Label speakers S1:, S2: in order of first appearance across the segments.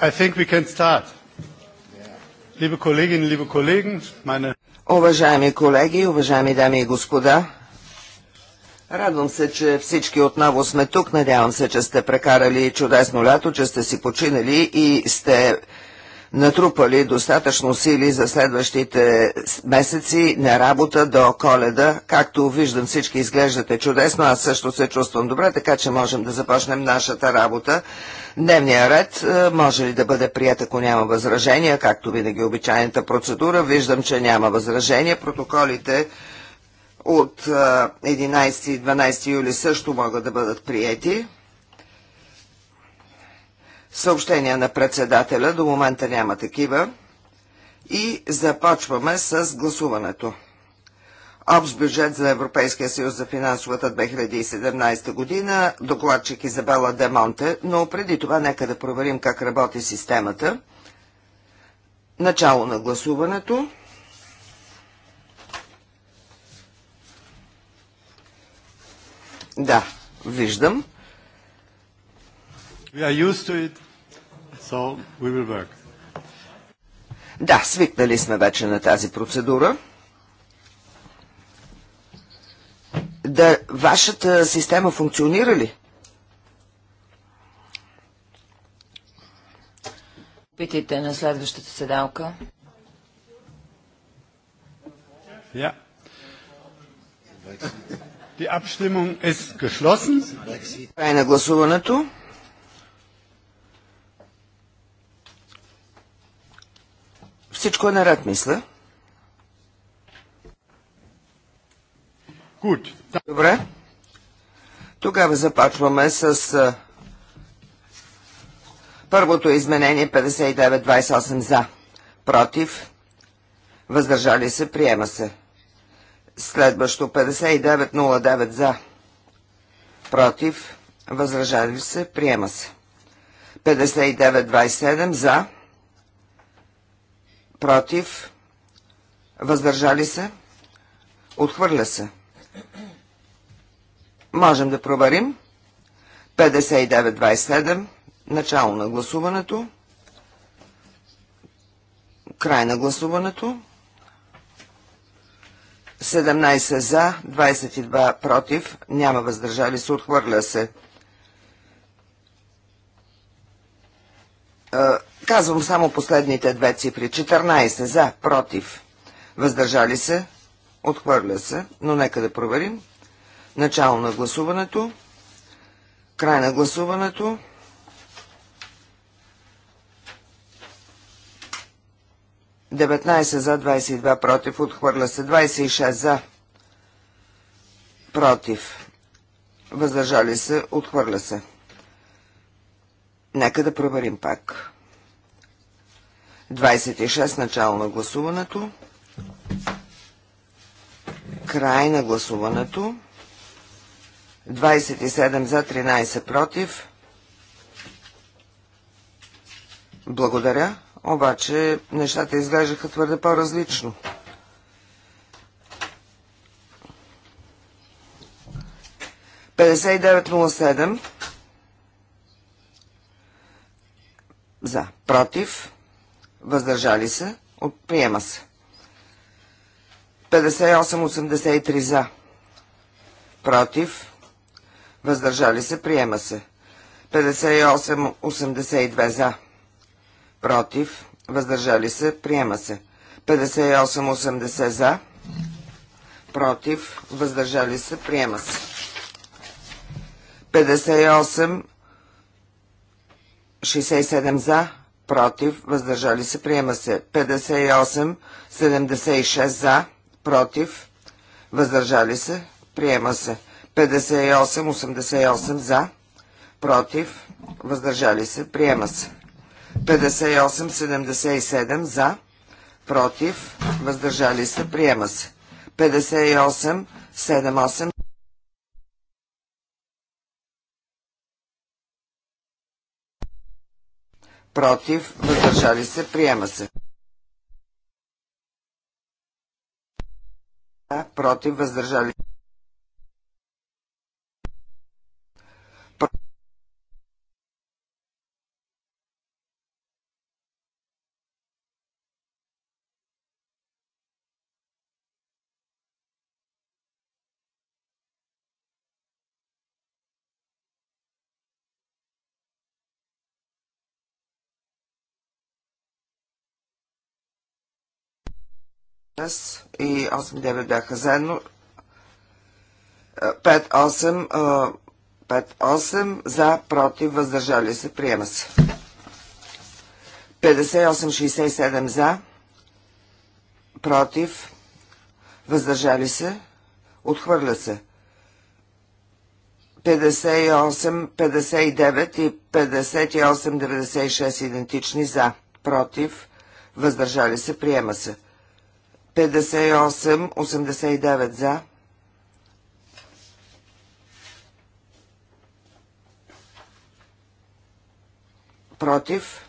S1: I think we can start. Liebe Kolleginnen, liebe Kollegen, meine... Уважаеми
S2: колеги, уважаеми дами и господа,
S1: радвам се, че всички отново
S2: сме тук. Надявам се, че сте прекарали чудесно лято, че сте си починали и сте натрупали достатъчно сили за следващите месеци на работа до коледа. Както виждам, всички изглеждате чудесно, аз също се чувствам добре, така че можем да започнем нашата работа. Дневния ред е, може ли да бъде прият, ако няма възражения, както винаги обичайната процедура. Виждам, че няма възражения. Протоколите от 11 е, и 12 юли също могат да бъдат приети. Съобщения на председателя. До момента няма такива. И започваме с гласуването. Общ бюджет за Европейския съюз за финансовата 2017 година. Докладчик Изабела Демонте. Но преди това нека да проверим как работи системата. Начало на гласуването.
S1: Да, виждам. We are used to it. So we will work.
S2: Да, свикнали сме вече на тази процедура. Да, вашата система функционира ли?
S3: Питайте на следващата седалка.
S1: Ja. Die Abstimmung ist geschlossen. на гласуването.
S2: Всичко е наред, мисля. Good. Добре. Тогава започваме с първото изменение 59-28 за. Против. Въздържали се. Приема се. Следващо 59-09 за. Против. Въздържали се. Приема се. 59-27 за против, въздържали се, отхвърля се. Можем да проверим. 59-27, начало на гласуването, край на гласуването, 17 за, 22 против, няма въздържали се, отхвърля се. Е, Казвам само последните две цифри. 14 за, против, въздържали се, отхвърля се, но нека да проверим. Начало на гласуването, край на гласуването. Деветнайсет за, 22 против, отхвърля се, 26 за, против, въздържали се, отхвърля се. Нека да проверим пак. 26. Начало на гласуването. Край на гласуването. 27 за 13 против. Благодаря. Обаче нещата изглеждаха твърде по-различно. Петдесет за против въздържали се, приема се. 58-83 за, против, въздържали се, приема се. 58-82 за, против, въздържали се, приема се. 58-80 за, против, въздържали се, приема се. 58-67 за, против, въздържали се, приема се. 58, 76 за, против, въздържали се, приема се. 58, 88 за, против, въздържали се, приема се. 58, 77 за, против, въздържали се, приема се. 58, 78 против, въздържали се, приема се. Против, въздържали се. Аз и 8-9 бяха заедно. 5-8, е, е, за, против, въздържали се, приема се. 58-67 за, против, въздържали се, отхвърля се. 58, 59 и 58, 96 идентични за, против, въздържали се, приема се. 58, 58-89 за. Против.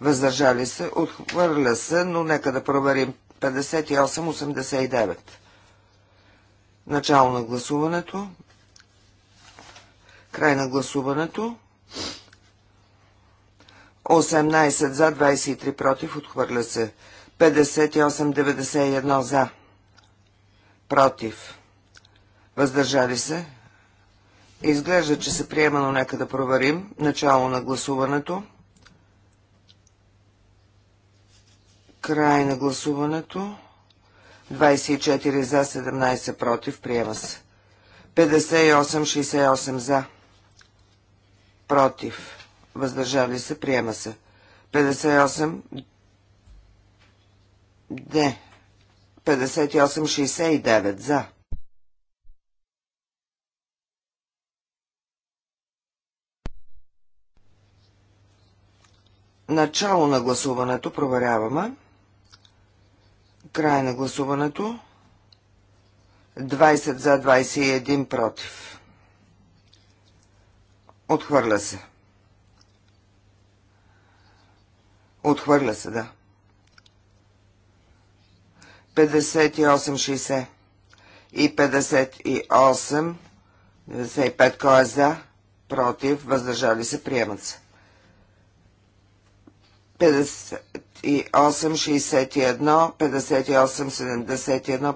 S2: Въздържали се. Отхвърля се, но нека да проверим. 58-89. Начало на гласуването. Край на гласуването. 18 за, 23 против. Отхвърля се. 5891 за. Против. Въздържали се. Изглежда, че се приема, но нека да проверим. Начало на гласуването. Край на гласуването. 24 за, 17 против. Приема се. 58-68 за. Против. Въздържали се. Приема се. 58 д. 5869 за. Начало на гласуването проверяваме. Край на гласуването. 20 за 21 против. Отхвърля се. Отхвърля се, да. 58-60 и 58 95 кой е за, против, въздържали се, приемат се. 58 61 58 71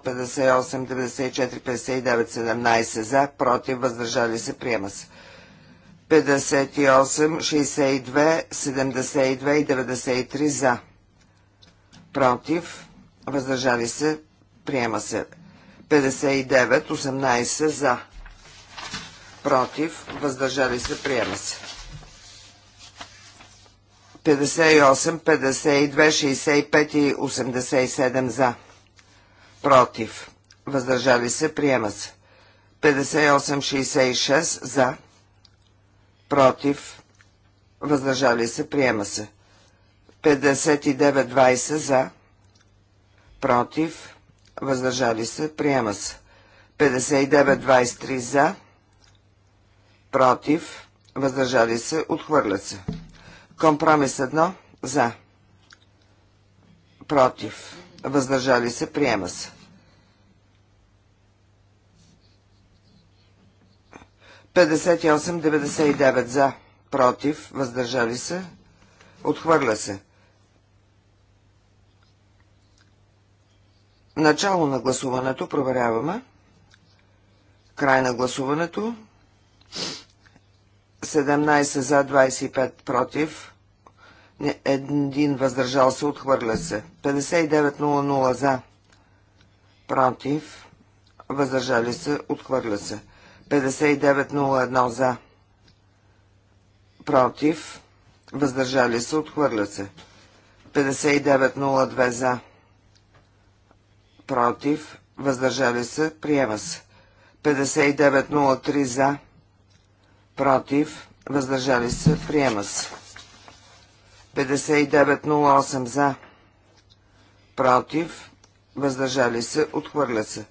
S2: 58 94 59 17 за, против, въздържали се, приема се. 58 62 72 и 93 за, против, въздържали се, приема се. 59, 18 за, против, въздържали се, приема се. 58, 52, 65 и 87 за, против, въздържали се, приема се. 58, 66 за, против, въздържали се, приема се. 59, 20 за, против, въздържали се, приема се. 59-23 за, против, въздържали се, отхвърлят се. Компромис 1 за, против, въздържали се, приема се. 58-99 за, против, въздържали се, отхвърля се. Начало на гласуването проверяваме. Край на гласуването. 17 за, 25 против. Един въздържал се, отхвърля се. 59.00 за, против. Въздържали се, отхвърля се. 59.01 за, против. Въздържали се, отхвърля се. 59.02 за, против, въздържали се, приема се. 5903 за, против, въздържали се, приема се. 5908 за, против, въздържали се, отхвърля се.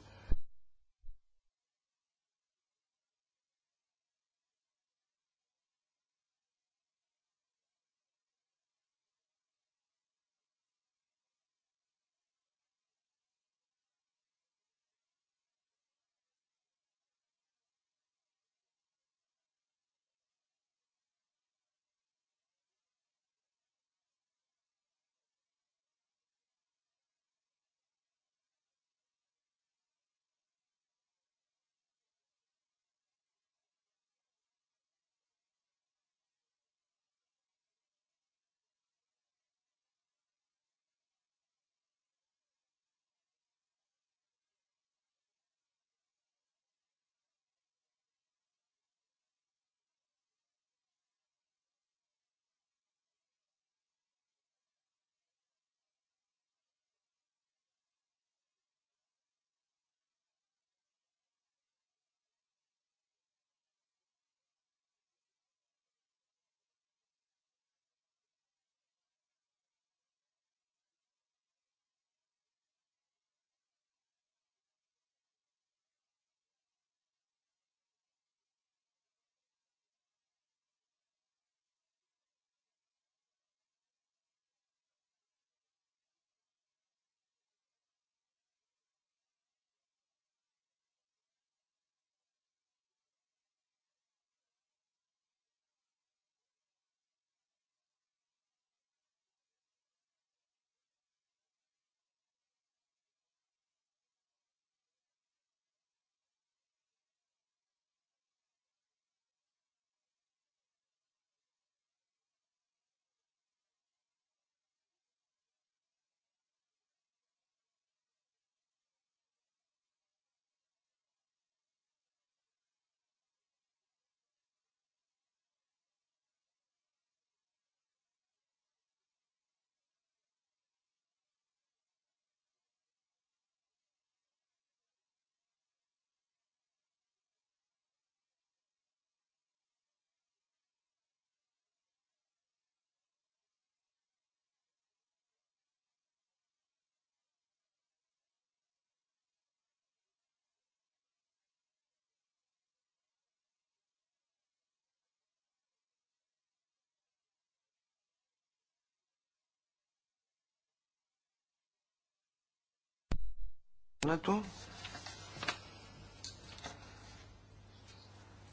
S2: гласуването.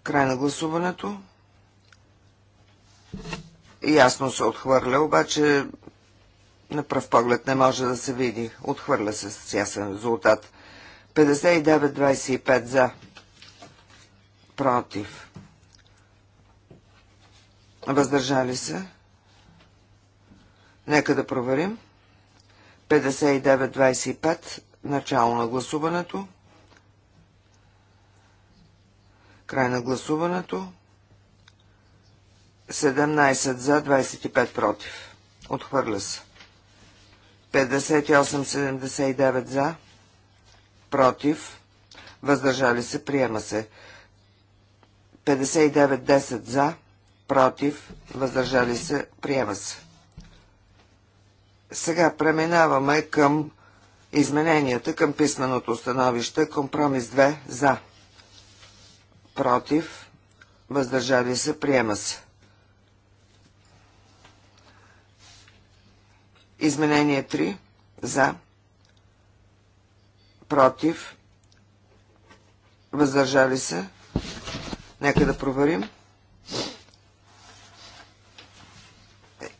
S2: Край на гласуването. Ясно се отхвърля, обаче на пръв поглед не може да се види. Отхвърля се с ясен резултат. 59-25 за. Против. Въздържали се. Нека да проверим. 59-25 Начало на гласуването. Край на гласуването. 17 за, 25 против. Отхвърля се. 58-79 за, против, въздържали се, приема се. 59-10 за, против, въздържали се, приема се. Сега преминаваме към измененията към писменото становище. Компромис 2 за. Против. Въздържали се. Приема се. Изменение 3 за. Против. Въздържали се. Нека да проверим.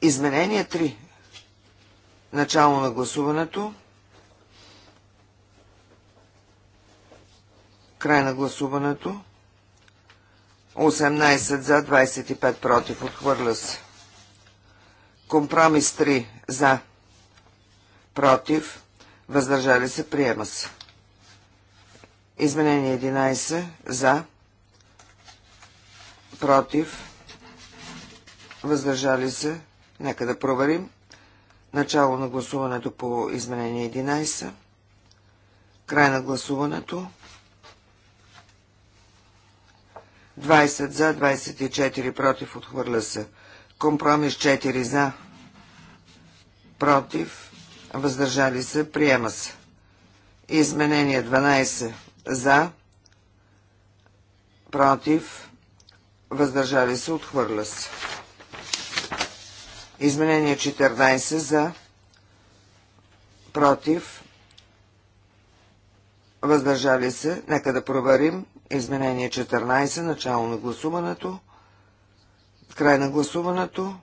S2: Изменение 3. Начало на гласуването. Край на гласуването. 18 за, 25 против. Отхвърля се. Компромис 3 за, против. Въздържали се. Приема се. Изменение 11 за, против. Въздържали се. Нека да проверим. Начало на гласуването по изменение 11. Край на гласуването. 20 за, 24 против, отхвърля се. Компромис 4 за, против, въздържали се, приема се. Изменение 12 за, против, въздържали се, отхвърля се. Изменение 14 за, против, въздържали се, нека да проверим. Изменение 14. Начало на гласуването. Край на гласуването.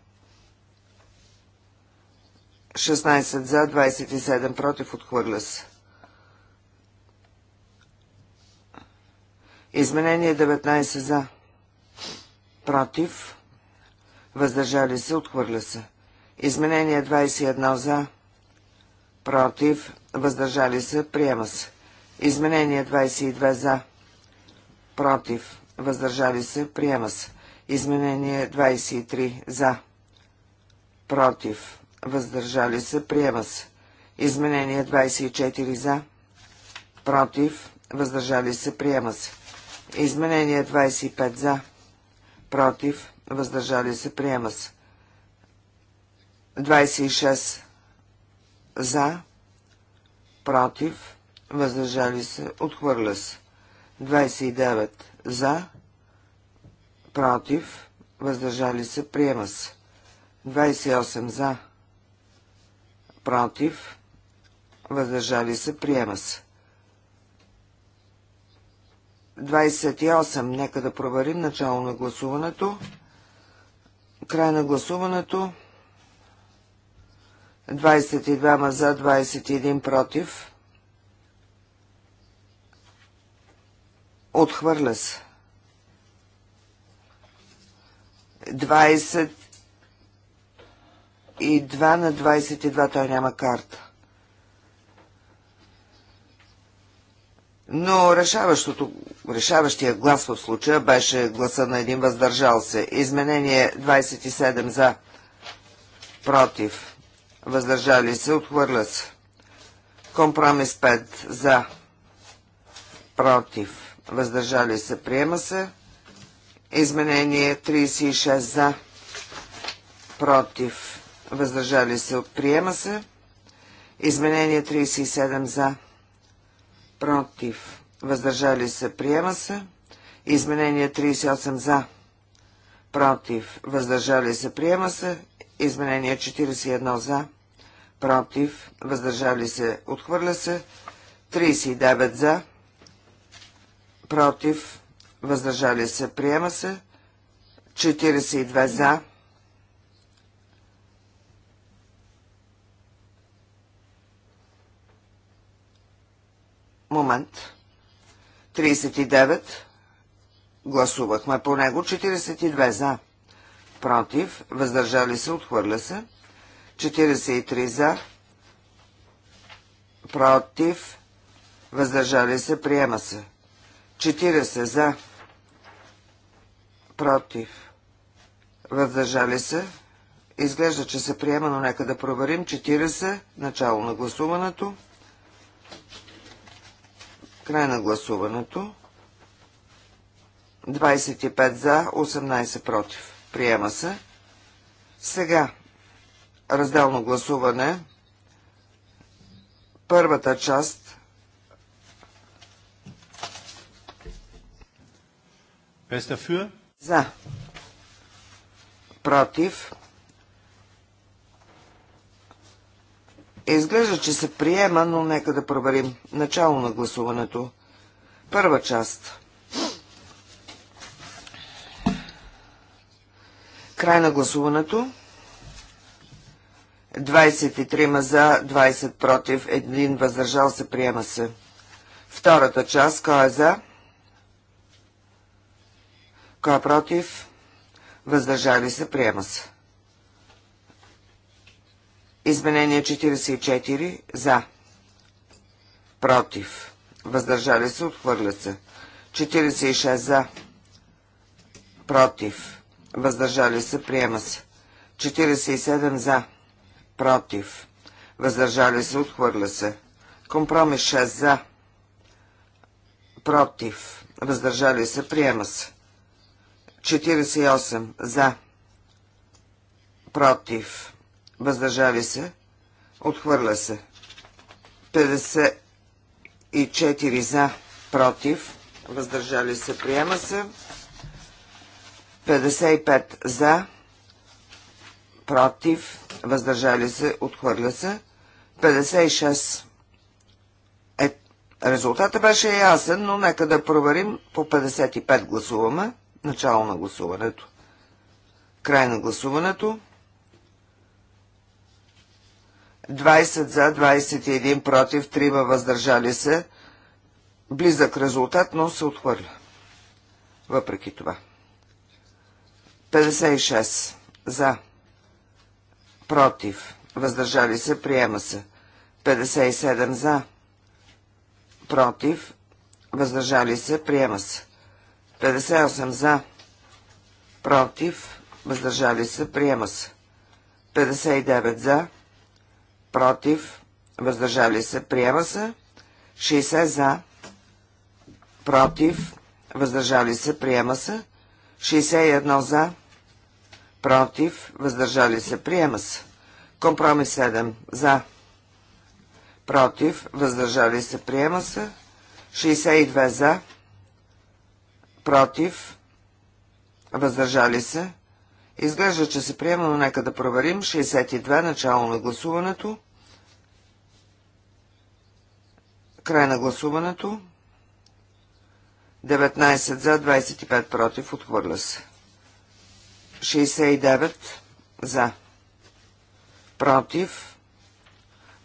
S2: 16 за, 27 против. Отхвърля се. Изменение 19 за. Против. Въздържали се. Отхвърля се. Изменение 21 за. Против. Въздържали се. Приема се. Изменение 22 за против, въздържали се, приема се. Изменение 23 за, против, въздържали се, приема се. Изменение 24 за, против, въздържали се, приема се. Изменение 25 за, против, въздържали се, приема се. 26 за, против, въздържали се, отхвърля се. 29 за, против, въздържали се, приема се. 28 за, против, въздържали се, приема се. 28. Нека да проверим начало на гласуването. Край на гласуването. 22 за, 21 против. Отхвърля се. 22 на 22 той няма карта. Но решаващото, решаващия глас в случая беше гласа на един въздържал се. Изменение 27 за, против, въздържали се, отхвърля се. Компромис 5 за, против, въздържали се, приема се. Изменение 36 за, против, въздържали се, приема се. Изменение 37 за, против, въздържали се, приема се. Изменение 38 за, против, въздържали се, приема се. Изменение 41 за, против, въздържали се, отхвърля се. 39 за, против, въздържали се, приема се. 42 за. Момент. 39. Гласувахме по него. 42 за. Против. Въздържали се. Отхвърля се. 43 за. Против. Въздържали се. Приема се. 40 за, против, въздържали се. Изглежда, че се приема, но нека да проверим. 40, начало на гласуването, край на гласуването. 25 за, 18 против. Приема се. Сега, разделно гласуване. Първата част
S1: За. Против.
S2: Изглежда, че се приема, но нека да проверим. Начало на гласуването. Първа част. Край на гласуването. 23 за, 20 против, 1 въздържал се, приема се. Втората част, кой е за? Кой е против? Въздържали се, приема се. Изменение 44 за. Против. Въздържали се, отхвърля се. 46 за. Против. Въздържали се, приема се. 47 за. Против. Въздържали се, отхвърля се. Компромис 6 за. Против. Въздържали се, приема се. 48 за, против, въздържали се, отхвърля се. 54 за, против, въздържали се, приема се. 55 за, против, въздържали се, отхвърля се. 56 е, резултата беше ясен, но нека да проверим. По 55 гласуваме. Начало на гласуването. Край на гласуването. 20 за, 21 против, 3 въздържали се. Близък резултат, но се отхвърля. Въпреки това. 56 за, против, въздържали се, приема се. 57 за, против, въздържали се, приема се. 58 за, против, въздържали се, приема се. 59 за, против, въздържали се, приема се. 60 за, против, въздържали се, приема се. 61 за, против, въздържали се, приема се. Компромис 7 за, против, въздържали се, приема се. 62 за, против, против, въздържали се. Изглежда, че се приема, но нека да проверим. 62, начало на гласуването. Край на гласуването. 19 за, 25 против, отхвърля се. 69 за, против,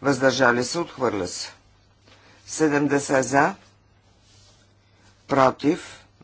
S2: въздържали се, отхвърля се. 70 за, против,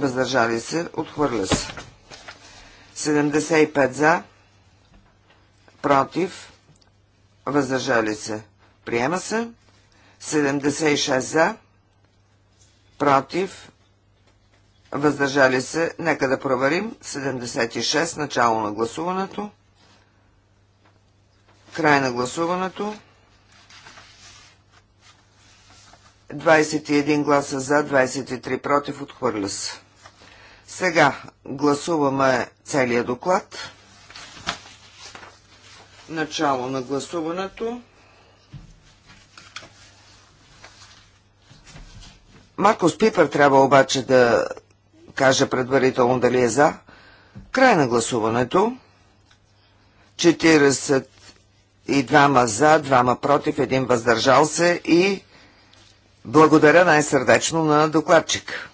S2: въздържали се, отхвърля се. 75 за, против, въздържали се, приема се. 76 за, против, въздържали се, нека да проверим. 76, начало на гласуването, край на гласуването. 21 гласа за, 23 против, отхвърля се. Сега гласуваме целият доклад. Начало на гласуването. Маркус Пипер трябва обаче да каже предварително дали е за. Край на гласуването. 42 за, двама против, един въздържал се и благодаря най-сърдечно на докладчика.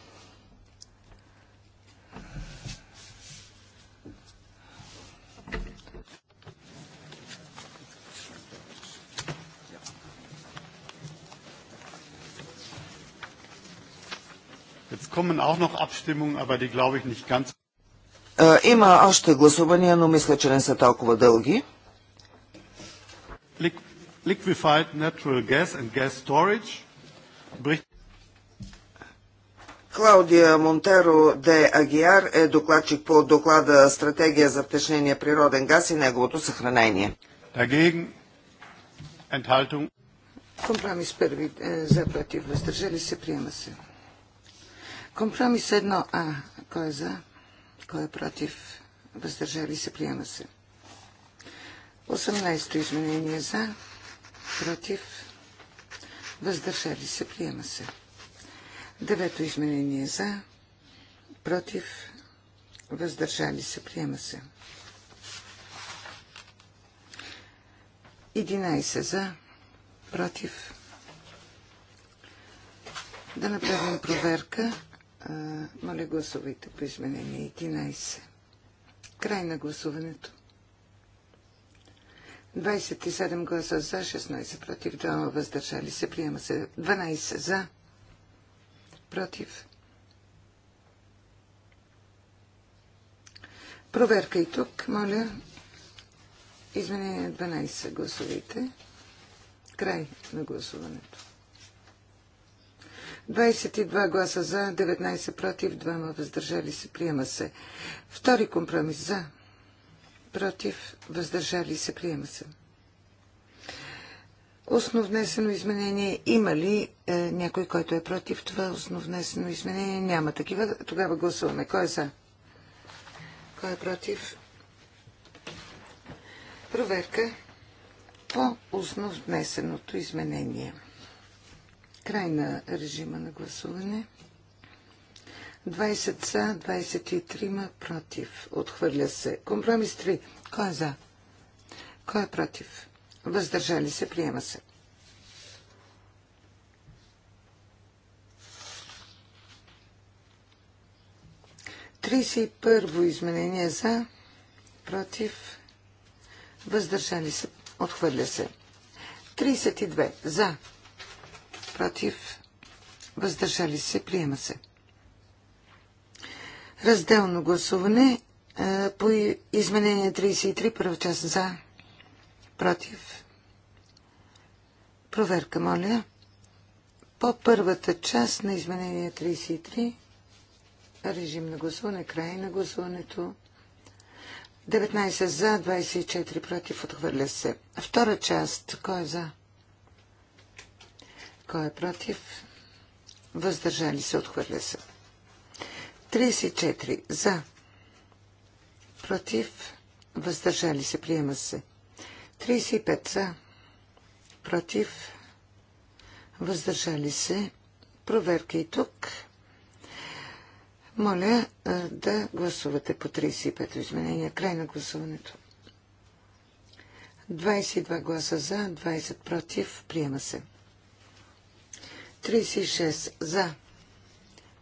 S1: kommen auch noch Abstimmungen, aber die glaube ich nicht ganz.
S2: Е, има още гласувания, но мисля, че не са толкова дълги.
S1: Liquefied natural gas and gas storage.
S2: Клаудия Монтеро де Агиар е докладчик по доклада Стратегия за втечнения природен газ и неговото
S1: съхранение. Dagegen,
S4: Компромис първи е, за против въздържали се приема се. Компромис 1А. Кой е за? Кой е против? Въздържали се, приема се. 18-то изменение за, против, въздържали се, приема се. Девето изменение за, против, въздържали се, приема се. 11 за, против. Да направим проверка. Моля, гласувайте по изменение 11. Край на гласуването. 27 гласа за, 16 против, 2 въздържали се. Приема се 12 за, против. Проверка и тук, моля. Изменение 12 гласовите. Край на гласуването. 22 гласа за, 19 против, 2 въздържали се. Приема се. Втори компромис за, против, въздържали се. Приема се. Основнесено изменение има ли е, някой, който е против това основнесено изменение? Няма такива. Тогава гласуваме. Кой е за? Кой е против? Проверка по основнесеното изменение. Край на режима на гласуване. 20 са, 23 против. Отхвърля се. Компромис 3. Кой е за? Кой е против? Въздържали се, приема се. Тридесет първо изменение е за, против, въздържали се, отхвърля се. 32 за, против, въздържали се, приема се. Разделно гласуване по изменение 33, първа част за, против. Проверка, моля. По първата част на изменение 33, режим на гласуване, край на гласуването. 19 за, 24 против, отхвърля се. Втора част, кой е за? Кой е против? Въздържали се, отхвърля се. 34. За. Против. Въздържали се, приема се. 35. За. Против. Въздържали се. Проверка и тук. Моля да гласувате по 35 изменения. Край на гласуването. 22 гласа за, 20 против. Приема се. 36 за,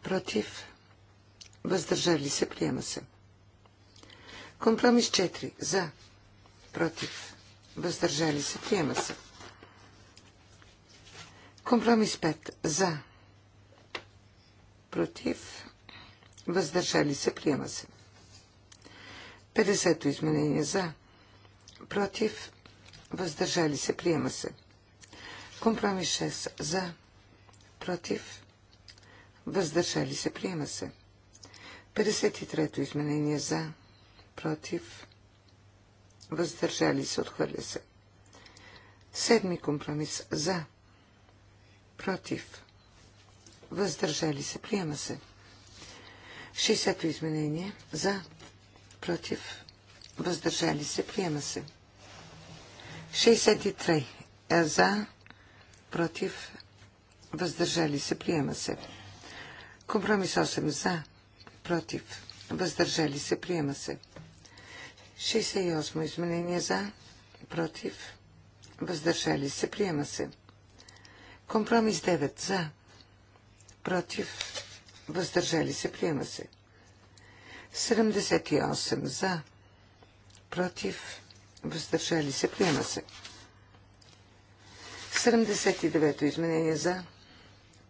S4: против, въздържали се, приема се. Компромис 4 за, против, въздържали се, приема се. Компромис 5 за, против, въздържали се, приема се. 50-то изменение за, против, въздържали се, приема се. Компромис 6 за, против, въздържали се, приема се. 53-то изменение за, против, въздържали се, отхвърля се. Седми компромис за, против, въздържали се, приема се. 60-то изменение за, против, въздържали се, приема се. 63 за, против, въздържали се, приема се. Компромис 8 за, против, въздържали се, приема се. 68 изменение за, против, въздържали се, приема се. Компромис 9 за, против, въздържали се, приема се. 78 за, против, въздържали се, приема се. 79 изменение за,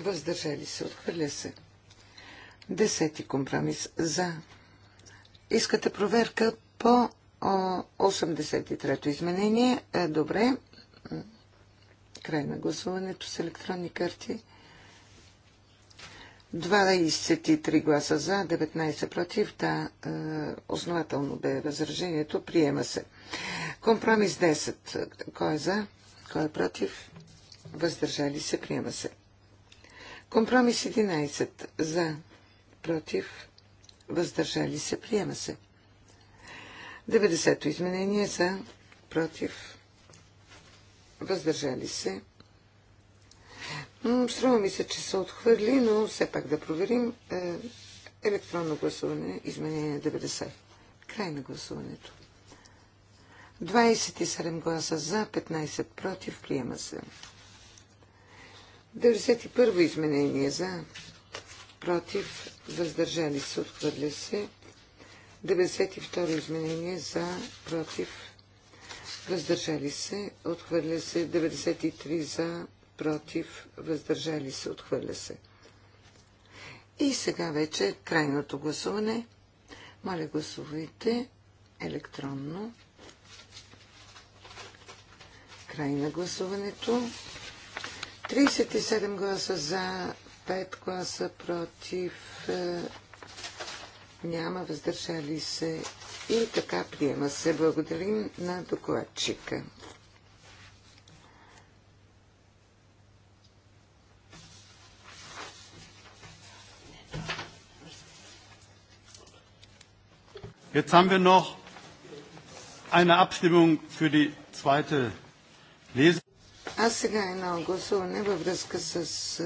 S4: въздържали се, отхвърля се. Десети компромис за. Искате проверка по 83-то изменение. Е, добре. Край на гласуването с електронни карти. 23 гласа за, 19 против. Да, е, основателно бе възражението. Приема се. Компромис 10. Кой е за? Кой е против? Въздържали се. Приема се. Компромис 11. За. Против. Въздържали се. Приема се. 90-то изменение. За. Против. Въздържали се. Струва ми се, че се отхвърли, но все пак да проверим. Е, електронно гласуване. Изменение 90. Край на гласуването. 27 гласа за, 15 против. Приема се. 91 изменение за, против, въздържали се, отхвърля се. 92 изменение за, против, въздържали се, отхвърля се. 93 за, против, въздържали се, отхвърля се. И сега вече крайното гласуване. Моля, гласувайте електронно. Край на гласуването. 37 гласа за, 5 гласа против, е, няма въздържали се и така приема се. Благодарим на докладчика.
S1: Jetzt haben wir noch eine Abstimmung für die zweite Lesung.
S4: А сега е едно гласуване във връзка с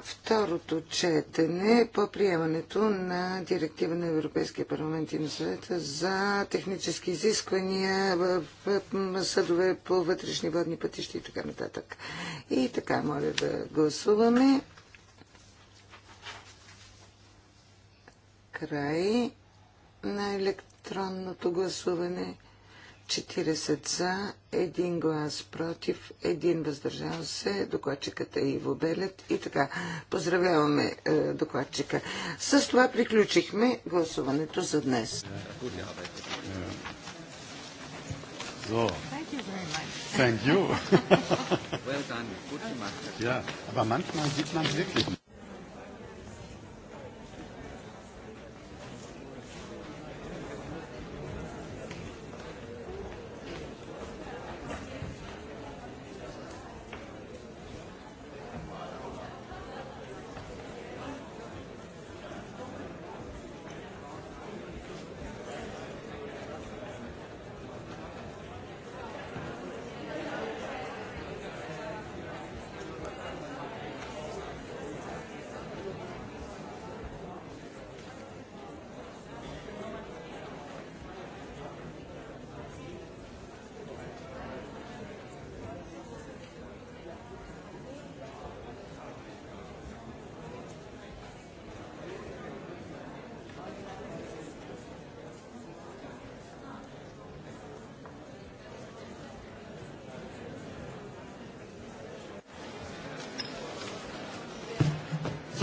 S4: второто четене по приемането на директива на Европейския парламент и на съвета за технически изисквания в съдове по вътрешни водни пътища и така нататък. И така, моля да гласуваме. Край на електронното гласуване. 40 за, 1 глас против, 1 въздържал се, докладчиката е Иво Белет и така. Поздравяваме е, докладчика. С това приключихме гласуването за днес.
S1: So. Е, е,
S2: Thank you very much. Thank you. well done. Gut gemacht. Ja,
S1: aber manchmal sieht man es wirklich.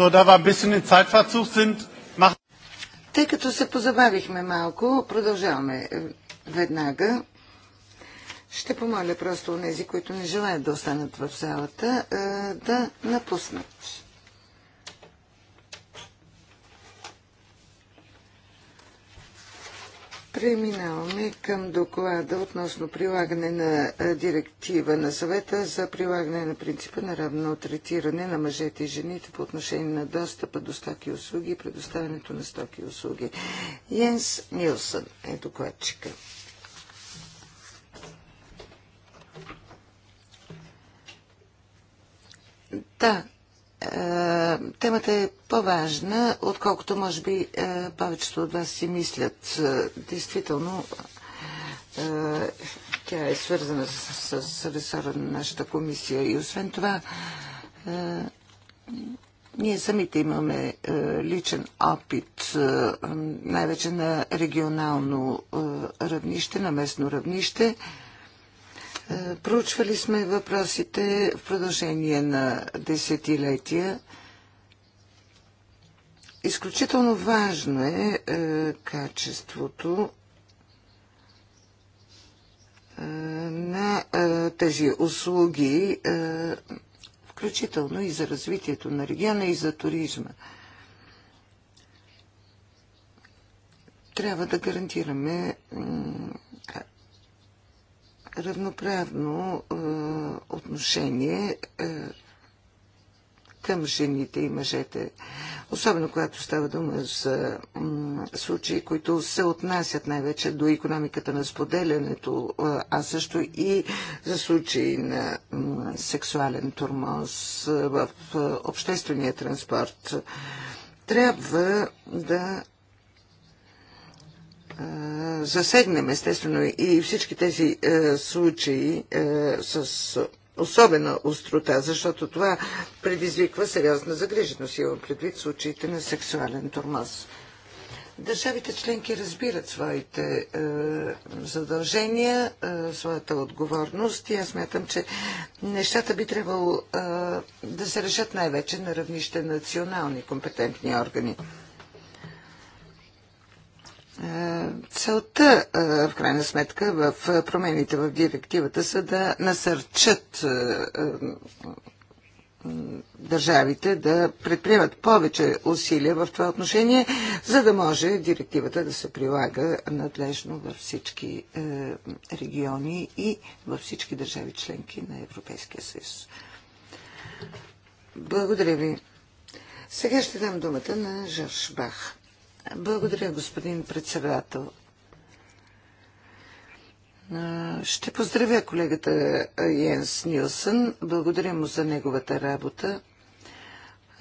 S1: So, da ein bisschen in Zeitverzug sind,
S4: Тъй като се позабавихме малко, продължаваме е, веднага. Ще помоля просто тези, които не желаят да останат в залата, е, да напуснат. Преминаваме към доклада относно прилагане на директива на съвета за прилагане на принципа на равно третиране на мъжете и жените по отношение на достъпа до стоки и услуги и предоставянето на стоки и услуги. Йенс Нилсън е докладчика. Да, е, темата е по-важна, отколкото може би е, повечето от вас си мислят. Е, действително, тя е свързана с, с ресора на нашата комисия и освен това ние самите имаме личен опит, най-вече на регионално равнище, на местно равнище. Е, проучвали сме въпросите в продължение на десетилетия. Изключително важно е, е качеството е, на е, тези услуги, е, включително и за развитието на региона и за туризма. Трябва да гарантираме равноправно е, отношение е, към жените и мъжете. Особено когато става дума за случаи, които се отнасят най-вече до економиката на споделянето, а също и за случаи на сексуален турмоз в обществения транспорт. Трябва да засегнем естествено и всички тези е, случаи е, с особена острота, защото това предизвиква сериозна загриженост. Имам предвид случаите на сексуален тормоз. Държавите членки разбират своите е, задължения, е, своята отговорност и аз смятам, че нещата би трябвало е, да се решат най-вече на равнище национални компетентни органи. Е, целта, е, в крайна сметка, в промените в директивата са да насърчат е, държавите да предприемат повече усилия в това отношение, за да може директивата да се прилага надлежно във всички региони и във всички държави членки на Европейския съюз. Благодаря ви. Сега ще дам думата на Жорж Бах. Благодаря, господин председател. Ще поздравя колегата Йенс Нилсън. Благодаря му за неговата работа.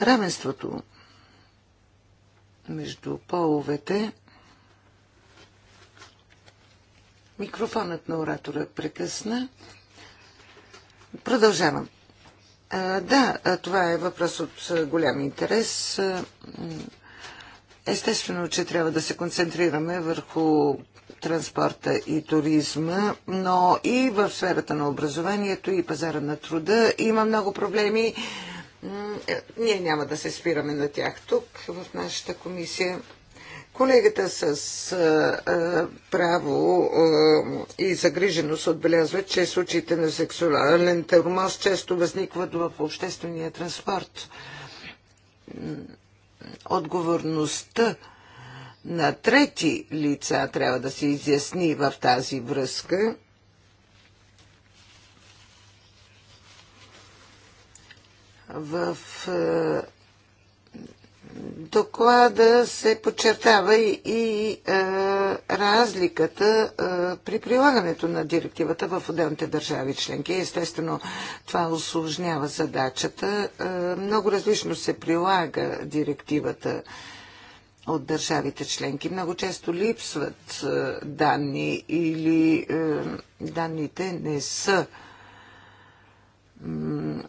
S4: Равенството между половете. Микрофонът на оратора прекъсна. Продължавам. Да, това е въпрос от голям интерес. Естествено, че трябва да се концентрираме върху транспорта и туризма, но и в сферата на образованието и пазара на труда има много проблеми. Е, ние няма да се спираме на тях тук, в нашата комисия. Колегата с а, право а, и загриженост отбелязва, че случаите на сексуален термоз често възникват в обществения транспорт отговорността на трети лица трябва да се изясни в тази връзка. В е, доклада се подчертава и, и е, разликата е, при прилагането на директивата в отделните държави членки. Естествено, това осложнява задачата. Е, много различно се прилага директивата от държавите членки. Много често липсват данни или данните не са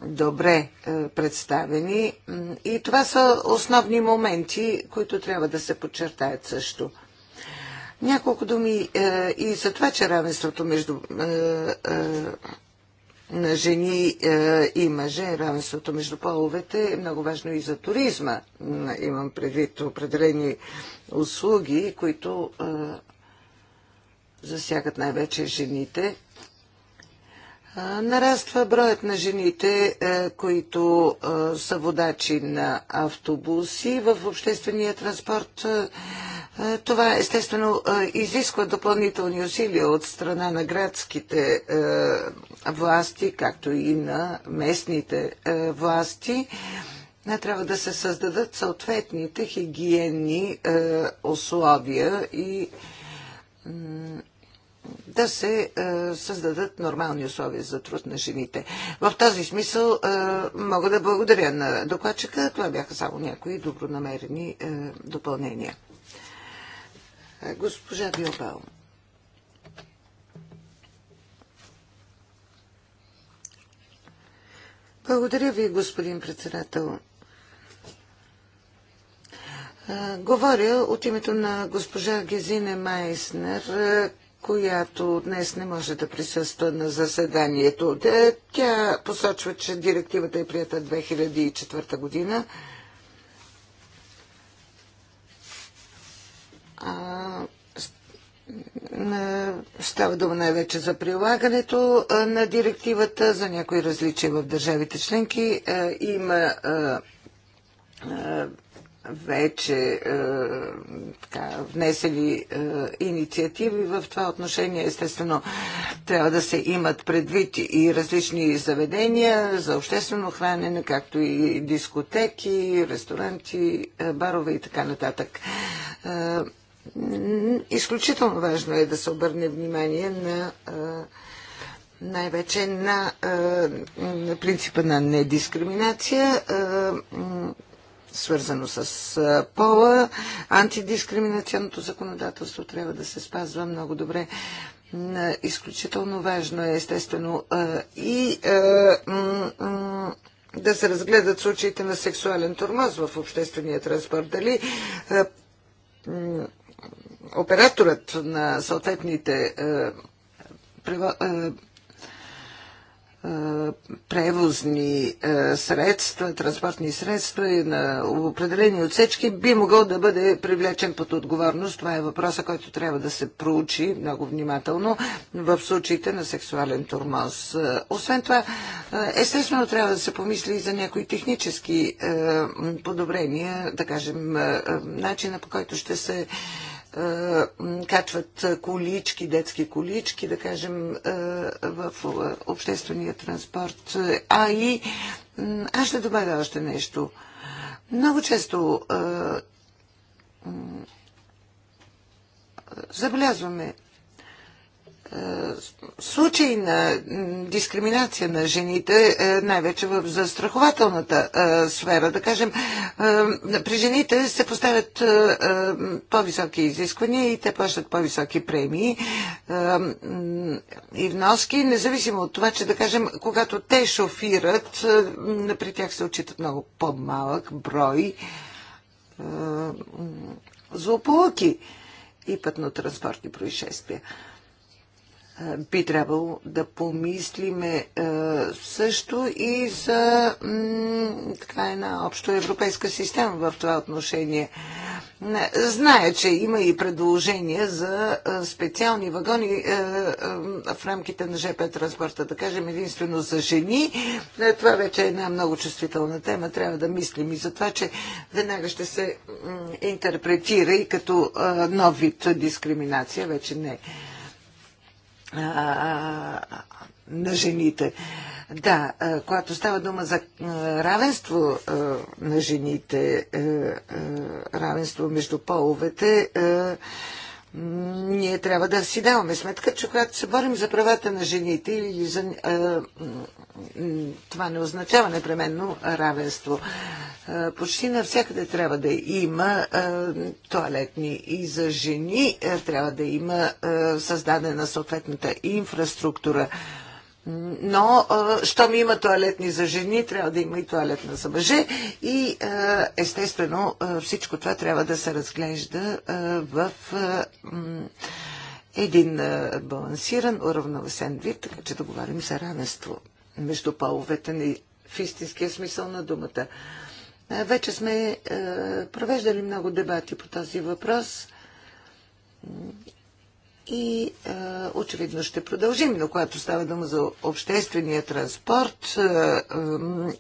S4: добре е, представени. И това са основни моменти, които трябва да се подчертаят също. Няколко думи е, и за това, че равенството между е, на жени и мъже, равенството между половете е много важно и за туризма. Имам предвид определени услуги, които засягат най-вече жените. Нараства броят на жените, които са водачи на автобуси в обществения транспорт. Това естествено изисква допълнителни усилия от страна на градските власти, както и на местните власти. Трябва да се създадат съответните хигиенни условия и да се е, създадат нормални условия за труд на жените. В този смисъл е, мога да благодаря на докладчика. Това бяха само някои добронамерени е, допълнения. Госпожа Биобал. Благодаря ви, господин председател. Говоря от името на госпожа Гезине Майснер, която днес не може да присъства на заседанието. Е, тя посочва, че директивата е прията 2004 година. А, Става дума най-вече за прилагането на директивата, за някои различия в държавите членки. Е, има е, вече е, така, внесели е, инициативи в това отношение. Естествено, трябва да се имат предвид и различни заведения за обществено хранене, както и дискотеки, ресторанти, е, барове и така нататък. Е, изключително важно е да се обърне внимание на е, най-вече на, е, на принципа на недискриминация свързано с пола. Антидискриминационното законодателство трябва да се спазва много добре. Изключително важно е, естествено, и да се разгледат случаите на сексуален тормоз в обществения транспорт. Дали операторът на съответните превозни средства, транспортни средства и на определени отсечки би могъл да бъде привлечен под отговорност. Това е въпроса, който трябва да се проучи много внимателно в случаите на сексуален турмоз. Освен това, естествено трябва да се помисли и за някои технически подобрения, да кажем, начина по който ще се е, качват колички, детски колички, да кажем, е, в обществения транспорт. А и аз ще добавя още нещо. Много често е, забелязваме случаи на дискриминация на жените, е, най-вече в застрахователната е, сфера. Да кажем, е, при жените се поставят по-високи изисквания и те плащат по-високи премии и вноски, независимо от това, че да кажем, когато те шофират, при тях се отчитат много по-малък брой злополуки и пътно-транспортни происшествия би трябвало да помислиме е, също и за така една общо европейска система в това отношение. Зная, че има и предложения за е, специални вагони е, в рамките на ЖП транспорта, да кажем единствено за жени. Това вече е една много чувствителна тема. Трябва да мислим и за това, че веднага ще се интерпретира и като нов вид дискриминация. Вече не е на жените. Да, когато става дума за равенство на жените, е, е, равенство между половете, е, ние трябва да си даваме сметка, че когато се борим за правата на жените или за... Е, това не означава непременно равенство. Е, почти навсякъде трябва да има е, туалетни и за жени трябва да има създадена съответната инфраструктура но, щом има туалетни за жени, трябва да има и туалетна за мъже. И естествено всичко това трябва да се разглежда в един балансиран, уравновесен вид, така че да говорим за равенство между половете ни в истинския смисъл на думата. Вече сме провеждали много дебати по този въпрос и а, очевидно ще продължим, но когато става дума за обществения транспорт, а, а,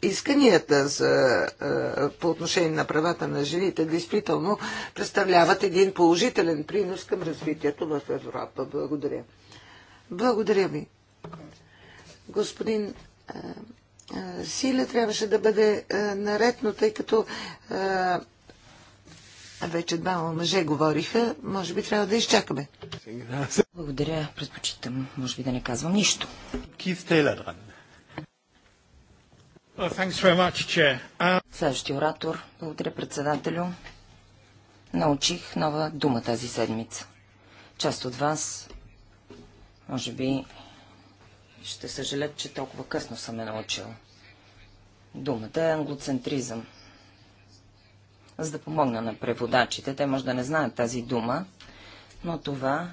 S4: исканията за, а, по отношение на правата на жените действително представляват един положителен принос към развитието в Европа. Благодаря. Благодаря ви. Господин А, Силе трябваше да бъде наредно, наред, но тъй като а, вече двама мъже говориха. Може би трябва да изчакаме.
S3: Благодаря. Предпочитам, може би, да не казвам нищо. Кит Тейлер. Uh, Следващия оратор. Благодаря, председателю. Научих нова дума тази седмица. Част от вас, може би, ще съжалят, че толкова късно съм е научил. Думата е англоцентризъм за да помогна на преводачите. Те може да не знаят тази дума, но това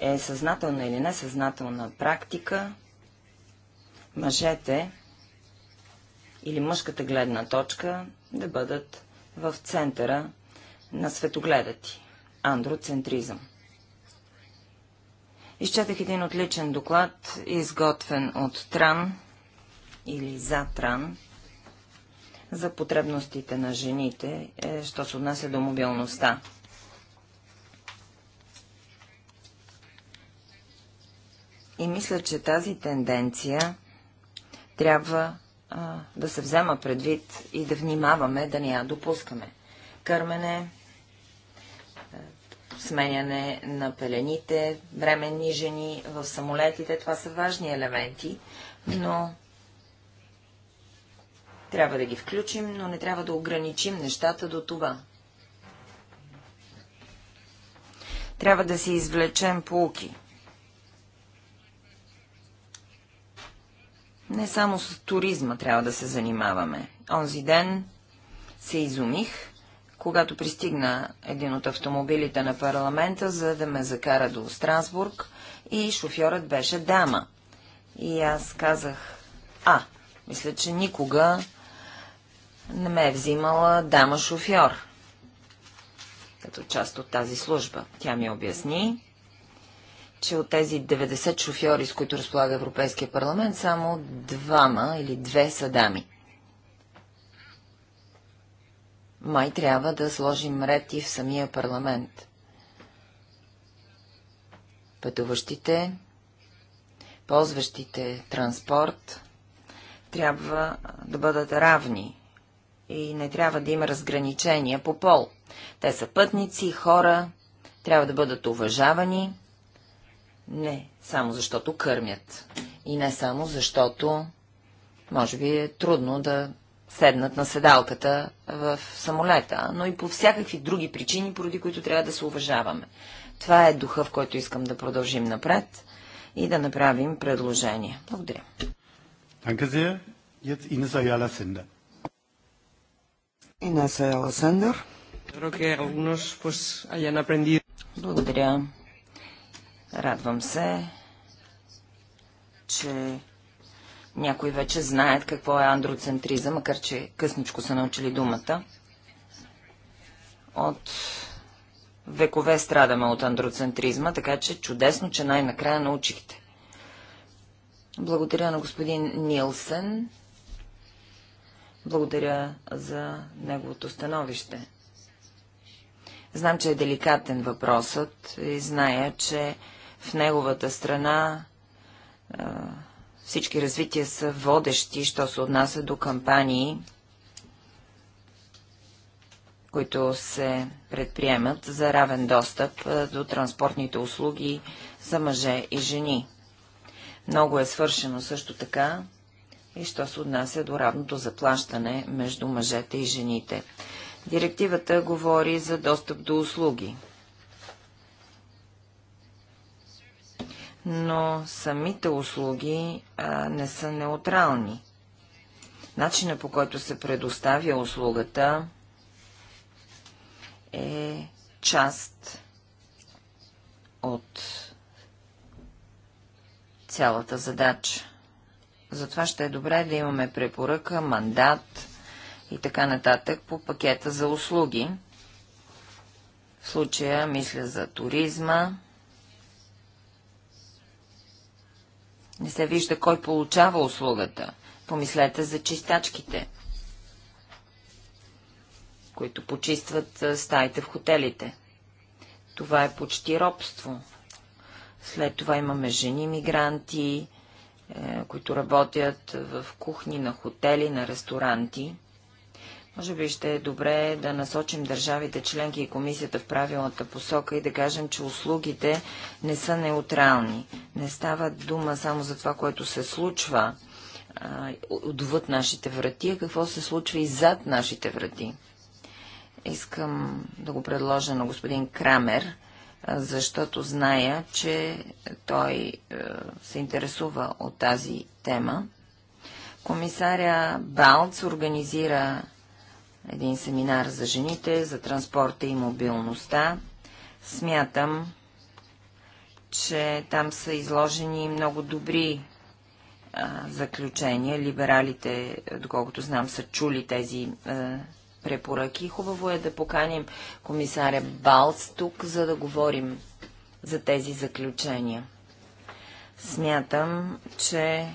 S3: е съзнателна или несъзнателна практика. Мъжете или мъжката гледна точка да бъдат в центъра на светогледа ти. Андроцентризъм. Изчетах един отличен доклад, изготвен от Тран или за Тран, за потребностите на жените, е, що се отнася до мобилността. И мисля, че тази тенденция трябва а, да се взема предвид и да внимаваме, да не я допускаме. Кърмене, е, сменяне на пелените, бременни жени в самолетите, това са важни елементи, но трябва да ги включим, но не трябва да ограничим нещата до това. Трябва да си извлечем полки. Не само с туризма трябва да се занимаваме. Онзи ден се изумих, когато пристигна един от автомобилите на парламента, за да ме закара до Страсбург и шофьорът беше дама. И аз казах, а, мисля, че никога не ме е взимала дама шофьор, като част от тази служба. Тя ми обясни, че от тези 90 шофьори, с които разполага Европейския парламент, само двама или две са дами. Май трябва да сложим ред и в самия парламент. Пътуващите, ползващите транспорт трябва да бъдат равни и не трябва да има разграничения по пол. Те са пътници, хора, трябва да бъдат уважавани, не само защото кърмят и не само защото, може би е трудно да седнат на седалката в самолета, но и по всякакви други причини, поради които трябва да се уважаваме. Това е духа, в който искам да продължим напред и да направим предложение.
S2: Благодаря.
S1: Danke sehr. Jetzt Ines Ayala Sender.
S2: Инеса
S3: Благодаря. Радвам се, че някои вече знаят какво е андроцентризъм, макар че късничко са научили думата. От векове страдаме от андроцентризма, така че чудесно, че най-накрая научихте. Благодаря на господин Нилсен благодаря за неговото становище. Знам, че е деликатен въпросът и зная, че в неговата страна всички развития са водещи, що се отнася до кампании, които се предприемат за равен достъп до транспортните услуги за мъже и жени. Много е свършено също така и що се отнася до равното заплащане между мъжете и жените. Директивата говори за достъп до услуги. Но самите услуги а, не са неутрални. Начина по който се предоставя услугата е част от цялата задача. Затова ще е добре да имаме препоръка, мандат и така нататък по пакета за услуги. В случая мисля за туризма. Не се вижда кой получава услугата. Помислете за чистачките, които почистват стаите в хотелите. Това е почти робство. След това имаме жени мигранти, е, които работят в кухни на хотели, на ресторанти. Може би ще е добре да насочим държавите членки и комисията в правилната посока и да кажем, че услугите не са неутрални. Не става дума само за това, което се случва отвъд нашите врати, а какво се случва и зад нашите врати. Искам да го предложа на господин Крамер защото зная, че той е, се интересува от тази тема. Комисаря Балц организира един семинар за жените, за транспорта и мобилността. Смятам, че там са изложени много добри а, заключения. Либералите, доколкото знам, са чули тези а, препоръки. Хубаво е да поканим комисаря Балц тук, за да говорим за тези заключения. Смятам, че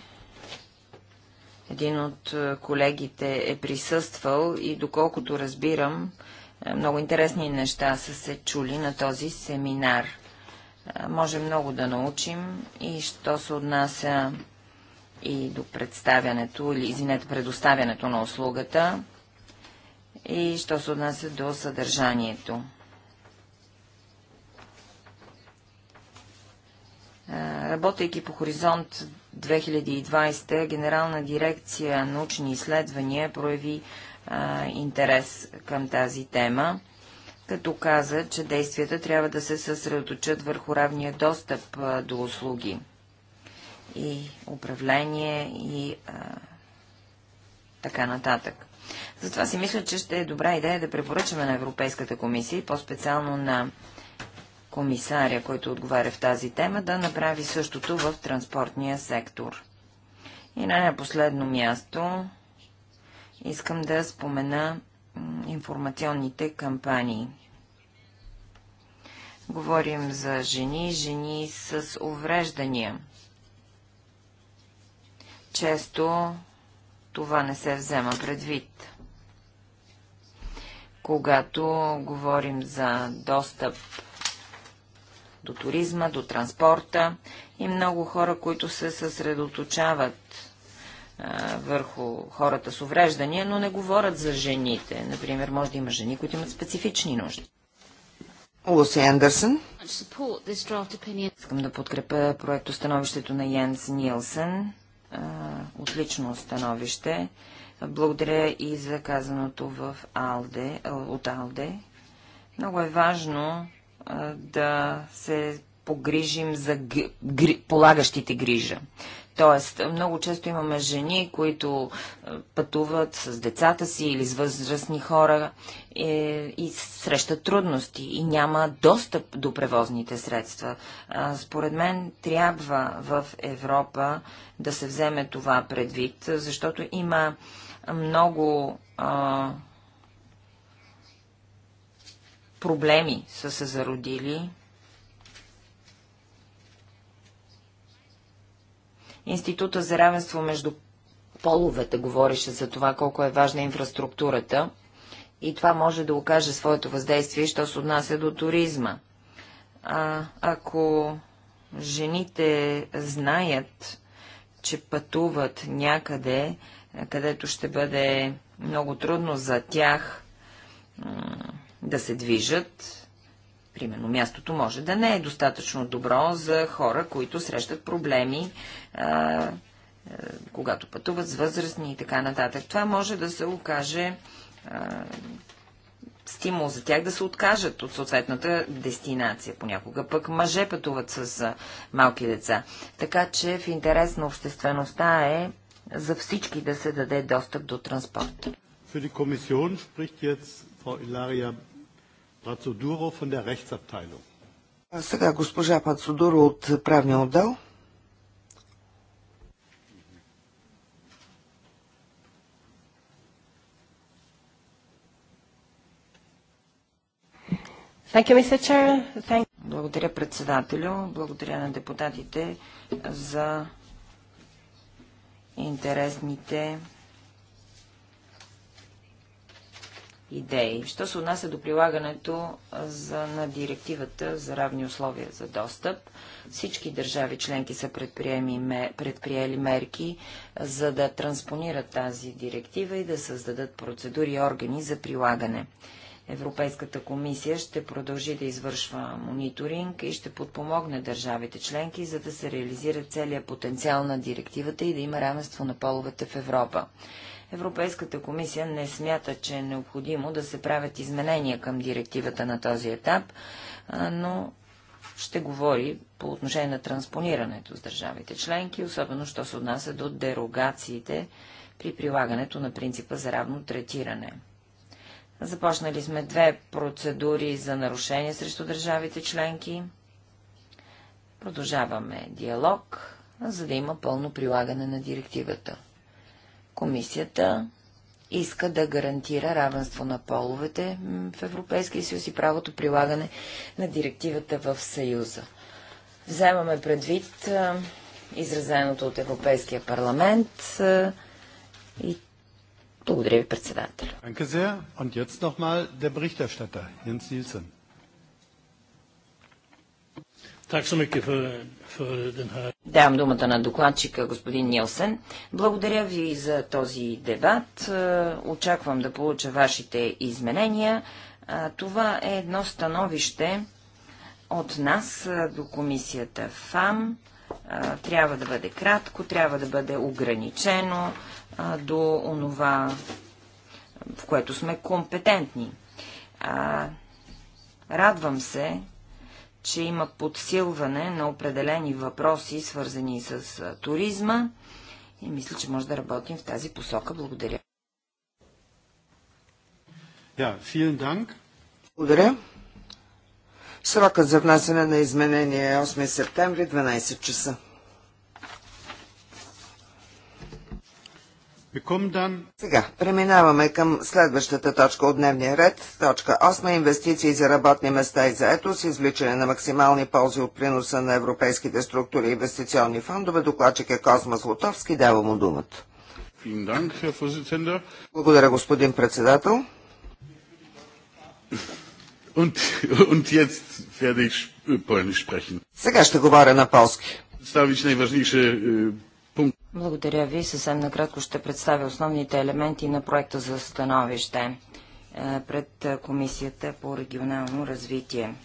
S3: един от е, колегите е присъствал и доколкото разбирам, е, много интересни неща са се чули на този семинар. Е, може много да научим и що се отнася и до представянето, или извинете, предоставянето на услугата и що се отнася до съдържанието. Работейки по Хоризонт 2020, Генерална дирекция научни изследвания прояви а, интерес към тази тема, като каза, че действията трябва да се съсредоточат върху равния достъп а, до услуги и управление и а, така нататък. Затова си мисля, че ще е добра идея да препоръчаме на Европейската комисия и по-специално на комисаря, който отговаря в тази тема, да направи същото в транспортния сектор. И на последно място искам да спомена информационните кампании. Говорим за жени, жени с увреждания. Често това не се взема предвид. Когато говорим за достъп до туризма, до транспорта и много хора, които се съсредоточават а, върху хората с увреждания, но не говорят за жените. Например, може да има жени, които имат специфични нужди. Луси Андерсон. Искам да подкрепя проекто становището на Йенс Нилсън отлично становище. Благодаря и за казаното в Алде, от Алде. Много е важно да се погрижим за гри, полагащите грижа. Тоест, много често имаме жени, които е, пътуват с децата си или с възрастни хора и, е, и срещат трудности и няма достъп до превозните средства. Според мен трябва в Европа да се вземе това предвид, защото има много а, проблеми са се зародили Института за равенство между половете говореше за това колко е важна инфраструктурата и това може да окаже своето въздействие, що се отнася до туризма. А, ако жените знаят, че пътуват някъде, където ще бъде много трудно за тях да се движат, Примерно, мястото може да не е достатъчно добро за хора, които срещат проблеми, а, а, когато пътуват с възрастни и така нататък. Това може да се окаже а, стимул за тях да се откажат от съответната дестинация. Понякога пък мъже пътуват с малки деца. Така че в интерес на обществеността е за всички да се даде достъп до транспорт.
S1: Pazoduro от der Rechtsabteilung.
S2: сега госпожа Пацодуро от правния отдел.
S3: You, благодаря председателю, благодаря на депутатите за интересните идеи. Що се отнася до прилагането за, на директивата за равни условия за достъп, всички държави членки са предприели мерки, за да транспонират тази директива и да създадат процедури и органи за прилагане. Европейската комисия ще продължи да извършва мониторинг и ще подпомогне държавите членки, за да се реализира целият потенциал на директивата и да има равенство на половете в Европа. Европейската комисия не смята, че е необходимо да се правят изменения към директивата на този етап, но ще говори по отношение на транспонирането с държавите членки, особено що се отнася до дерогациите при прилагането на принципа за равно третиране. Започнали сме две процедури за нарушение срещу държавите членки. Продължаваме диалог, за да има пълно прилагане на директивата. Комисията иска да гарантира равенство на половете в Европейския съюз и правото прилагане на директивата в Съюза. Вземаме предвид
S1: изразеното от Европейския парламент
S3: и благодаря ви,
S1: председателю. Давам думата на
S3: докладчика господин Нилсен. Благодаря ви за този дебат. Е, очаквам да получа вашите изменения. Е, това е едно становище от нас е, до комисията ФАМ. Трябва да бъде кратко, трябва да бъде ограничено до онова, в което сме компетентни. Радвам се, че има подсилване на определени въпроси, свързани с туризма и мисля, че може да работим в тази посока. Благодаря.
S1: данк. Благодаря.
S2: Срокът за внасяне на изменение е 8 септември, 12 часа. Сега преминаваме към следващата точка от дневния ред. Точка 8. Инвестиции за работни места и заето с извличане на максимални ползи от приноса на европейските структури и инвестиционни фондове. Докладчик е Козма Злотовски. Дава му думата. Благодаря, господин председател. Сега ще говоря на полски. Представич най-важнейшие
S3: благодаря ви. Съвсем накратко ще представя основните елементи на проекта за становище е, пред Комисията по регионално развитие.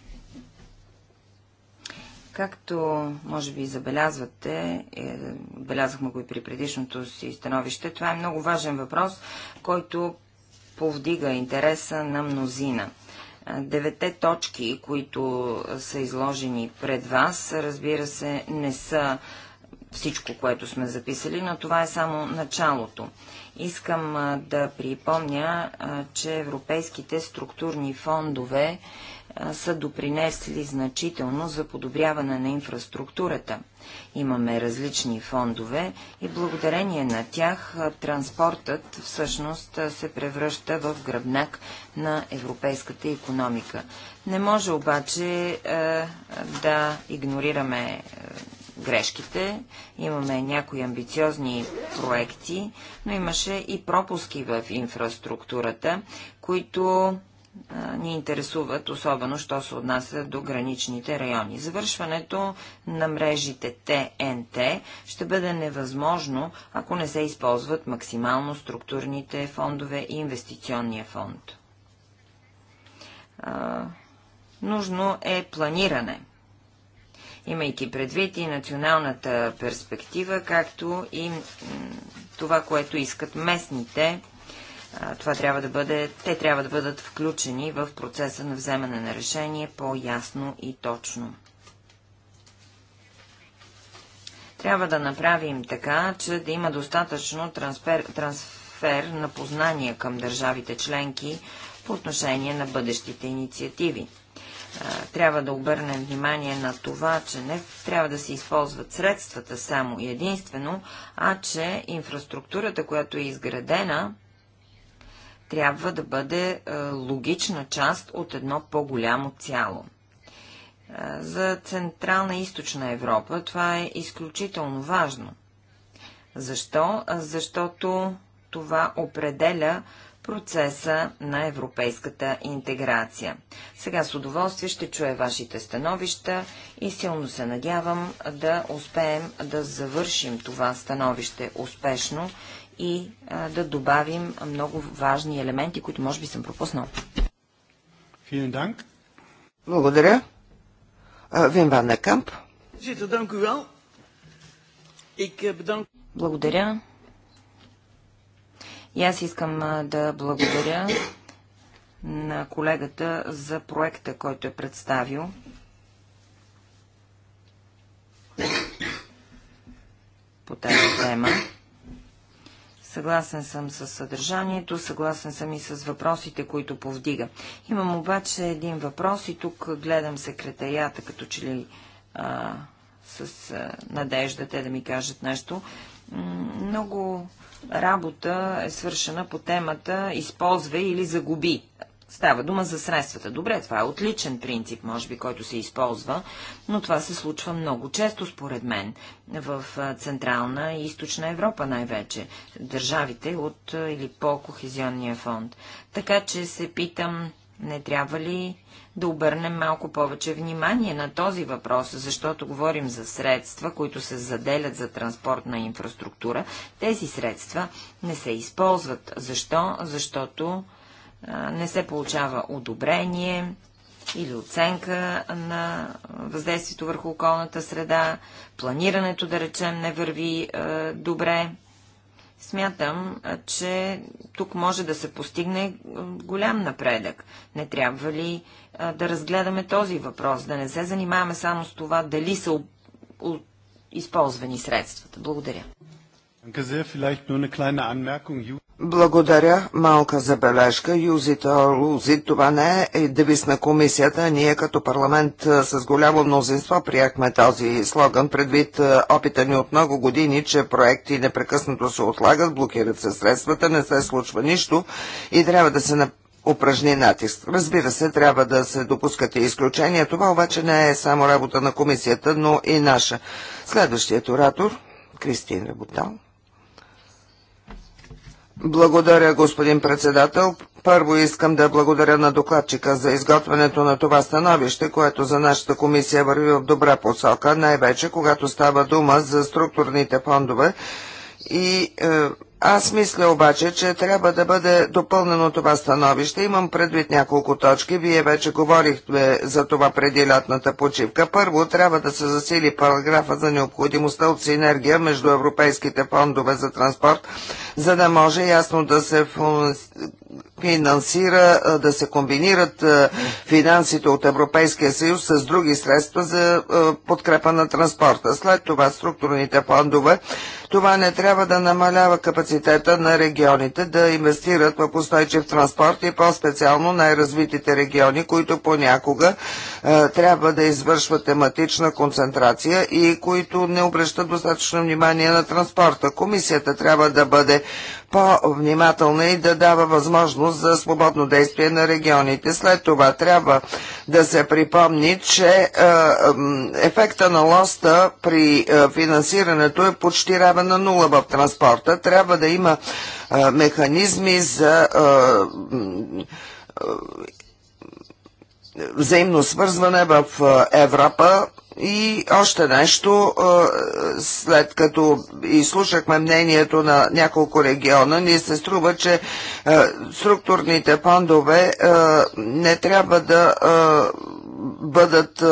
S3: Както може би забелязвате, е, отбелязахме го и при предишното си становище, това е много важен въпрос, който повдига интереса на мнозина. Е, девете точки, които са изложени пред вас, разбира се, не са всичко, което сме записали, но това е само началото. Искам да припомня, че европейските структурни фондове са допринесли значително за подобряване на инфраструктурата. Имаме различни фондове и благодарение на тях транспортът всъщност се превръща в гръбнак на европейската економика. Не може обаче да игнорираме грешките, имаме някои амбициозни проекти, но имаше и пропуски в инфраструктурата, които ни интересуват, особено, що се отнася до граничните райони. Завършването на мрежите ТНТ ще бъде невъзможно, ако не се използват максимално структурните фондове и инвестиционния фонд. А, нужно е планиране имайки предвид и националната перспектива, както и това, което искат местните. Това трябва да бъде, те трябва да бъдат включени в процеса на вземане на решение по-ясно и точно. Трябва да направим така, че да има достатъчно трансфер, трансфер на познания към държавите членки по отношение на бъдещите инициативи трябва да обърнем внимание на това, че не трябва да се използват средствата само и единствено, а че инфраструктурата, която е изградена, трябва да бъде логична част от едно по-голямо цяло. За Централна и Източна Европа това е изключително важно. Защо? Защото това определя процеса на европейската интеграция. Сега с удоволствие ще чуя вашите становища и силно се надявам да успеем да завършим това становище успешно и а, да добавим много важни елементи, които може би съм пропуснал. Благодаря. Вин Ван Камп. Eh, Благодаря. И аз искам да благодаря на колегата за проекта, който е представил. по тази тема. Съгласен съм с съдържанието, съгласен съм и с въпросите, които повдига. Имам обаче един въпрос и тук гледам секретарията, като че ли а, с надежда те да ми кажат нещо. Много работа е свършена по темата Използвай или загуби. Става дума за средствата. Добре, това е отличен принцип, може би, който се използва, но това се случва много често, според мен, в Централна и Източна Европа най-вече, държавите от или по-кохезионния фонд. Така че се питам, не трябва ли да обърнем малко повече внимание на този въпрос, защото говорим за средства, които се заделят за транспортна инфраструктура. Тези средства не се използват. Защо? Защото а, не се получава одобрение или оценка на въздействието върху околната среда, планирането, да речем, не върви добре Смятам, че тук може да се постигне голям напредък. Не трябва ли да разгледаме този въпрос, да не се занимаваме само с това дали са използвани средствата?
S1: Благодаря. Благодаря. Малка
S2: забележка. Юзит Лузит, това не е девиз на комисията. Ние като парламент с голямо мнозинство приехме този слоган предвид опита ни от много години, че проекти непрекъснато се отлагат, блокират се средствата, не се случва нищо и трябва да се упражни натиск. Разбира се, трябва да се допускат и изключения. Това обаче не е само работа на комисията, но и наша. Следващият оратор, Кристин Ребутал. Благодаря, господин председател. Първо искам да благодаря на докладчика за изготвянето на това становище, което за нашата комисия върви в добра посока, най-вече когато става дума за структурните фондове и е, аз мисля обаче, че трябва да бъде допълнено това становище. Имам предвид няколко точки. Вие вече говорихте за това преди лятната почивка. Първо, трябва да се засили параграфа за необходимостта от синергия между европейските фондове за транспорт, за да може ясно да се финансира, да се комбинират финансите от Европейския съюз с други средства за подкрепа на транспорта. След това структурните фондове, Това не трябва да намалява капацитета на регионите да инвестират в устойчив транспорт и по-специално най-развитите региони, които понякога е, трябва да извършват тематична концентрация и които не обръщат достатъчно внимание на транспорта. Комисията трябва да бъде по-внимателна и да дава възможност за свободно действие на регионите. След това трябва да се припомни, че е, ефекта на лоста при е, финансирането е почти равен на нула в транспорта. Трябва да има е, механизми за взаимно свързване в Европа и още нещо, след като изслушахме мнението на няколко региона, ни се струва, че структурните фондове не трябва да бъдат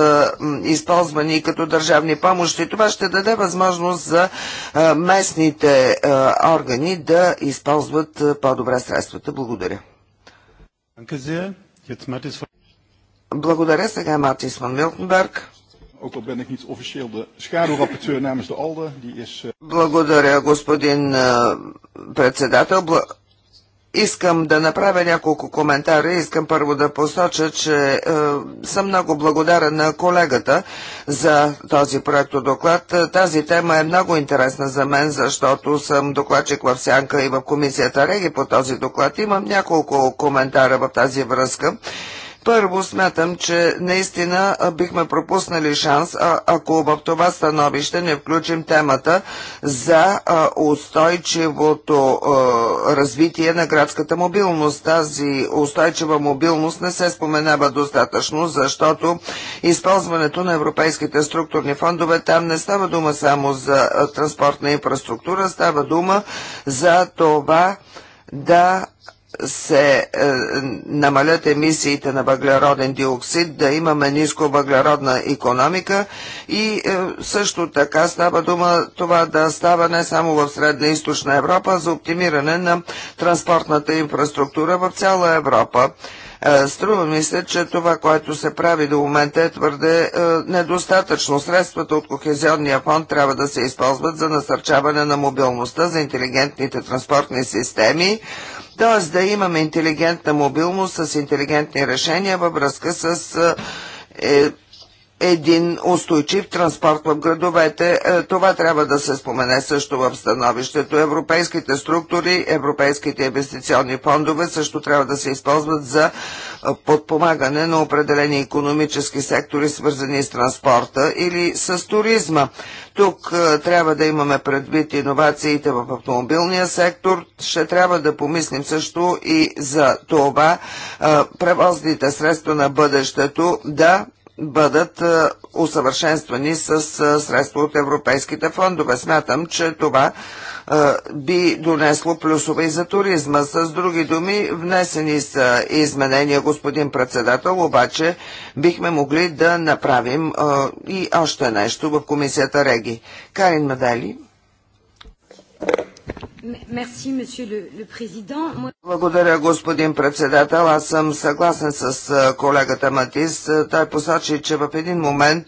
S2: използвани като държавни помощи. Това ще даде възможност за местните органи да използват по-добре средствата. Благодаря.
S1: Благодаря сега Мартинс Ван Милтенберг. Ook al ben ik niet officieel de schaduwrapporteur namens de ALDE, die is... Eh,
S2: Благодаря, господин е, председател. Искам да направя няколко коментари. Искам първо да посоча, че е, съм много благодарен на колегата за този доклад. Тази тема е много интересна за мен, защото съм докладчик в Сянка и в комисията Реги по този доклад. Имам няколко коментара в тази връзка. Е, първо смятам, че наистина бихме пропуснали шанс, ако в това становище не включим темата за устойчивото развитие на градската мобилност. Тази устойчива мобилност не се споменава достатъчно, защото използването на европейските структурни фондове там не става дума само за транспортна инфраструктура, става дума за това да се е, намалят емисиите на въглероден диоксид, да имаме ниско въглеродна економика и е, също така става дума това да става не само в Средна и Източна Европа, за оптимиране на транспортната инфраструктура в цяла Европа. Е, струва ми се, че това, което се прави до момента е твърде е, недостатъчно. Средствата от Кохезионния фонд трябва да се използват за насърчаване на мобилността, за интелигентните транспортни системи, т.е. да имаме интелигентна мобилност с интелигентни решения във връзка с е, един устойчив транспорт в градовете. Е, това трябва да се спомене също в становището. Европейските структури, европейските инвестиционни фондове също трябва да се използват за е, подпомагане на определени економически сектори, свързани с транспорта или с туризма. Тук е, трябва да имаме предвид иновациите в автомобилния сектор. Ще трябва да помислим също и за това превозните средства на бъдещето да бъдат е, усъвършенствани с е, средства от европейските фондове. Смятам, че това е, би донесло плюсове и за туризма. С други думи, внесени са изменения, господин председател, обаче бихме могли да направим и още нещо в комисията Реги. Карин Мадали. Благодаря, господин председател. Аз съм съгласен с колегата Матис. Той посочи, че в един момент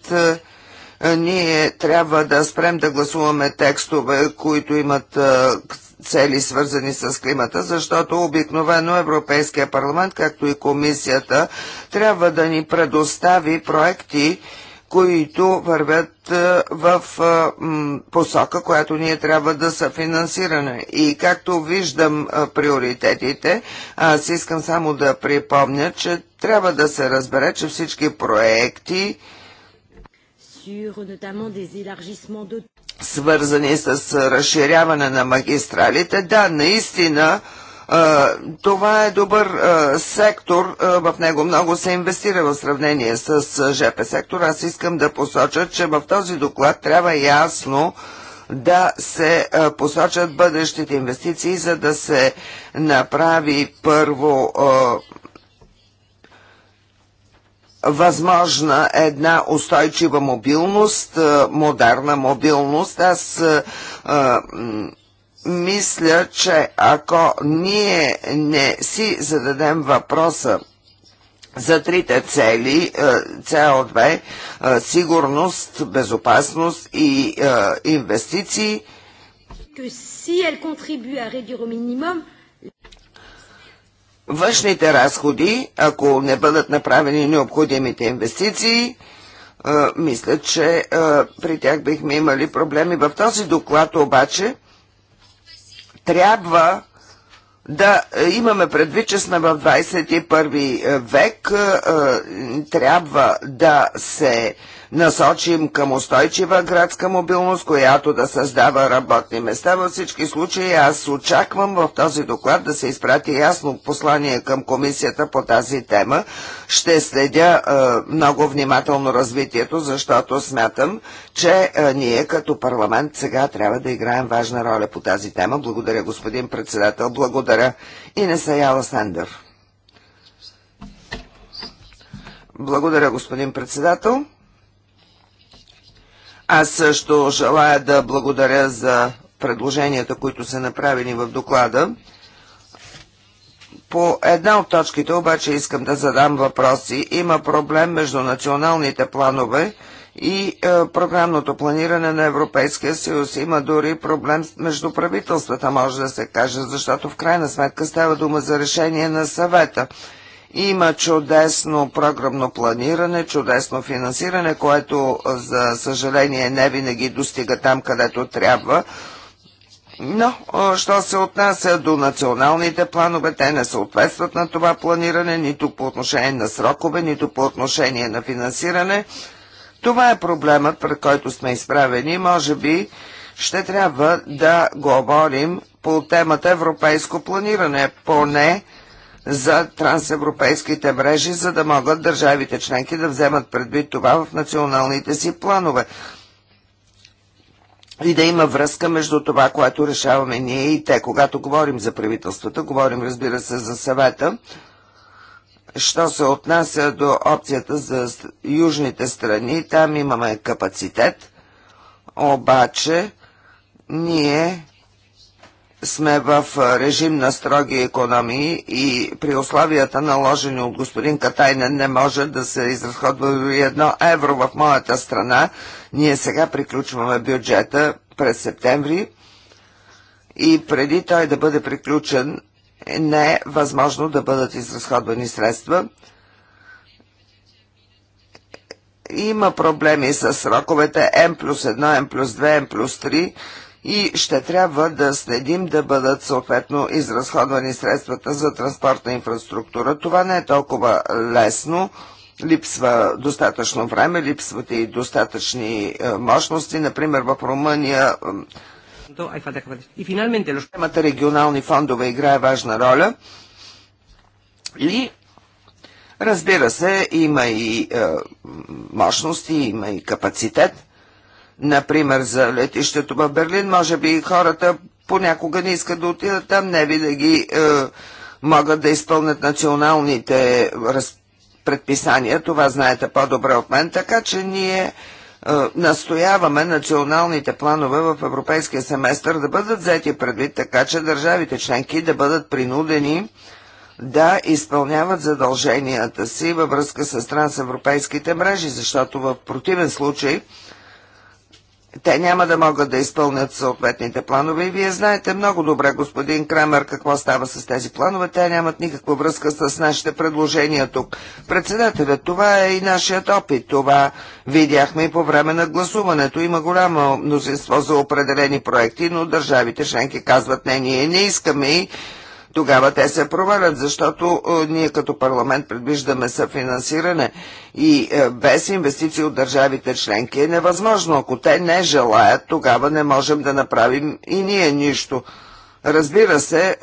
S2: ние трябва да спрем да гласуваме текстове, които имат цели свързани с климата, защото обикновено Европейския парламент, както и комисията, трябва да ни предостави проекти, които вървят е, в е, посока, която ние трябва да са финансиране. И както виждам е, приоритетите, аз искам само да припомня, че трябва да се разбере, че всички проекти, свързани с разширяване на магистралите, да, наистина това е добър сектор, в него много се инвестира в сравнение с ЖП сектор. Аз искам да посоча, че в този доклад трябва ясно да се посочат бъдещите инвестиции, за да се направи първо възможна една устойчива мобилност, модерна мобилност. Аз а, мисля, че ако ние не си зададем въпроса за трите цели CO2 е, е, сигурност, безопасност и е, инвестиции, външните разходи, ако не бъдат направени необходимите инвестиции, мисля, че при тях бихме имали проблеми. В този доклад обаче трябва да е, имаме предвид, че сме в 21 е, век, е, трябва да се насочим към устойчива градска мобилност, която да създава работни места. Във всички случаи аз очаквам в този доклад да се изпрати ясно послание към комисията по тази тема. Ще следя е, много внимателно развитието, защото смятам, че е, ние като парламент сега трябва да играем важна роля по тази тема. Благодаря, господин председател. Благодаря. И не са Яла Сендър. Благодаря, господин председател. Аз също желая да благодаря за предложенията, които са направени в доклада. По една от точките обаче искам да задам въпроси. Има проблем между националните планове и е, програмното планиране на Европейския съюз. Има дори проблем между правителствата, може да се каже, защото в крайна сметка става дума за решение на съвета. Има чудесно програмно планиране, чудесно финансиране, което за съжаление не винаги достига там, където трябва. Но, що се отнася до националните планове, те не съответстват на това планиране, нито по отношение на срокове, нито по отношение на финансиране. Това е проблемът, пред който сме изправени. Може би ще трябва да говорим по темата европейско планиране, поне за трансевропейските мрежи, за да могат държавите членки да вземат предвид това в националните си планове и да има връзка между това, което решаваме ние и те. Когато говорим за правителствата, говорим разбира се за съвета, що се отнася до опцията за южните страни, там имаме капацитет, обаче ние сме в режим на строги економии и при условията наложени от господин Катайнен не може да се изразходва дори едно евро в моята страна. Ние сега приключваме бюджета през септември и преди той да бъде приключен не е възможно да бъдат изразходвани средства. Има проблеми с сроковете М плюс 1, М плюс 2, М плюс 3 и ще трябва да следим да бъдат съответно изразходвани средствата за транспортна инфраструктура. Това не е толкова лесно. Липсва достатъчно време, липсват и достатъчни е, мощности. Например, в Румъния е, темата регионални фондове играе важна роля. И разбира се, има и е, мощности, има и капацитет например, за летището в Берлин, може би хората понякога не искат да отидат там, не ги е, могат да изпълнят националните предписания, това знаете по-добре от мен, така че ние е, настояваме националните планове в европейския семестър да бъдат взети предвид, така че държавите членки да бъдат принудени да изпълняват задълженията си във връзка с трансевропейските мрежи, защото в противен случай те няма да могат да изпълнят съответните планове и вие знаете много добре, господин Крамер, какво става с тези планове. Те нямат никаква връзка с нашите предложения тук. Председателя, това е и нашият опит. Това видяхме и по време на гласуването. Има голямо мнозинство за определени проекти, но държавите членки казват не, ние не искаме и тогава те се провалят, защото е, ние като парламент предвиждаме съфинансиране и е, без инвестиции от държавите членки е невъзможно. Ако те не желаят, тогава не можем да направим и ние нищо. Разбира се, е,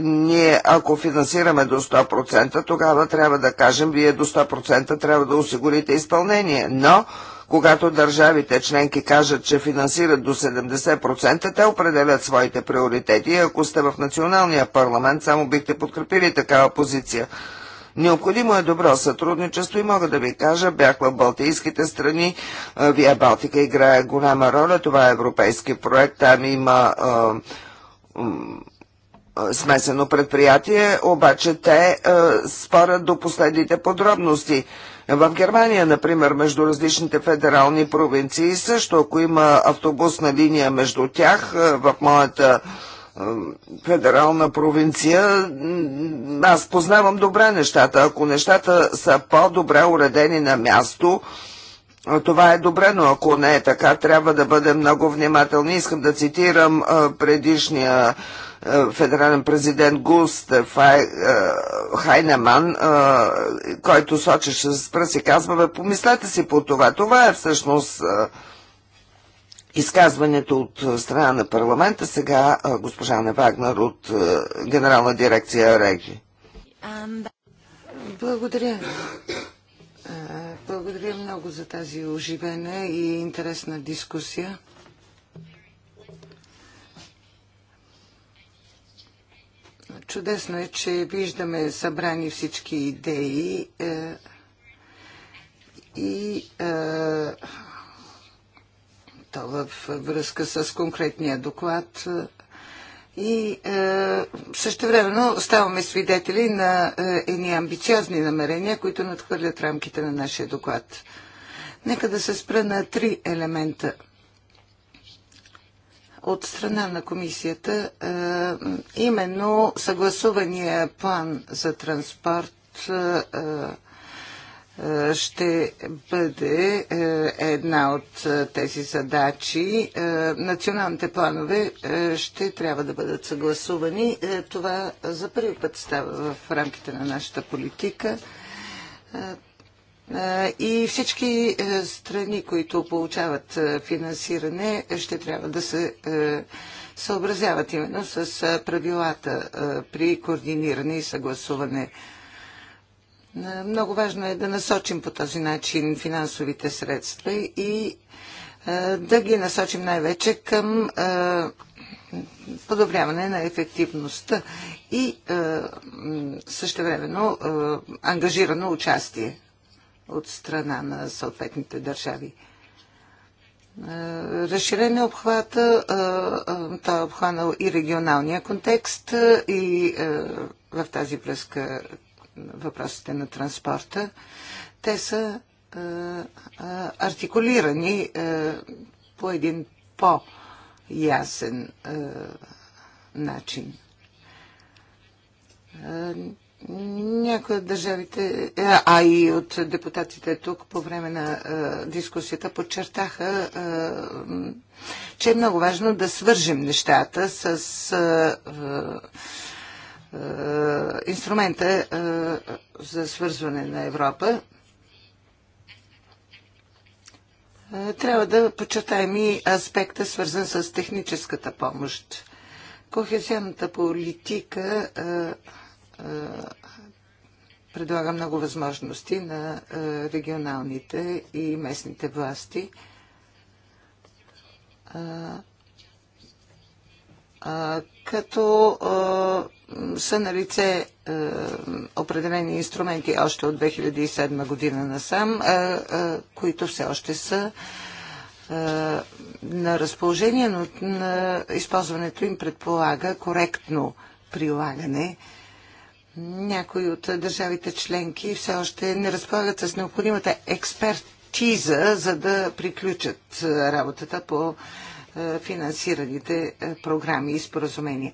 S2: ние ако финансираме до 100%, тогава трябва да кажем, вие до 100% трябва да осигурите изпълнение. Но когато държавите членки кажат, че финансират до 70%, те определят своите приоритети. Ако сте в националния парламент, само бихте подкрепили такава позиция. Необходимо е добро сътрудничество и мога да ви кажа, бях в Балтийските страни, Вия Балтика играе голяма роля, това е европейски проект, там има а, а, смесено предприятие, обаче те а, спорят до последните подробности. В Германия, например, между различните федерални провинции също, ако има автобусна линия между тях, е, в моята е, федерална провинция, аз познавам добре нещата. Ако нещата са по-добре уредени на място, е, това е добре, но ако не е така, трябва да бъдем много внимателни. Искам да цитирам предишния е, федерален президент Густав е, е, Хайнеман, който сочеше с пръст и казва, бе, помислете си по това. Това е всъщност изказването от страна на парламента. Сега госпожа Невагнар от Генерална дирекция Реги.
S4: Благодаря. Благодаря много за тази оживена и интересна дискусия. Чудесно е, че виждаме събрани всички идеи е, и е, то в връзка с конкретния доклад. И е, същевременно ставаме свидетели на е, едни амбициозни намерения, които надхвърлят рамките на нашия доклад. Нека да се спра на три елемента – от страна на комисията е, именно съгласувания план за транспорт е, е, ще бъде една от тези задачи. Националните планове ще трябва да бъдат съгласувани. Това за първи път става в рамките на нашата политика. И всички е, страни, които получават е, финансиране, ще трябва да се е, съобразяват именно с правилата при координиране и съгласуване. Много важно е да насочим по този начин финансовите средства и да ги насочим най-вече към подобряване на ефективността и същевременно ангажирано участие от страна на съответните държави. Е, разширен е обхвата, е, е, той е обхванал и регионалния контекст и в тази връзка въпросите на транспорта. Те са артикулирани по един по-ясен начин. Някои от държавите, е, а и от депутатите тук по време на е, дискусията подчертаха, е, че е много важно да свържим нещата с инструмента за свързване на Европа. Трябва да подчертаем и аспекта, свързан с техническата помощ. Кохезионната политика е, предлага много възможности на е, регионалните и местните власти. Е, като са на лице определени инструменти още от 2007 година насам, които все още са на разположение, но на използването им предполага коректно прилагане някои от държавите членки все още не разполагат с необходимата експертиза, за да приключат е, работата по е, финансираните е, програми и споразумения.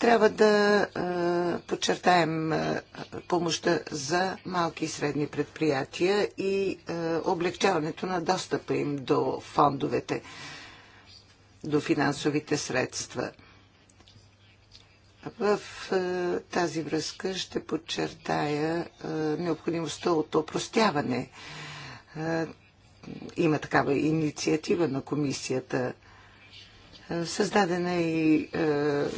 S4: Трябва да подчертаем помощта за малки и средни предприятия и облегчаването на достъпа им до фондовете, до финансовите средства. В е, тази връзка ще подчертая е, необходимостта от опростяване. Е, има такава инициатива на комисията. Създадена е и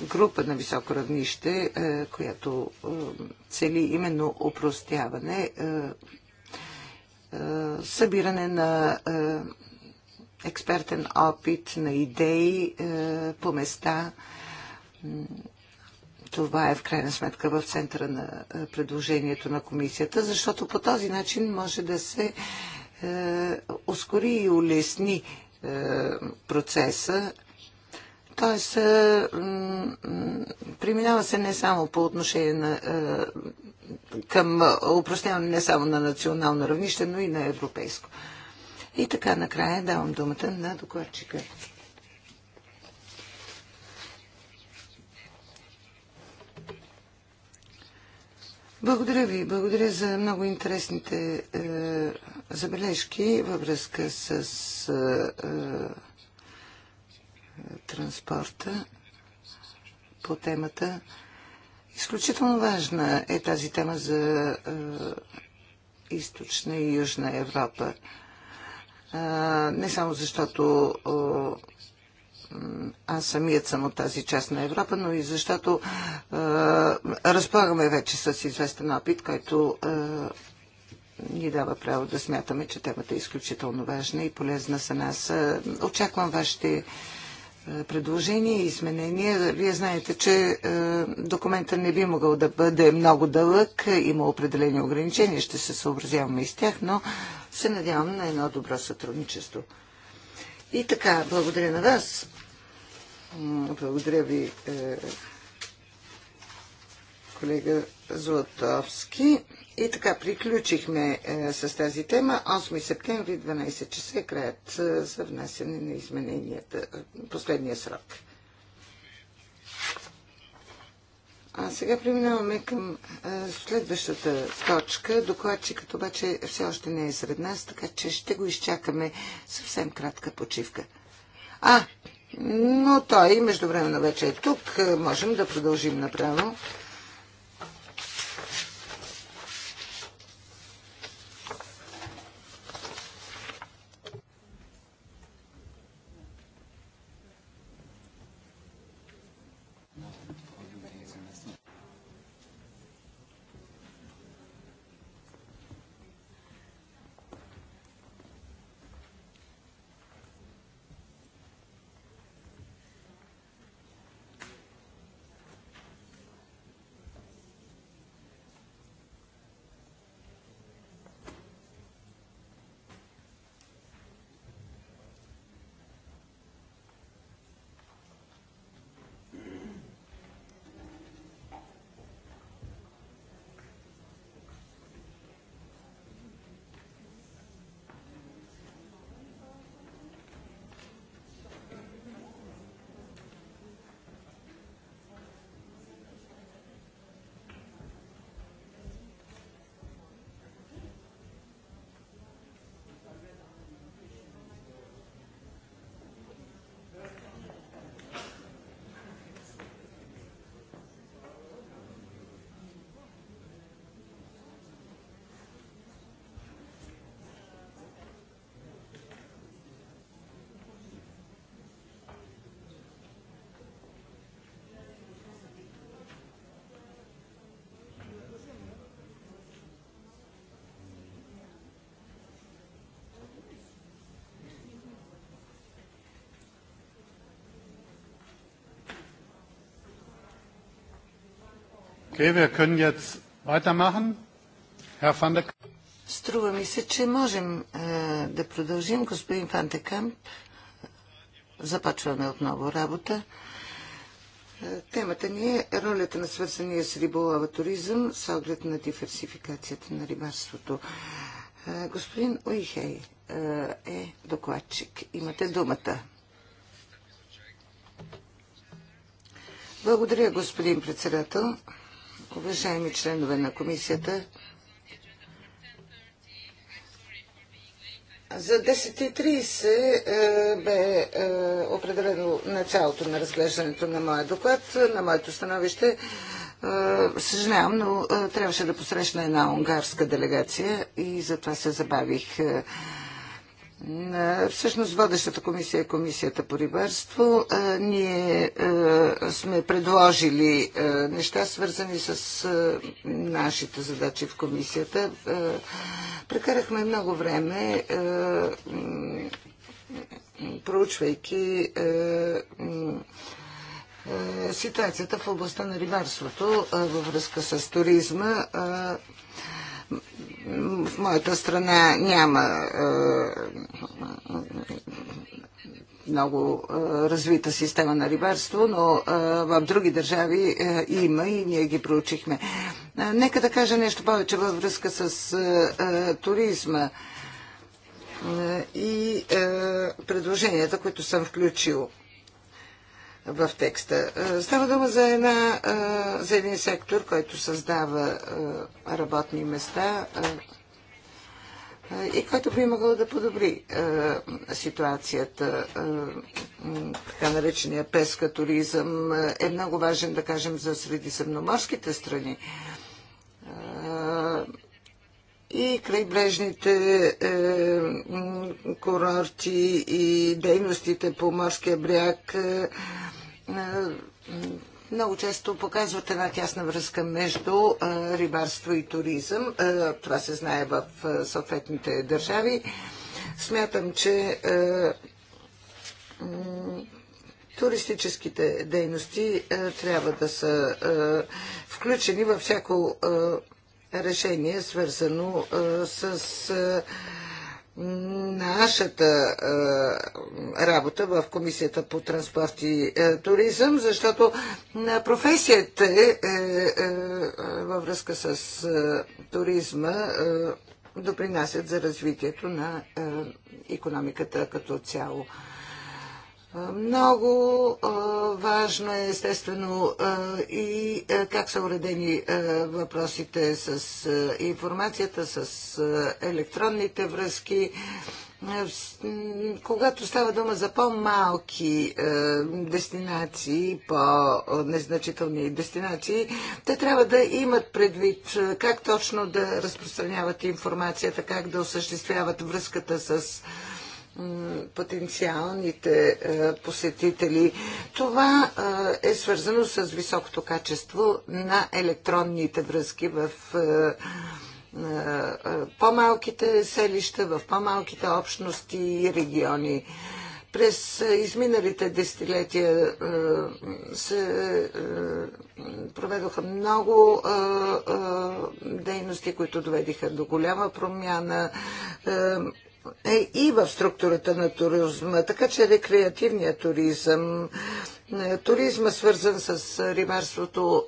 S4: група на високо равнище, която цели именно опростяване, събиране на експертен опит, на идеи по места това е в крайна сметка в центъра на е, предложението на комисията, защото по този начин може да се е, ускори и улесни е, процеса. Тоест, е, преминава се не само по отношение на, е, към упростяване е, не само на национално равнище, но и на европейско. И така накрая давам думата на докладчика. Благодаря ви. Благодаря за много интересните е, забележки във връзка с е, е, транспорта по темата. Изключително важна е тази тема за е, източна и южна Европа. Е, не само защото е, аз самият съм от тази част на Европа, но и защото е, разполагаме вече с известен опит, който е, ни дава право да смятаме, че темата е изключително важна и полезна за нас. Очаквам вашите предложения и изменения. Вие знаете, че документът не би могъл да бъде много дълъг. Има определени ограничения, ще се съобразяваме и с тях, но се надявам на едно добро сътрудничество. И така, благодаря на вас. Благодаря ви, е, колега Златовски. И така, приключихме е, с тази тема. 8 септември, 12 часа е краят е, за внасяне на измененията. Последния срок. А сега преминаваме към следващата точка. Докладчикът обаче все още не е сред нас, така че ще го изчакаме съвсем кратка почивка. А, но той междувременно вече е тук. Можем да продължим направо.
S1: Okay, wir können jetzt weitermachen. Herr van der
S4: Струва ми се, че можем е, да продължим. Господин Фантекамп, започваме отново работа. Е, темата ни е ролята на свързания с риболова туризъм с оглед на диверсификацията на рибарството. Е, господин Уихей е, е докладчик. Имате думата. Благодаря, господин председател. Уважаеми членове на комисията, за 10.30 е, бе е, определено началото на разглеждането на моя доклад, на моето становище. Е, съжалявам, но трябваше да посрещна една унгарска делегация и затова се забавих. Всъщност водещата комисия е комисията по рибарство. Ние сме предложили неща, свързани с нашите задачи в комисията. Прекарахме много време проучвайки ситуацията в областта на рибарството във връзка с туризма в моята страна няма е, много е, развита система на рибарство, но е, в други държави има и ние ги проучихме. Нека да кажа нещо повече във връзка с туризма и предложенията, които съм включил в текста. Е, става дума за, една, е, за един сектор, който създава е, работни места и който би могъл да подобри ситуацията. Така наречения песка туризъм е много важен, да кажем, за средиземноморските страни и крайбрежните е, курорти и дейностите по морския бряг е, е, много често показват една тясна връзка между е, рибарство и туризъм. Е, това се знае в е, съответните държави. Смятам, че е, е, туристическите дейности е, трябва да са е, включени във всяко е, решение, свързано с нашата работа в Комисията по транспорт и туризъм, защото професията е, е, е, във връзка с туризма допринасят за развитието на економиката като цяло. Много важно е естествено и как са уредени въпросите с информацията, с електронните връзки. Когато става дума за по-малки дестинации, по-незначителни дестинации, те трябва да имат предвид как точно да разпространяват информацията, как да осъществяват връзката с потенциалните е, посетители. Това е, е свързано с високото качество на електронните връзки в е, по-малките селища, в по-малките общности и региони. През изминалите десетилетия се проведоха много дейности, които доведиха до голяма промяна е и в структурата на туризма, така че рекреативният туризъм, е, туризма свързан с римарството,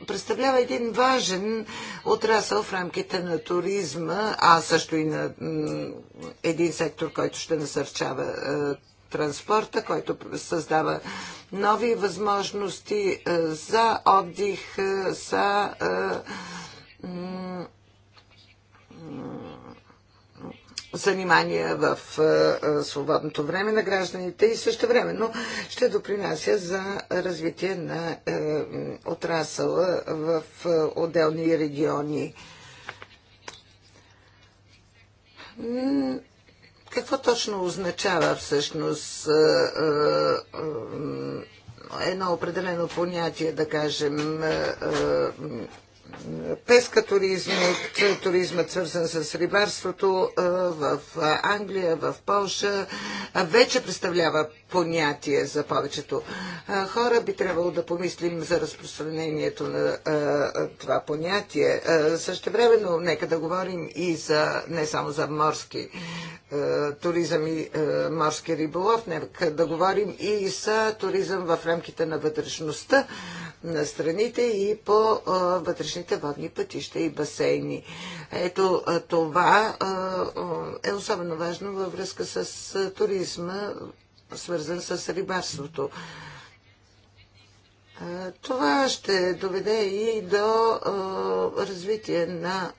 S4: е, представлява един важен отрасъл в рамките на туризма, а също и на един сектор, който ще насърчава е, транспорта, който създава нови възможности за отдих, за занимания в е, е, свободното време на гражданите и също времено ще допринася за развитие на е, отрасъла в отделни региони. Какво точно означава всъщност едно определено понятие, да кажем, песка туризмът, туризмът свързан с рибарството в Англия, в Польша, вече представлява понятие за повечето хора. Би трябвало да помислим за разпространението на това понятие. Също времено, нека да говорим и за, не само за морски туризъм и морски риболов, нека да говорим и за туризъм в рамките на вътрешността на страните и по вътрешните водни пътища и басейни. Ето това е особено важно във връзка с туризма, свързан с рибарството. Това ще доведе и до развитие на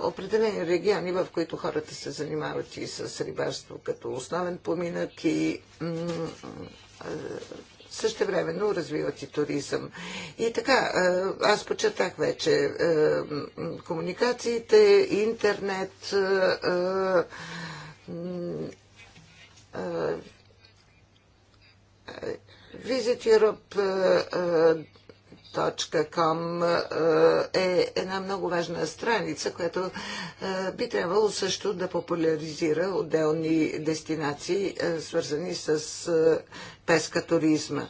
S4: определени региони, в които хората се занимават и с рибарство като основен поминък и същевременно развиват и туризъм. И така, е, аз почетах вече е, комуникациите, интернет, визит е, Европ, Com е, е една много важна страница, която е, би трябвало също да популяризира отделни дестинации, е, свързани с песка туризма.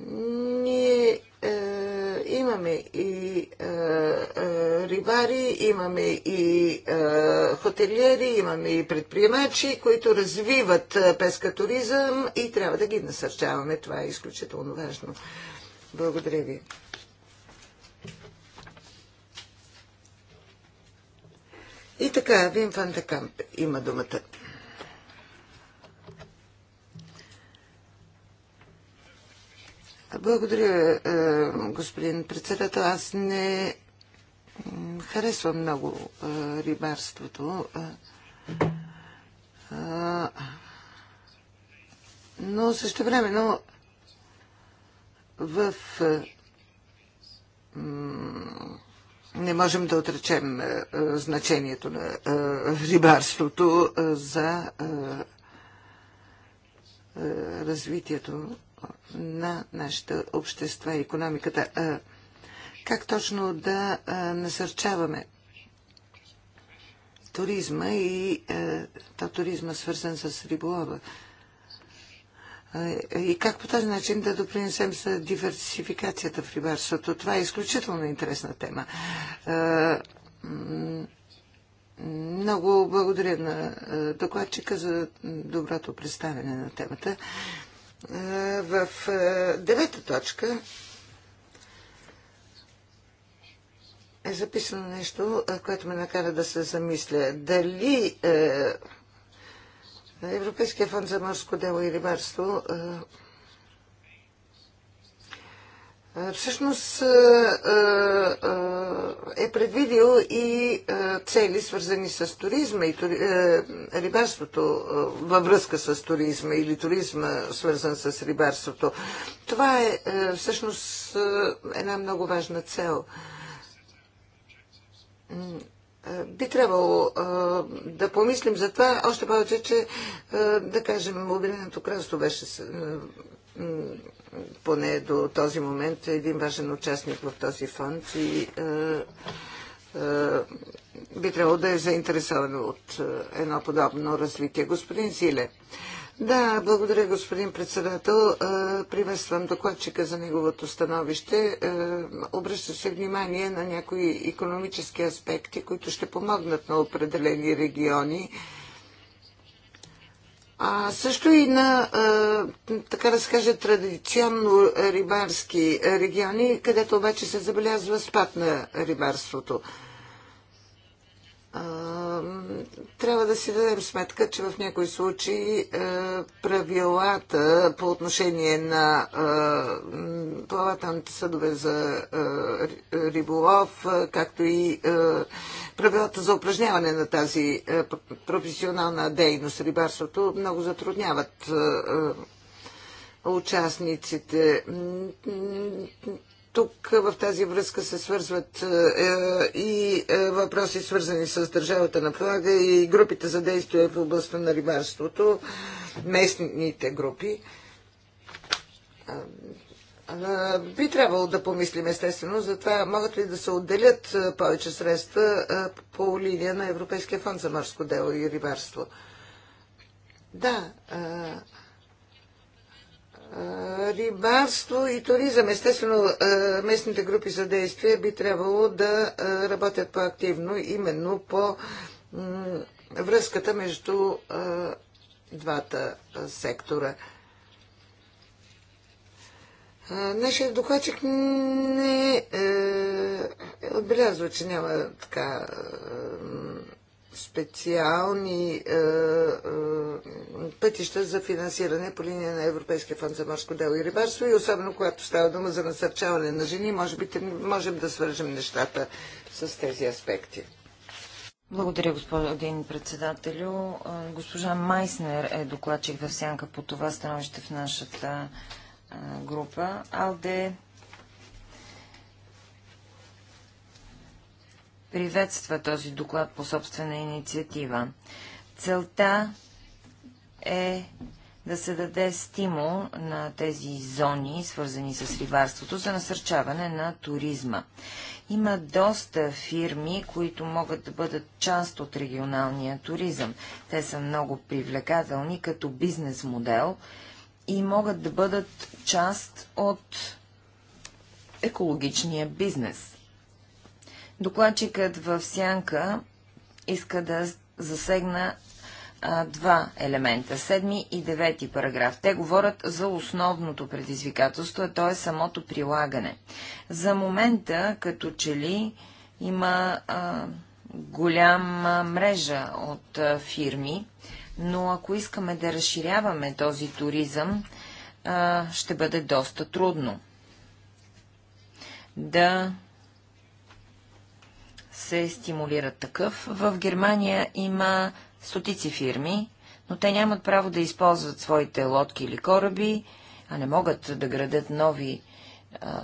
S4: Ние е, имаме и е, рибари, имаме и е, хотелиери, имаме и предприемачи, които развиват песка туризъм и трябва да ги насърчаваме. Това е изключително важно. Благодаря ви. И така, Вим Фантакамп има думата. Благодаря, е, господин председател. Аз не харесвам много е, рибарството. Е, но също време, но в е, не можем да отречем е, е, значението на рибарството за развитието на нашите общества и економиката. Как точно да насърчаваме туризма и то туризма свързан с риболова? и как по този начин да допринесем за диверсификацията в рибарството. Това е изключително интересна тема. Много благодаря на докладчика за доброто представяне на темата. В девета точка е записано нещо, което ме накара да се замисля. Дали е, Европейския фонд за морско дело и рибарство всъщност е предвидил и цели, свързани с туризма и рибарството във връзка с туризма или туризма, свързан с рибарството. Това е всъщност една много важна цел би трябвало да помислим за това, още повече, че, да кажем, Обединеното кралство беше поне до този момент един важен участник в този фонд и би трябвало да е заинтересовано от едно подобно развитие. Господин Зиле, да, благодаря господин председател. Е, приветствам докладчика за неговото становище. Е, обръща се внимание на някои економически аспекти, които ще помогнат на определени региони. А също и на, е, така да се каже, традиционно рибарски региони, където обаче се забелязва спад на рибарството трябва да си дадем сметка, че в някои случаи е, правилата по отношение на е, плавателните съдове за е, риболов, както и правилата за упражняване на тази професионална дейност, рибарството, много затрудняват участниците. Тук в тази връзка се свързват е, и е, въпроси свързани с държавата на Плага и групите за действие в областта на рибарството, местните групи. Би трябвало да помислим естествено за това могат ли да се отделят повече средства по линия на Европейския фонд за морско дело и рибарство. Да, рибарство и туризъм. Естествено, е, местните групи за действие би трябвало да е, работят по-активно, именно по връзката между е, двата сектора. Нашият докладчик не е, отбелязва, че няма така е, специални е, е, пътища за финансиране по линия на Европейския фонд за морско дело и рибарство и особено когато става дума за насърчаване на жени, може би можем да свържем нещата с тези аспекти.
S3: Благодаря, господин председателю. Е, госпожа Майснер е докладчик в сянка по това становище в нашата е, група. Алде приветства този доклад по собствена инициатива. Целта е да се даде стимул на тези зони, свързани с рибарството, за насърчаване на туризма. Има доста фирми, които могат да бъдат част от регионалния туризъм. Те са много привлекателни като бизнес модел и могат да бъдат част от екологичния бизнес. Докладчикът в Сянка иска да засегна а, два елемента, седми и девети параграф. Те говорят за основното предизвикателство, т.е. самото прилагане. За момента, като че ли, има а, голяма мрежа от а, фирми, но ако искаме да разширяваме този туризъм, а, ще бъде доста трудно да се стимулира такъв. В Германия има стотици фирми, но те нямат право да използват своите лодки или кораби, а не могат да градят нови а,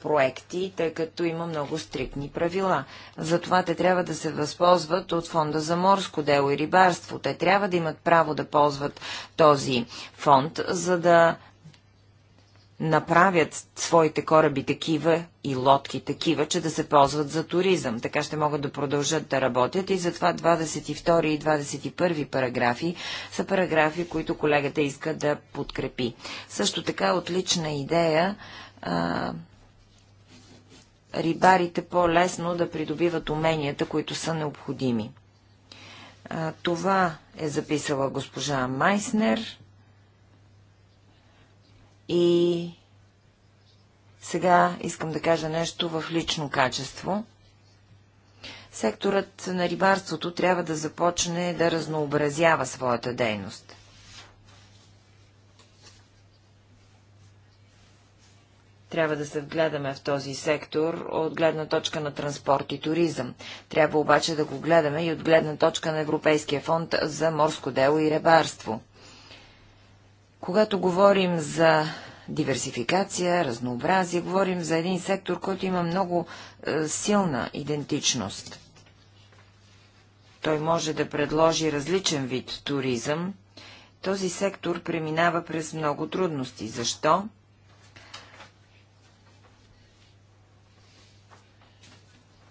S3: проекти, тъй като има много стриктни правила. Затова те трябва да се възползват от фонда за морско дело и рибарство. Те трябва да имат право да ползват този фонд, за да направят своите кораби такива и лодки такива, че да се ползват за туризъм. Така ще могат да продължат да работят и затова 22 и 21 параграфи са параграфи, които колегата иска да подкрепи. Също така отлична идея а, рибарите по-лесно да придобиват уменията, които са необходими. А, това е записала госпожа Майснер и сега искам да кажа нещо в лично качество. Секторът на рибарството трябва да започне да разнообразява своята дейност. Трябва да се вгледаме в този сектор от гледна точка на транспорт и туризъм. Трябва обаче да го гледаме и от гледна точка на Европейския фонд за морско дело и ребарство. Когато говорим за диверсификация, разнообразие, говорим за един сектор, който има много е, силна идентичност. Той може да предложи различен вид туризъм. Този сектор преминава през много трудности. Защо?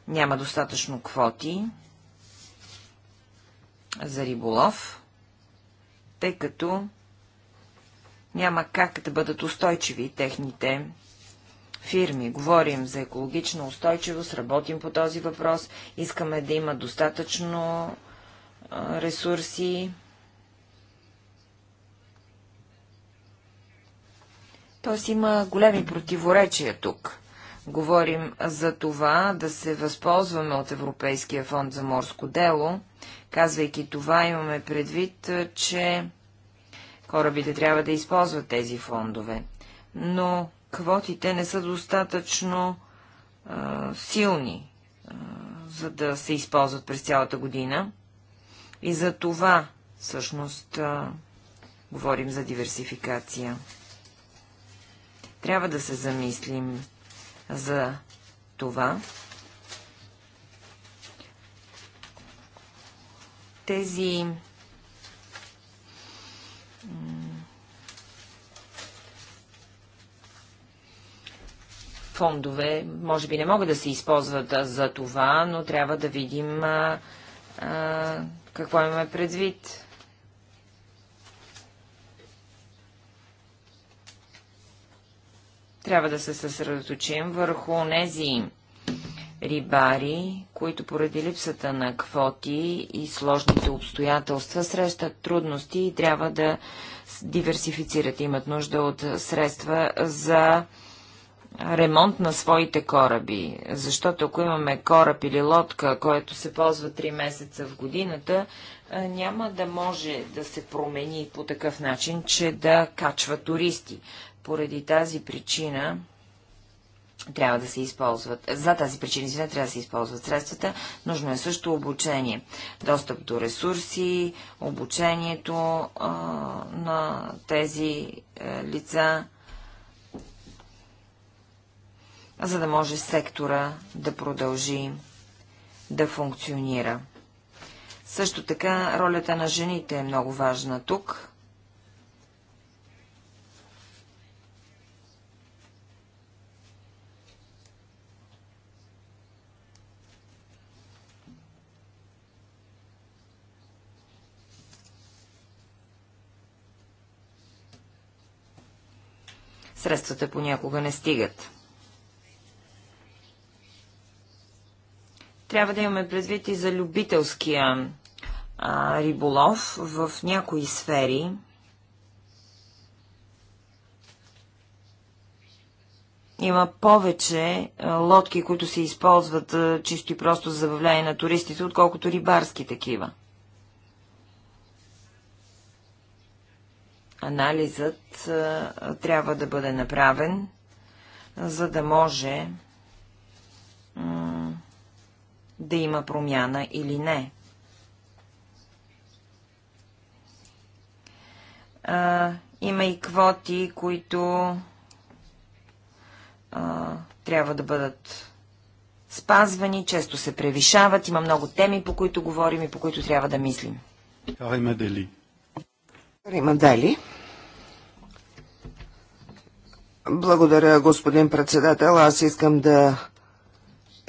S3: Няма достатъчно квоти за риболов, тъй като няма как да бъдат устойчиви техните фирми. Говорим за екологична устойчивост, работим по този въпрос, искаме да има достатъчно ресурси. Тоест има големи противоречия тук. Говорим за това да се възползваме от Европейския фонд за морско дело. Казвайки това, имаме предвид, че Корабите трябва да използват тези фондове, но квотите не са достатъчно а, силни, а, за да се използват през цялата година. И за това, всъщност, а, говорим за диверсификация. Трябва да се замислим за това. Тези фондове, може би не могат да се използват за това, но трябва да видим а, а, какво имаме предвид. Трябва да се съсредоточим върху им рибари, които поради липсата на квоти и сложните обстоятелства срещат трудности и трябва да диверсифицират. Имат нужда от средства за ремонт на своите кораби, защото ако имаме кораб или лодка, който се ползва 3 месеца в годината, няма да може да се промени по такъв начин, че да качва туристи. Поради тази причина трябва да се използват. За тази причина, извинете, трябва да се използват средствата. Нужно е също обучение. Достъп до ресурси, обучението а, на тези а, е, лица, за да може сектора да продължи да функционира. Също така, ролята на жените е много важна тук. средствата понякога не стигат. Трябва да имаме предвид и за любителския а, риболов в някои сфери. Има повече а, лодки, които се използват а, чисто и просто за забавляване на туристите, отколкото рибарски такива. Анализът трябва да бъде направен, за да може да има промяна или не. има и квоти, които трябва да бъдат спазвани, често се превишават, има много теми, по които говорим и по които трябва да мислим.
S1: Карима Дели.
S2: Карима Дели. Благодаря, господин председател. Аз искам да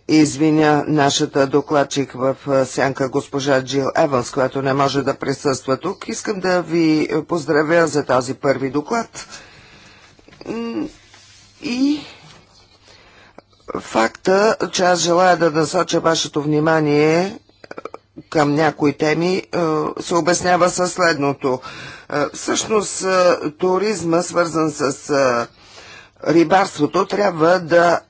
S2: извиня нашата докладчик в сянка госпожа Джил Еванс, която не може да присъства тук. Искам да ви поздравя за този първи доклад. И факта, че аз желая да насоча вашето внимание към някои теми се обяснява със следното. Всъщност туризма, свързан с рибарството трябва да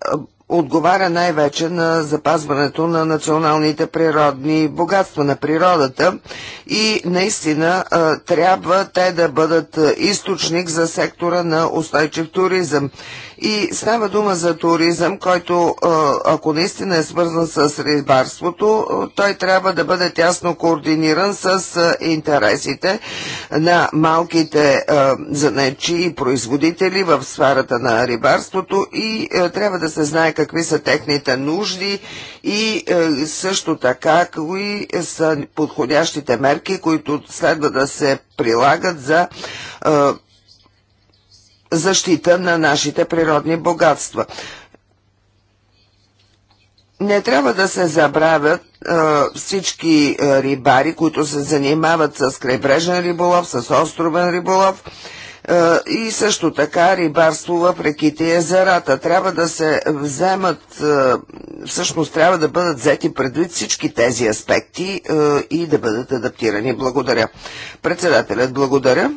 S2: отговаря най-вече на запазването на националните природни богатства на природата и наистина трябва те да бъдат източник за сектора на устойчив туризъм. И става дума за туризъм, който ако наистина е свързан с рибарството, той трябва да бъде тясно координиран с интересите на малките занечи и производители в сферата на рибарството и трябва да се знае какви са техните нужди и също така кои са подходящите мерки, които следва да се прилагат за защита на нашите природни богатства. Не трябва да се забравят а, всички а, рибари, които се занимават с крайбрежен риболов, с островен риболов а, и също така рибарство в реките и езерата. Трябва да се вземат, а, всъщност трябва да бъдат взети предвид всички тези аспекти а, и да бъдат адаптирани. Благодаря. Председателят, благодаря.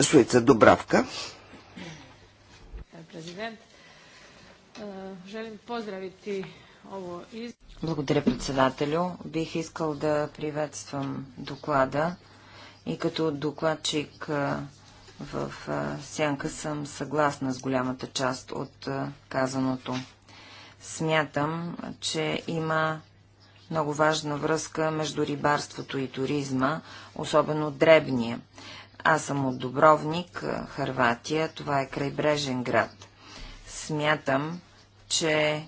S2: Суица Добравка.
S4: Президент, желим поздравити ово из...
S3: Благодаря, председателю. Бих искал да приветствам доклада и като докладчик в сянка съм съгласна с голямата част от казаното. Смятам, че има много важна връзка между рибарството и туризма, особено дребния. Аз съм от Добровник, Харватия. Това е крайбрежен град. Смятам, че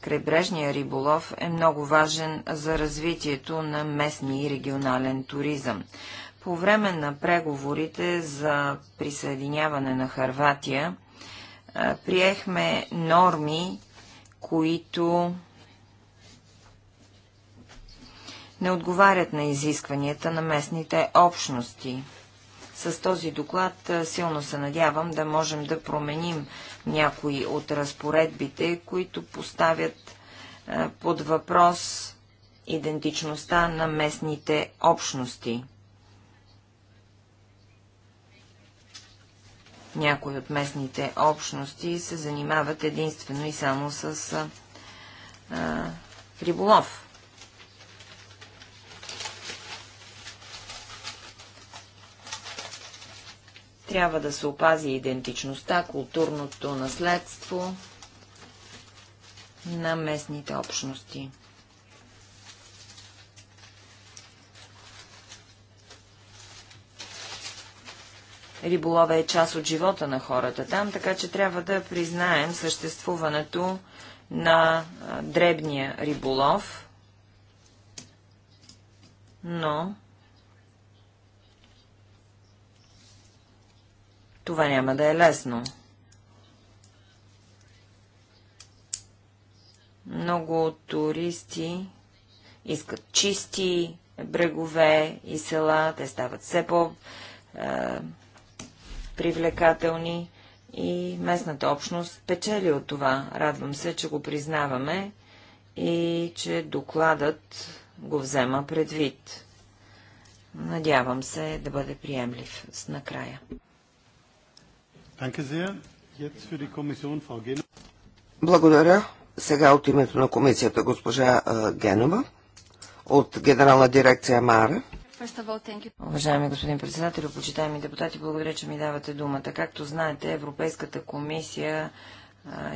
S3: крайбрежния риболов е много важен за развитието на местния и регионален туризъм. По време на преговорите за присъединяване на Харватия приехме норми, които не отговарят на изискванията на местните общности. С този доклад силно се надявам да можем да променим някои от разпоредбите, които поставят под въпрос идентичността на местните общности. Някои от местните общности се занимават единствено и само с а, риболов. Трябва да се опази идентичността, културното наследство на местните общности. Риболова е част от живота на хората там, така че трябва да признаем съществуването на дребния риболов, но Това няма да е лесно. Много туристи искат чисти брегове и села, те стават все по-привлекателни е, и местната общност печели от това. Радвам се, че го признаваме и че докладът го взема предвид. Надявам се да
S1: бъде приемлив с накрая.
S2: Благодаря. Сега от името на комисията госпожа Генова от Генерална дирекция МАРА.
S1: Уважаеми
S3: господин председател, почитаеми депутати, благодаря, че ми давате думата. Както знаете, Европейската комисия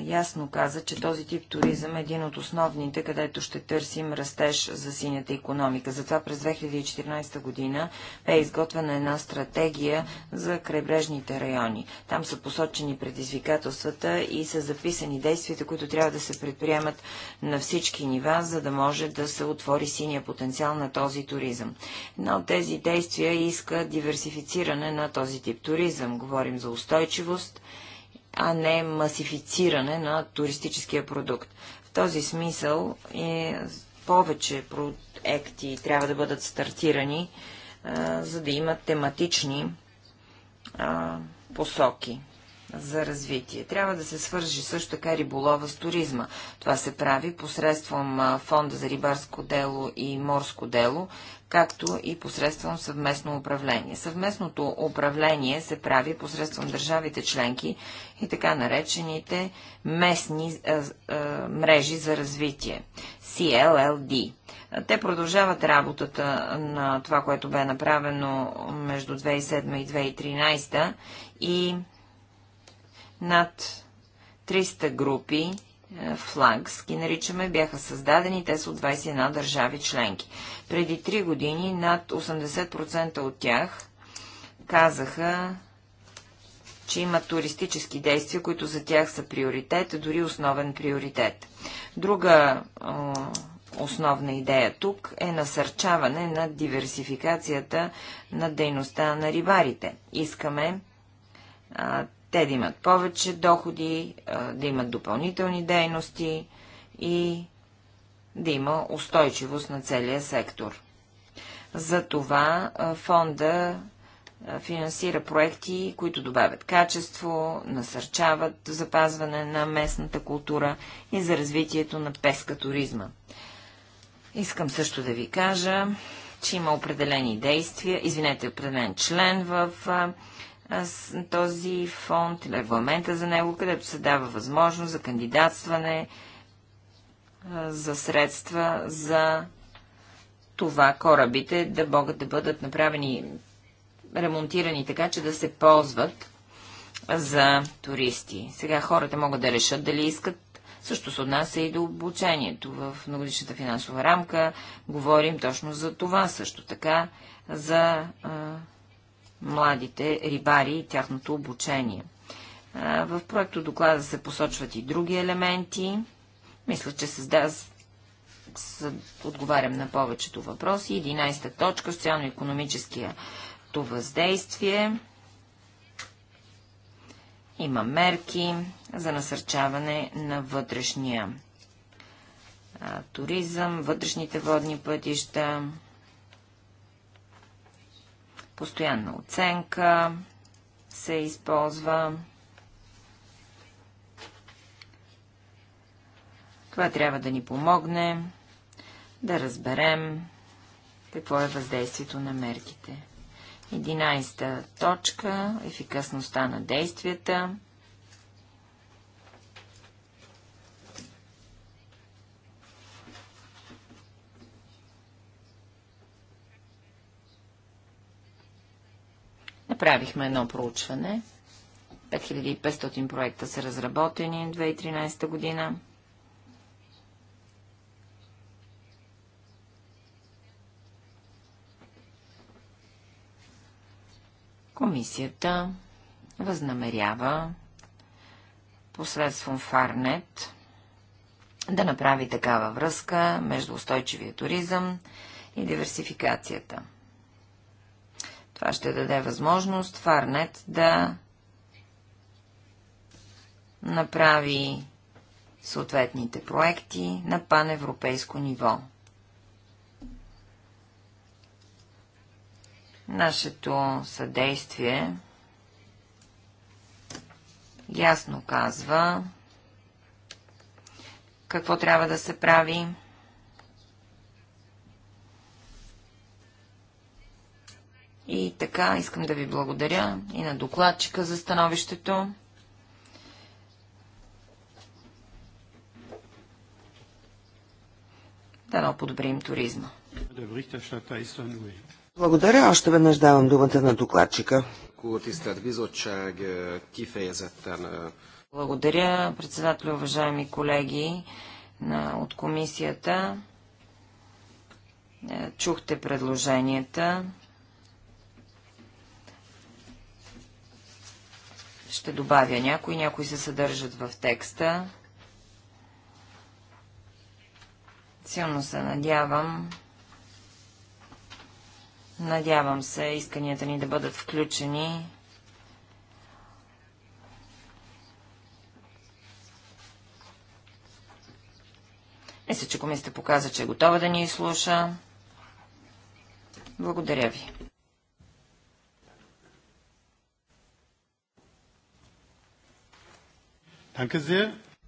S3: ясно каза, че този тип туризъм е един от основните, където ще търсим растеж за синята економика. Затова през 2014 година бе изготвена една стратегия за крайбрежните райони. Там са посочени предизвикателствата и са записани действията, които трябва да се предприемат на всички нива, за да може да се отвори синия потенциал на този туризъм. Една от тези действия иска диверсифициране на този тип туризъм. Говорим за устойчивост, а не масифициране на туристическия продукт. В този смисъл е, повече проекти трябва да бъдат стартирани, а, за да имат тематични а, посоки за развитие. Трябва да се свържи също така риболова с туризма. Това се прави посредством Фонда за рибарско дело и морско дело, както и посредством съвместно управление. Съвместното управление се прави посредством държавите членки и така наречените местни а, а, мрежи за развитие, CLLD. Те продължават работата на това, което бе направено между 2007 и 2013 и над 300 групи флагс, ги наричаме, бяха създадени, те са от 21 държави членки. Преди 3 години над 80% от тях казаха, че има туристически действия, които за тях са приоритет, дори основен приоритет. Друга основна идея тук е насърчаване на диверсификацията на дейността на рибарите. Искаме те да имат повече доходи, да имат допълнителни дейности и да има устойчивост на целия сектор. Затова фонда финансира проекти, които добавят качество, насърчават запазване на местната култура и за развитието на песка туризма. Искам също да ви кажа, че има определени действия, извинете, определен член в този фонд, или регламента за него, където се дава възможност за кандидатстване, за средства, за това корабите да могат да бъдат направени, ремонтирани така, че да се ползват за туристи. Сега хората могат да решат дали искат. Също се отнася и до обучението. В многодишната финансова рамка говорим точно за това също така, за младите рибари и тяхното обучение. В проекто доклада се посочват и други елементи. Мисля, че създава отговарям на повечето въпроси. 11 точка – социално-економическото въздействие. Има мерки за насърчаване на вътрешния туризъм, вътрешните водни пътища, Постоянна оценка се използва. Това трябва да ни помогне да разберем какво е въздействието на мерките. 11 точка – ефикасността на действията. Направихме едно проучване. 5500 проекта са разработени в 2013 година. Комисията възнамерява посредством Фарнет да направи такава връзка между устойчивия туризъм и диверсификацията. Това ще даде възможност Фарнет да направи съответните проекти на паневропейско ниво. Нашето съдействие ясно казва какво трябва да се прави И така, искам да ви благодаря и на докладчика за становището. Дано подобрим туризма.
S2: Благодаря. Още веднъж давам думата на докладчика.
S3: Благодаря, председател, уважаеми колеги на, от комисията. Е, чухте предложенията. Ще добавя някои, някои се съдържат в текста. Силно се надявам. Надявам се исканията ни да бъдат включени. Мисля, че комисията показа, че е готова да ни изслуша. Благодаря ви.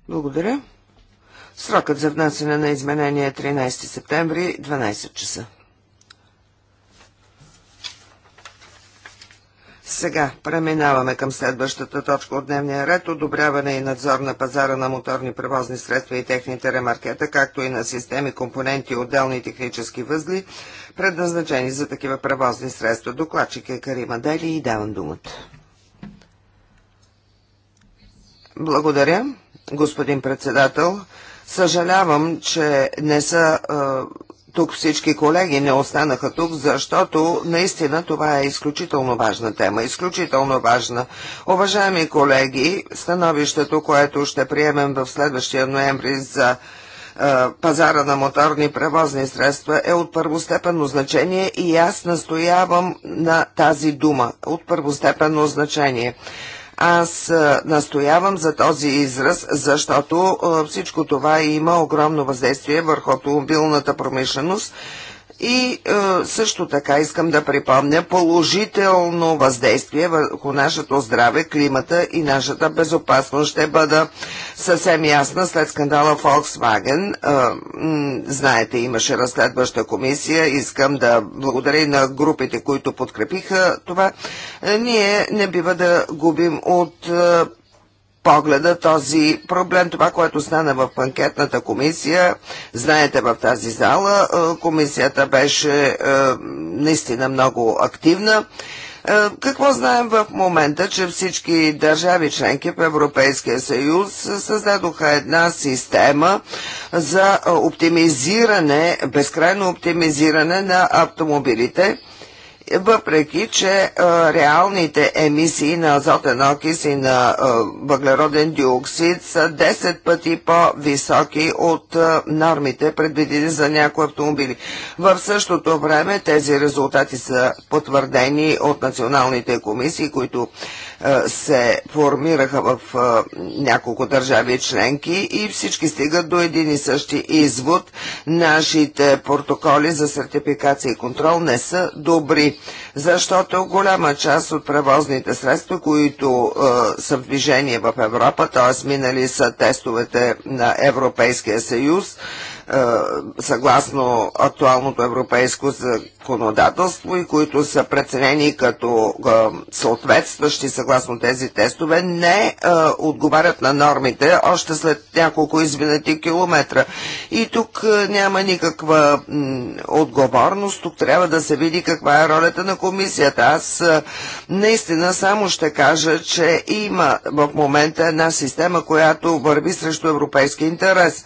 S2: Благодаря. Срокът за внасяне на изменения е 13 септември, 12 часа. Сега преминаваме към следващата точка от дневния ред – одобряване и надзор на пазара на моторни превозни средства и техните ремаркета, както и на системи, компоненти и отделни технически възли, предназначени за такива превозни средства. Докладчик е Карима Дели и давам думата. Благодаря, господин председател. Съжалявам, че не са тук всички колеги не останаха тук, защото наистина това е изключително важна тема. Изключително важна. Уважаеми колеги, становището, което ще приемем в следващия ноември за пазара на моторни превозни средства е от първостепенно значение и аз настоявам на тази дума от първостепенно значение. Аз настоявам за този израз, защото всичко това има огромно въздействие върху автомобилната промишленост и е, също така искам да припомня положително въздействие върху нашето здраве, климата и нашата безопасност. Ще бъда съвсем ясна след скандала Volkswagen. Е, знаете, имаше разследваща комисия. Искам да благодаря и на групите, които подкрепиха това. Е, ние не бива да губим от е, погледа този проблем. Това, което стана в анкетната комисия, знаете в тази зала, е, комисията беше е, наистина много активна. Е, какво знаем в момента, че всички държави членки в Европейския съюз създадоха една система за оптимизиране, безкрайно оптимизиране на автомобилите? въпреки че реалните емисии на азотен окис и на въглероден диоксид са 10 пъти по-високи от нормите, предвидени за някои автомобили. В същото време тези резултати са потвърдени от националните комисии, които е, се формираха в е, няколко държави членки и всички стигат до един и същи извод. Нашите протоколи за сертификация и контрол не са добри, защото голяма част от превозните средства, които е, са в движение в Европа, т.е. минали са тестовете на Европейския съюз, е, съгласно актуалното европейско законодателство и които са преценени като е, съответстващи съгласно тези тестове, не е, отговарят на нормите още след няколко изминати километра. И тук няма никаква отговорност, тук трябва да се види каква е ролята на комисията. Аз наистина само ще кажа, че има в момента една система, която върви срещу европейски интерес.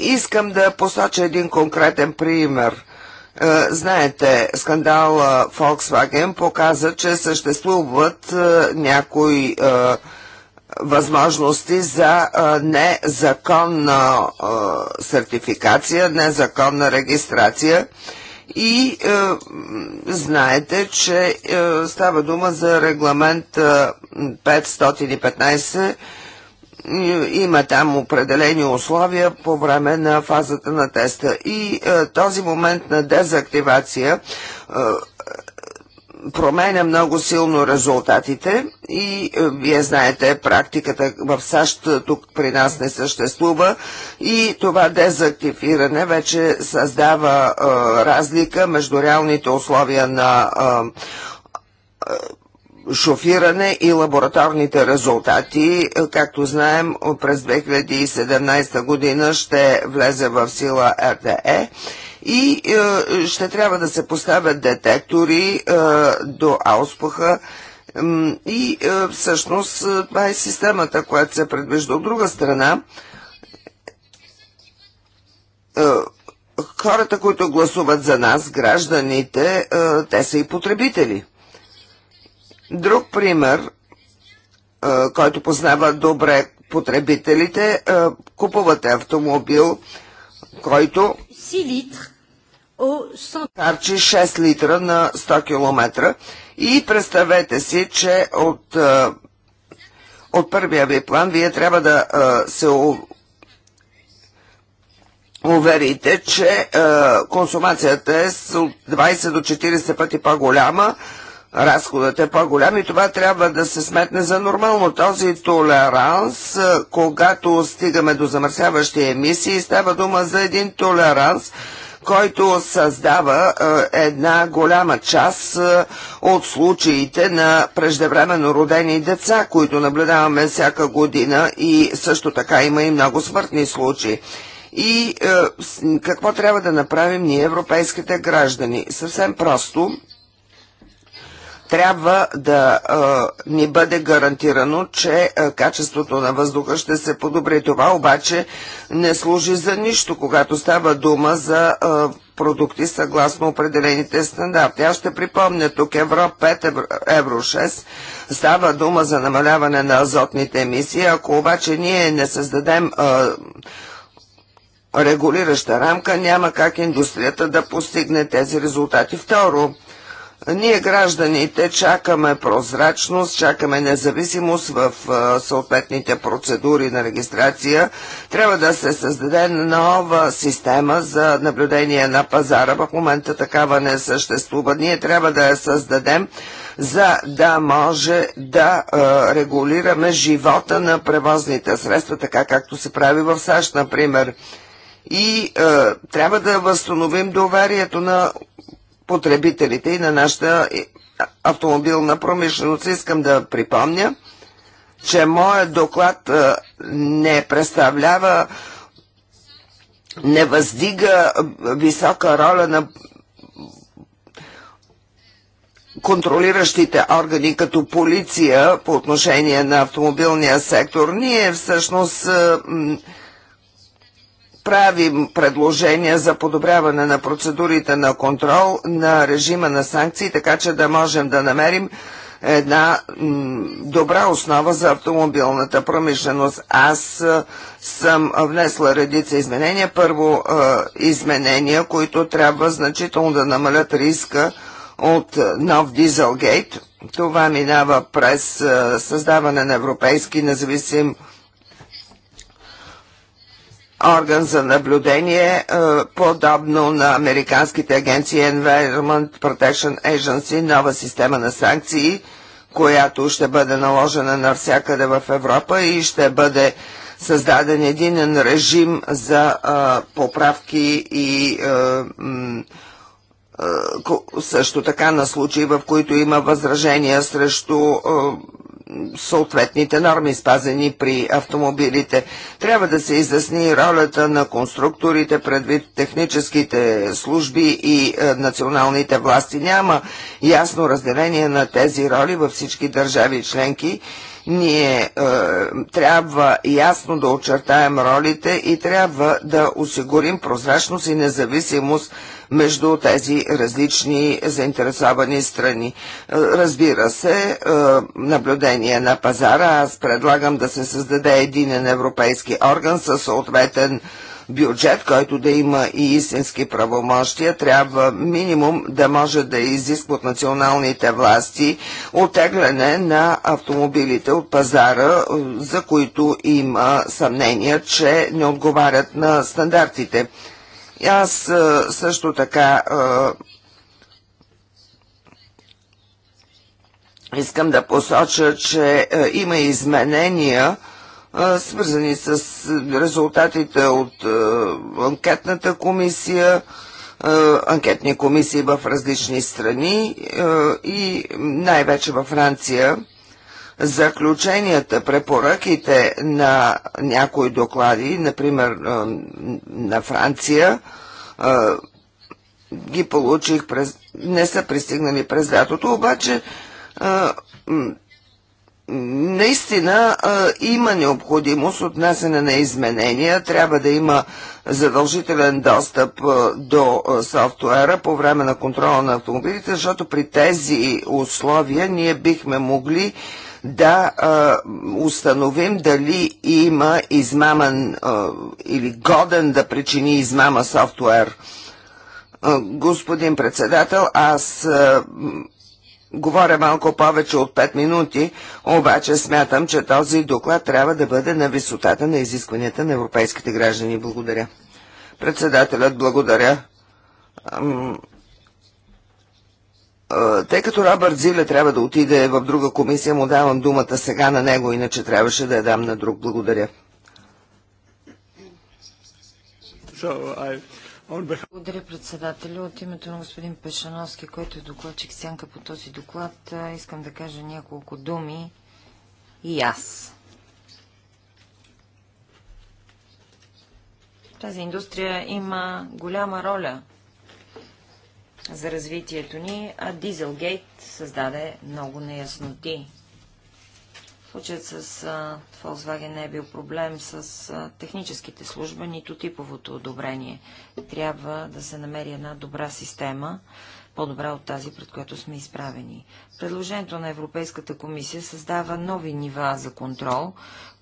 S2: Искам да посоча един конкретен пример. Е, знаете, скандала Volkswagen показа, че съществуват е, някои е, възможности за незаконна сертификация, незаконна регистрация. И е, знаете, че е, става дума за регламент 515 има там определени условия по време на фазата на теста. И е, този момент на дезактивация е, променя много силно резултатите и е, вие знаете, практиката в САЩ тук при нас не съществува и това дезактивиране вече създава е, разлика между реалните условия на е, е шофиране и лабораторните резултати. Е, както знаем, през 2017 година ще влезе в сила РТЕ и е, ще трябва да се поставят детектори е, до ауспаха и е, всъщност е, това е системата, която се предвижда. От друга страна, е, хората, които гласуват за нас, гражданите, те са и потребители – Друг пример, който познава добре потребителите, купувате автомобил, който харчи 6 литра на 100 км и представете си, че от, от първия ви план вие трябва да се уверите, че консумацията е от 20 до 40 пъти по-голяма, разходът е по-голям и това трябва да се сметне за нормално. Този толеранс, когато стигаме до замърсяващи емисии, става дума за един толеранс, който създава една голяма част от случаите на преждевременно родени деца, които наблюдаваме всяка година и също така има и много смъртни случаи. И е, какво трябва да направим ние, европейските граждани? Съвсем просто трябва да а, ни бъде гарантирано, че а, качеството на въздуха ще се подобри. Това обаче не служи за нищо, когато става дума за а, продукти съгласно определените стандарти. Аз ще припомня тук Евро 5, Евро 6. Става дума за намаляване на азотните емисии. Ако обаче ние не създадем а, регулираща рамка, няма как индустрията да постигне тези резултати. Второ, ние гражданите чакаме прозрачност, чакаме независимост в съответните процедури на регистрация. Трябва да се създаде нова система за наблюдение на пазара. В момента такава не съществува. Ние трябва да я създадем, за да може да регулираме живота на превозните средства, така както се прави в САЩ, например и трябва да възстановим доверието на потребителите и на нашата автомобилна промишленост. Искам да припомня, че моят доклад не представлява, не въздига висока роля на контролиращите органи като полиция по отношение на автомобилния сектор. Ние всъщност правим предложения за подобряване на процедурите на контрол, на режима на санкции, така че да можем да намерим една добра основа за автомобилната промишленост. Аз съм внесла редица изменения. Първо изменения, които трябва значително да намалят риска от нов дизелгейт. Това минава през създаване на европейски независим орган за наблюдение, е, подобно на американските агенции Environment Protection Agency, нова система на санкции, която ще бъде наложена навсякъде в Европа и ще бъде създаден единен режим за е, поправки и е, също така на случаи, в които има възражения срещу съответните норми, спазени при автомобилите. Трябва да се изясни ролята на конструкторите предвид техническите служби и е, националните власти. Няма ясно разделение на тези роли във всички държави и членки ние е, трябва ясно да очертаем ролите и трябва да осигурим прозрачност и независимост между тези различни заинтересовани страни. Е, разбира се, е, наблюдение на пазара, аз предлагам да се създаде единен европейски орган със съответен бюджет, който да има и истински правомощия, трябва минимум да може да изисква от националните власти отегляне на автомобилите от пазара, е, за които има съмнение, че не отговарят на стандартите. Аз също така искам да посоча, че има изменения, свързани с резултатите от анкетната комисия, анкетни комисии в различни страни и най-вече във Франция заключенията, препоръките на някои доклади, например на Франция, ги получих през... не са пристигнали през лятото, обаче наистина има необходимост от насене на изменения. Трябва да има задължителен достъп до софтуера по време на контрола на автомобилите, защото при тези условия ние бихме могли да установим дали има измаман или годен да причини измама софтуер. Господин председател, аз Говоря малко повече от 5 минути, обаче смятам, че този доклад трябва да бъде на висотата на изискванията на европейските граждани. Благодаря. Председателят, благодаря. Е, тъй като Робърт Зиле трябва да отиде в друга комисия, му давам думата сега на него, иначе трябваше да я дам на друг. Благодаря.
S3: Благодаря, председателю. От името на господин Пешановски, който е докладчик сянка по този доклад, искам да кажа няколко думи и аз. Тази индустрия има голяма роля за развитието ни, а Дизелгейт създаде много неясноти. Случаят с а, Volkswagen не е бил проблем с а, техническите служби, нито типовото одобрение. Трябва да се намери една добра система, по-добра от тази, пред която сме изправени. Предложението на Европейската комисия създава нови нива за контрол,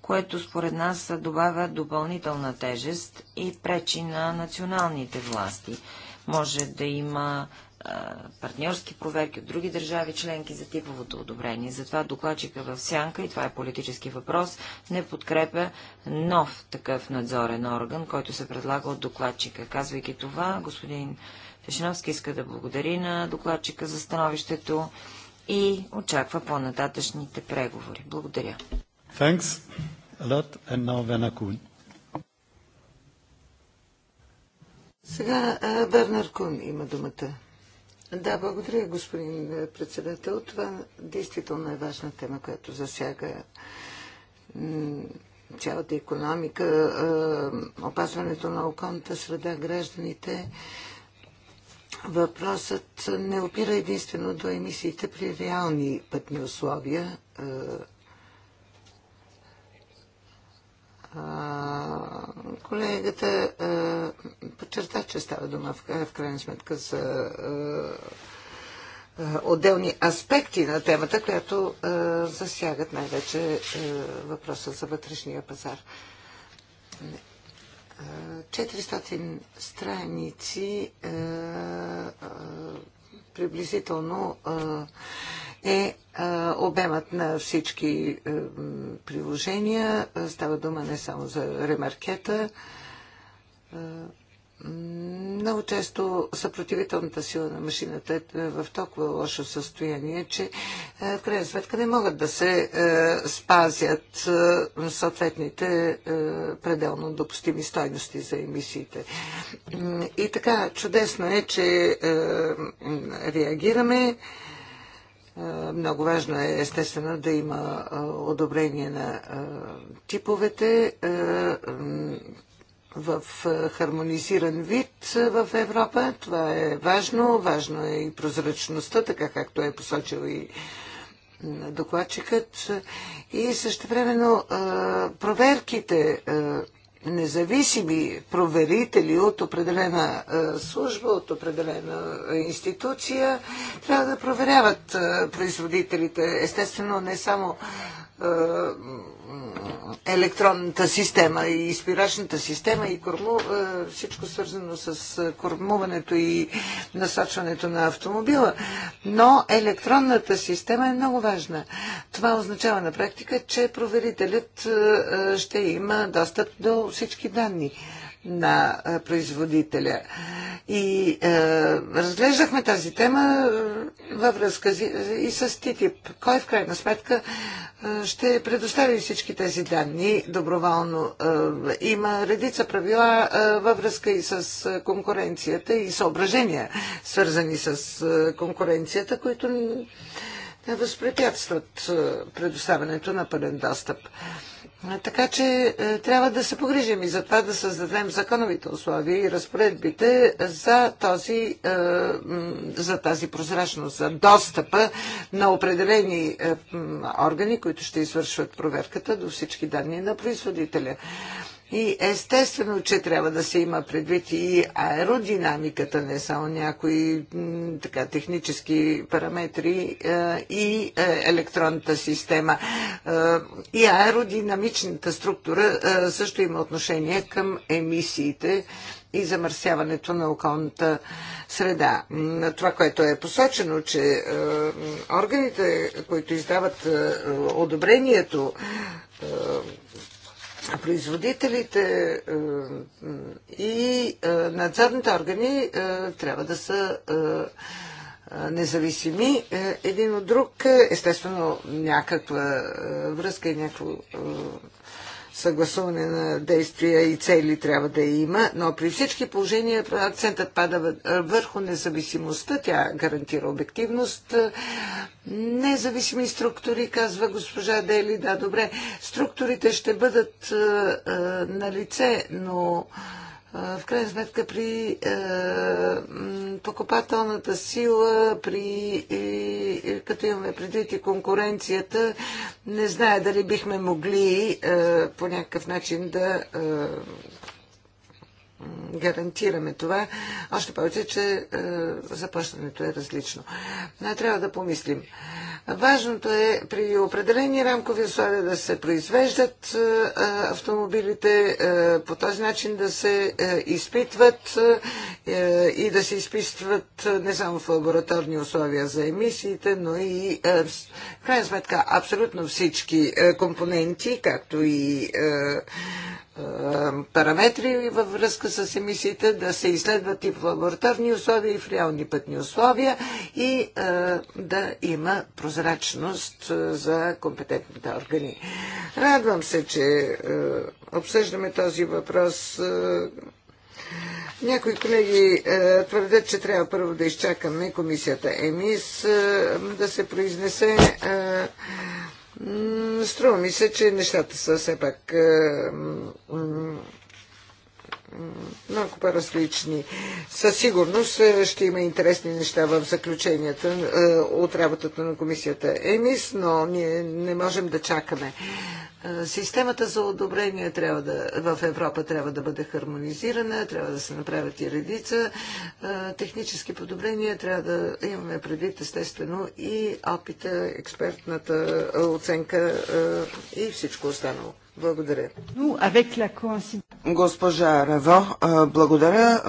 S3: което според нас добавя допълнителна тежест и пречи на националните власти може да има партньорски проверки от други държави членки за типовото одобрение. Затова докладчика в Сянка, и това е политически въпрос, не подкрепя нов такъв надзорен орган, който се предлага от докладчика. Казвайки това, господин Тешиновски иска да благодари на докладчика за становището и очаква по-нататъчните преговори. Благодаря.
S1: Thanks a lot. And now
S4: Сега Бернар Кун има думата. Да, благодаря, господин председател. Това действително е важна тема, която засяга цялата економика, опазването на околната среда, гражданите. Въпросът не опира единствено до емисиите при реални пътни условия, колегата подчерта, че става дума в, в крайна сметка за отделни аспекти на темата, която засягат най-вече въпроса за вътрешния пазар. 400 страници приблизително е обемът на всички приложения. Става дума не само за ремаркета. Много често съпротивителната сила на машината е в толкова лошо състояние, че е, в крайна сметка не могат да се е, спазят е, съответните пределно допустими стойности за емисиите. И така, чудесно е, че реагираме. Много важно е, естествено, да има одобрение на типовете в е, хармонизиран вид е, в Европа. Това е важно. Важно е и прозрачността, така както е посочил и докладчикът. И също времено е, проверките, независими проверители от определена служба, от определена институция, трябва да проверяват производителите. Естествено, не само електронната система и спирачната система и корму, е, всичко свързано с е, кормуването и насочването на автомобила. Но електронната система е много важна. Това означава на практика, че проверителят е, ще има достъп до всички данни на производителя. И е, разглеждахме тази тема във връзка и с ТИТИП. Кой в крайна сметка ще предостави всички тези данни доброволно? Е, има редица правила е, във връзка и с конкуренцията и съображения, свързани с конкуренцията, които не възпрепятстват предоставянето на пълен достъп. Е, така че е, трябва да се погрижим и за това да създадем законовите условия и разпоредбите за, този, е, за тази прозрачност, за достъпа на определени е, органи, които ще извършват проверката до всички данни на производителя. И естествено, че трябва да се има предвид и аеродинамиката, не само някои така, технически параметри е, и е, електронната система. Е, и аеродинамичната структура също има отношение към емисиите и замърсяването на околната среда. Това, което е посочено, че органите, които издават одобрението, производителите е, и е, надзорните органи е, трябва да са независими един от друг. Естествено, някаква връзка и някакво съгласуване на действия и цели трябва да има, но при всички положения акцентът пада върху независимостта. Тя гарантира обективност. Независими структури, казва госпожа Дели. Да, добре, структурите ще бъдат е, е, на лице, но в крайна сметка при е, покупателната сила, при, като имаме предвид и конкуренцията, не знае дали бихме могли е, по някакъв начин да е, гарантираме това, още повече, че е, заплащането е различно. Но е, трябва да помислим. Важното е при определени рамкови условия да се произвеждат е, автомобилите, е, по този начин да се е, изпитват е, и да се изпитват е, не само в лабораторни условия за емисиите, но и е, в крайна сметка абсолютно всички е, компоненти, както и е, параметри във връзка с емисиите, да се изследват и в лабораторни условия, и в реални пътни условия и да има прозрачност за компетентните органи. Радвам се, че обсъждаме този въпрос. Някои колеги е, твърдят, че трябва първо да изчакаме комисията ЕМИС е, да се произнесе. Е, Струва ми се, че нещата са все пак е, малко по-различни. Със сигурност е, ще има интересни неща в заключенията е, от работата на комисията ЕМИС, но ние не можем да чакаме. Е, системата за одобрение трябва да, в Европа трябва да бъде хармонизирана, трябва да се направят и редица технически подобрения, трябва да имаме предвид естествено и опита, експертната оценка и всичко останало. Благодаря.
S2: Госпожа Раво, благодаря.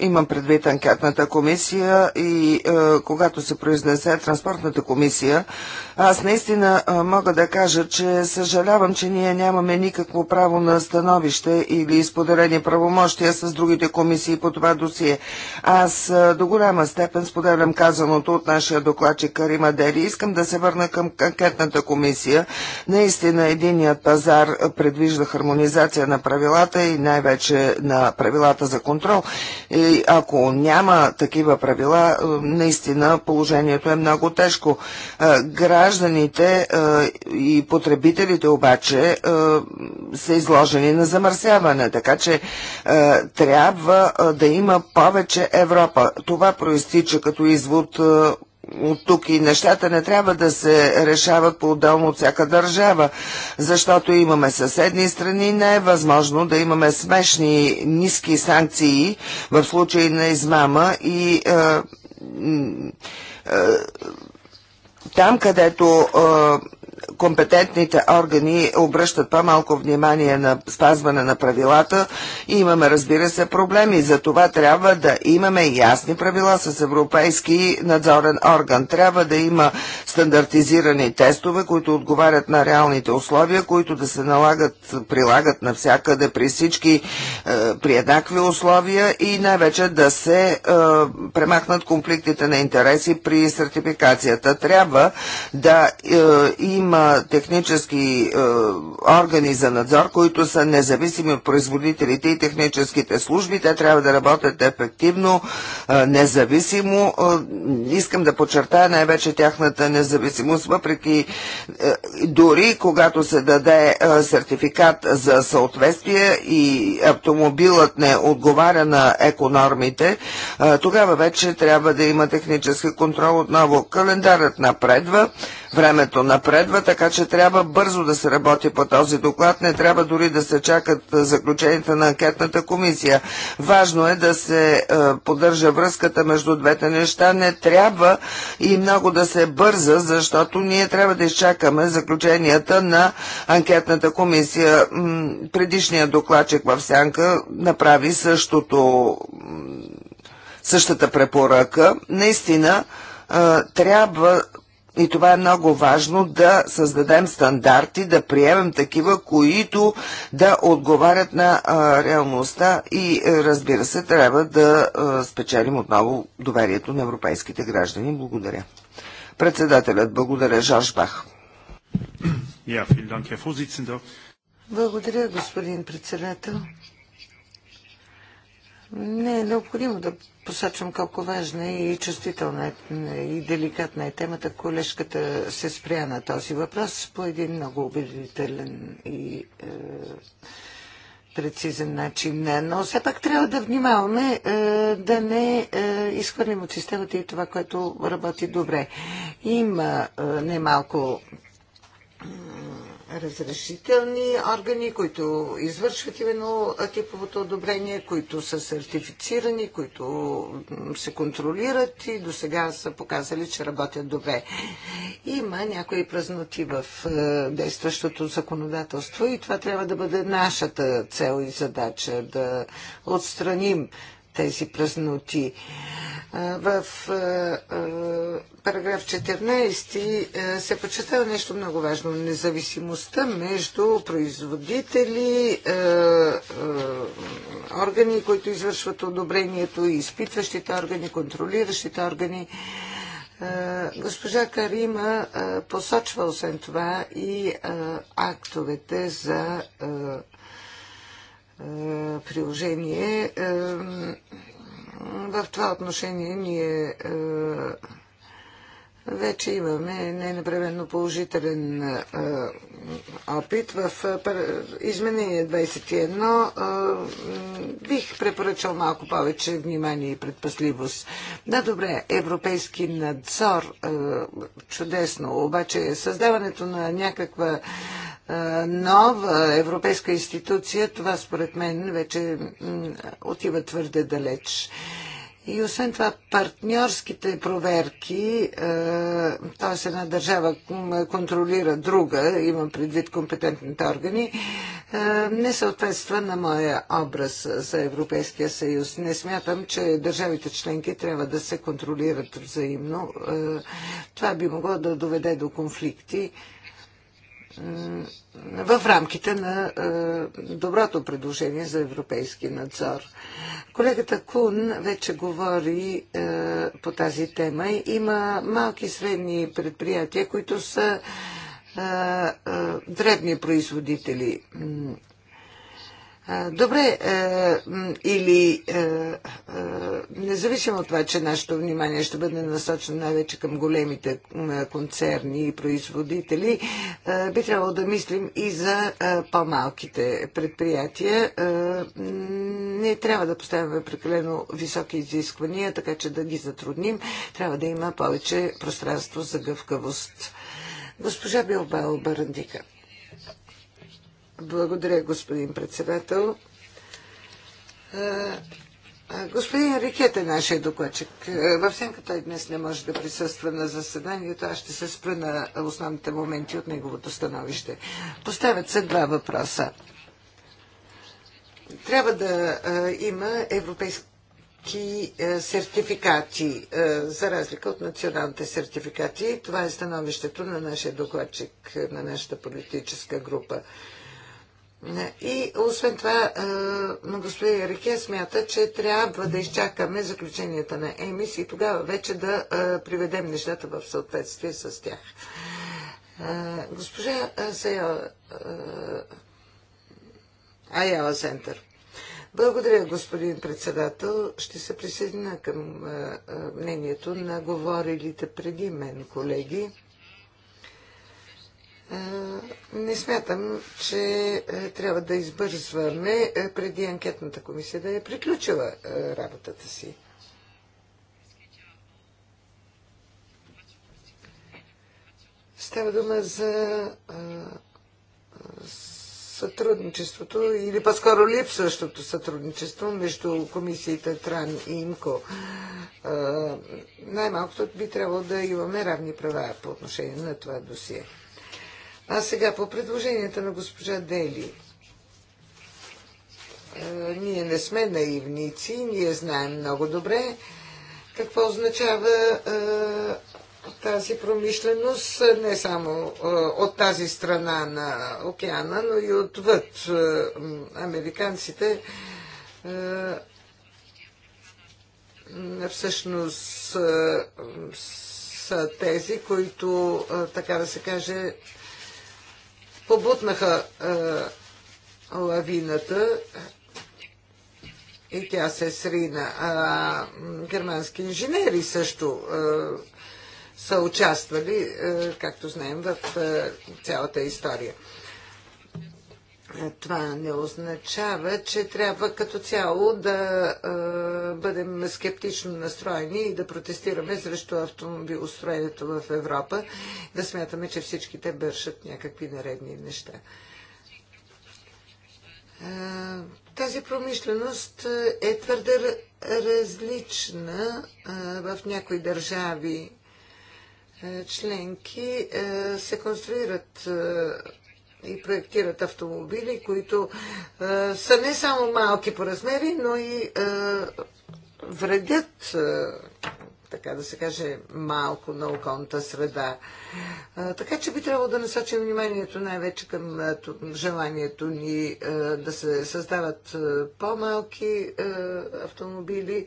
S2: Имам предвид анкетната комисия и когато се произнесе транспортната комисия, аз наистина мога да кажа, че съжалявам, че ние нямаме никакво право на становище или изподелени правомощия с другите комисии по това досие. Аз до голяма степен споделям казаното от нашия докладчик Карима Дели. Искам да се върна към анкетната комисия. Наистина единият пазар предвижда хармонизация на правилата и най-вече на правилата за контрол. И ако няма такива правила, е, наистина положението е много тежко. Е, гражданите е, и потребителите обаче са изложени на замърсяване, така че трябва да има повече Европа. Това проистича като извод от тук и нещата не трябва да се решават по-отделно от всяка държава, защото имаме съседни страни, не е възможно да имаме смешни ниски санкции в случай на измама и е, е, там, където е, компетентните органи обръщат по-малко внимание на спазване на правилата и имаме, разбира се, проблеми. За това трябва да имаме ясни правила с европейски надзорен орган. Трябва да има стандартизирани тестове, които отговарят на реалните условия, които да се налагат, прилагат навсякъде при всички е, при еднакви условия и най-вече да се е, премахнат конфликтите на интереси при сертификацията. Трябва да е, има има технически е, органи за надзор, които са независими от производителите и техническите служби. Те трябва да работят ефективно, е, независимо. Е, искам да подчертая най-вече тяхната независимост, въпреки е, дори когато се даде е, сертификат за съответствие и автомобилът не отговаря на економите, е, тогава вече трябва да има технически контрол отново. Календарът напредва времето напредва, така че трябва бързо да се работи по този доклад. Не трябва дори да се чакат заключенията на анкетната комисия. Важно е да се е, поддържа връзката между двете неща. Не трябва и много да се бърза, защото ние трябва да изчакаме заключенията на анкетната комисия. предишният докладчик в Сянка направи същото, същата препоръка. Наистина, трябва и това е много важно да създадем стандарти, да приемем такива, които да отговарят на а, реалността и е, разбира се, трябва да а, спечелим отново доверието на европейските граждани. Благодаря. Председателят, благодаря, Жорж Бах.
S4: Благодаря, господин председател. Не е необходимо да посочвам колко важна и чувствителна е, и деликатна е темата. Колежката се спря на този въпрос по един много убедителен и е, прецизен начин. Но все пак трябва да внимаваме е, да не е, изхвърлим от системата и това, което работи добре. Има е, немалко разрешителни органи, които извършват именно типовото одобрение, които са сертифицирани, които се контролират и до сега са показали, че работят добре. Има някои празноти в е, действащото законодателство и това трябва да бъде нашата цел и задача да отстраним тези празноти в параграф 14 е, се почитава нещо много важно. Независимостта между производители, е, е, органи, които извършват одобрението, и изпитващите органи, контролиращите органи. Госпожа Карима посочва освен това и актовете за приложение в това отношение ние е, вече имаме ненепременно положителен е, опит. В е, изменение 21 бих препоръчал малко повече внимание и предпасливост. Да, добре, европейски надзор, чудесно, обаче създаването на някаква нова европейска институция, това според мен вече отива твърде далеч. И освен това, партньорските проверки, т.е. една държава контролира друга, имам предвид компетентните органи, не съответства на моя образ за Европейския съюз. Не смятам, че държавите членки трябва да се контролират взаимно. Това би могло да доведе до конфликти в рамките на доброто предложение за европейски надзор. Колегата Кун вече говори по тази тема. Има малки и средни предприятия, които са дребни производители Добре, или независимо от това, че нашето внимание ще бъде насочено най-вече към големите концерни и производители, би трябвало да мислим и за по-малките предприятия. Не трябва да поставяме прекалено високи изисквания, така че да ги затрудним. Трябва да има повече пространство за гъвкавост. Госпожа Билбао Барандика. Благодаря, господин председател. Господин Рикет е нашия докладчик. във сенка той днес не може да присъства на заседанието. Аз ще се спра на основните моменти от неговото становище. Поставят се два
S2: въпроса.
S4: Трябва да има европейски сертификати, за разлика от националните сертификати. Това е становището на нашия докладчик, на нашата политическа група. И освен това, е, господин Рике смята, че трябва да изчакаме заключенията на ЕМИС и тогава вече да е, приведем нещата в съответствие с тях. Е, госпожа Сея Аяла Сентър. Благодаря, господин председател. Ще се присъединя към мнението на говорилите преди мен колеги. Не смятам, че трябва да избързваме преди анкетната комисия да е приключила работата си. Става дума за сътрудничеството или по-скоро липсващото сътрудничество между комисията Тран и ИМКО. Най-малкото би трябвало да имаме равни права по отношение на това досие. А сега по предложенията на госпожа Дели. Е, ние не сме наивници, ние знаем много добре какво означава е, тази промишленост не само е, от тази страна на океана, но и отвъд. Е, американците всъщност са тези, които, така да се каже, побутнаха а, е, лавината и тя се срина. А, германски инженери също а, е, са участвали, а, е, както знаем, в а, цялата история. Е, това не означава, че трябва като цяло да е, бъдем скептично настроени и да протестираме срещу автомобилостроенето в Европа, да смятаме, че всички те бършат някакви наредни неща. Е, тази промишленост е твърде различна е, в някои държави е, членки е, се конструират и проектират автомобили, които а, са не само малки по размери, но и а, вредят, а, така да се каже, малко на околната среда. А, така че би трябвало да насочим вниманието най-вече към а, желанието ни а, да се създават по-малки автомобили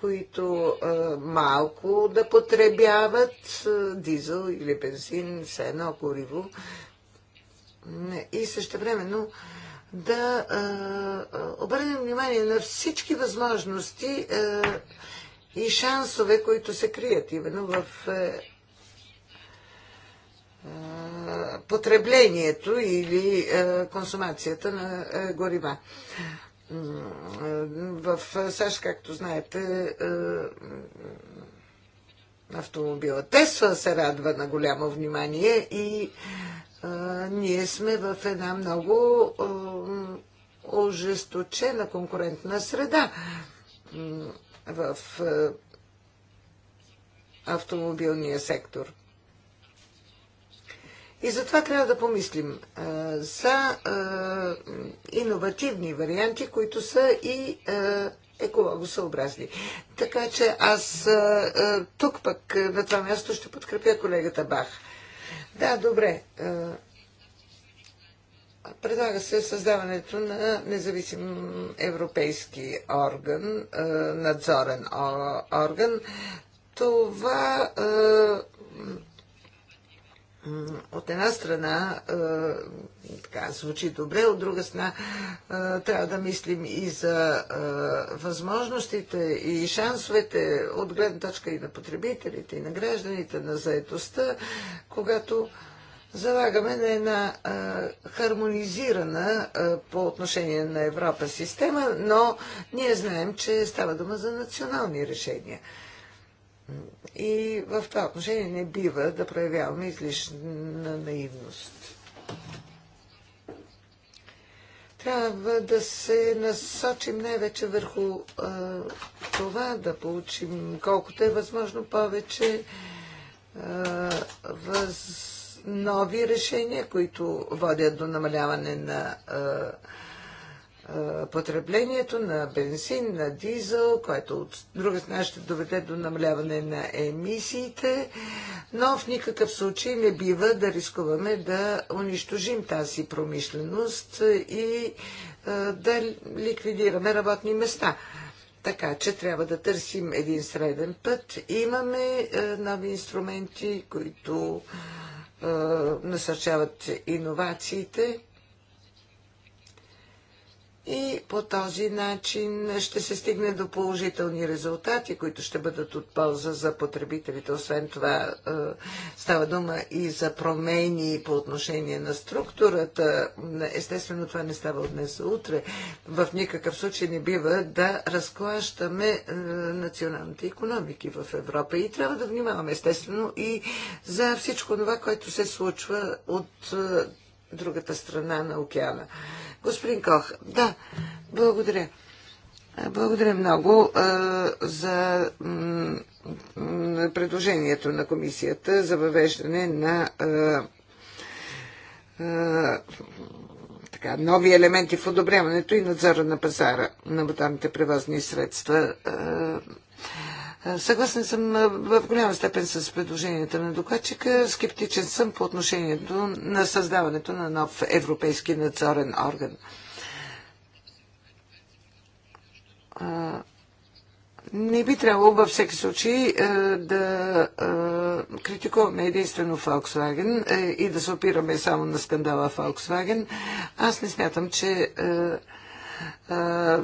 S4: които а, е, малко да потребяват а, е, дизел или бензин, сено, гориво, и времено да обърнем внимание на всички възможности и шансове, които се крият именно в е, потреблението или е, консумацията на е, горива. В САЩ, както знаете, автомобила Тесла се радва на голямо внимание и ние сме в една много ожесточена конкурентна среда в автомобилния сектор. И затова трябва да помислим за иновативни варианти, които са и екологосъобразни. Така че аз тук пък на това място ще подкрепя колегата Бах. Да, добре. Предлага се създаването на независим европейски орган, надзорен орган. Това от една страна така, звучи добре, от друга страна трябва да мислим и за възможностите и шансовете от гледна точка и на потребителите, и на гражданите, на заетостта, когато залагаме на една е, хармонизирана е, по отношение на Европа система, но ние знаем, че става дума за национални решения. И в това отношение не бива да проявяваме излишна наивност. Трябва да се насочим най-вече върху а, това да получим колкото е възможно повече а, въз, нови решения, които водят до намаляване на а, потреблението на бензин, на дизел, което от друга страна ще доведе до намаляване на емисиите, но в никакъв случай не бива да рискуваме да унищожим тази промишленост и да ликвидираме работни места. Така че трябва да търсим един среден път. Имаме нови инструменти, които насърчават иновациите и по този начин ще се стигне до положителни резултати, които ще бъдат от полза за потребителите. Освен това е, става дума и за промени по отношение на структурата. Естествено, това не става от днес за утре. В никакъв случай не бива да разклащаме е, националните економики в Европа. И трябва да внимаваме, естествено, и за всичко това, което се случва от е, другата страна на океана. Господин Кох, да, благодаря. Благодаря много а, за м, предложението на комисията за въвеждане на а, а, така, нови елементи в одобряването и надзора на пазара на ботаните превозни средства. А, Съгласен съм в голяма степен с предложенията на докладчика. Скептичен съм по отношението на създаването на нов европейски надзорен орган. Не би трябвало във всеки случай да критикуваме единствено Volkswagen и да се опираме само на скандала Volkswagen. Аз не смятам, че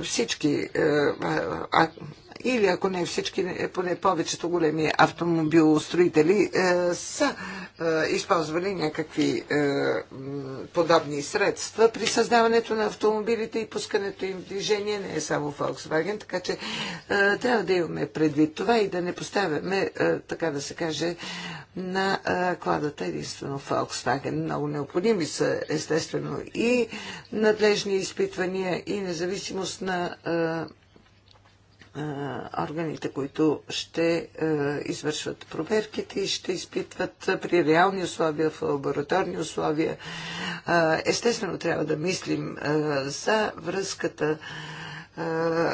S4: всички или ако не всички, поне повечето големи автомобилостроители е, са е, използвали някакви е, подобни средства при създаването на автомобилите и пускането им в движение, не е само Volkswagen, така че е, трябва да имаме предвид това и да не поставяме, е, така да се каже, на е, кладата единствено Volkswagen. Много необходими са, естествено, и надлежни изпитвания и независимост на е, е, органите, които ще е, извършват проверките и ще изпитват при реални условия, в лабораторни условия. Е, естествено, трябва да мислим за връзката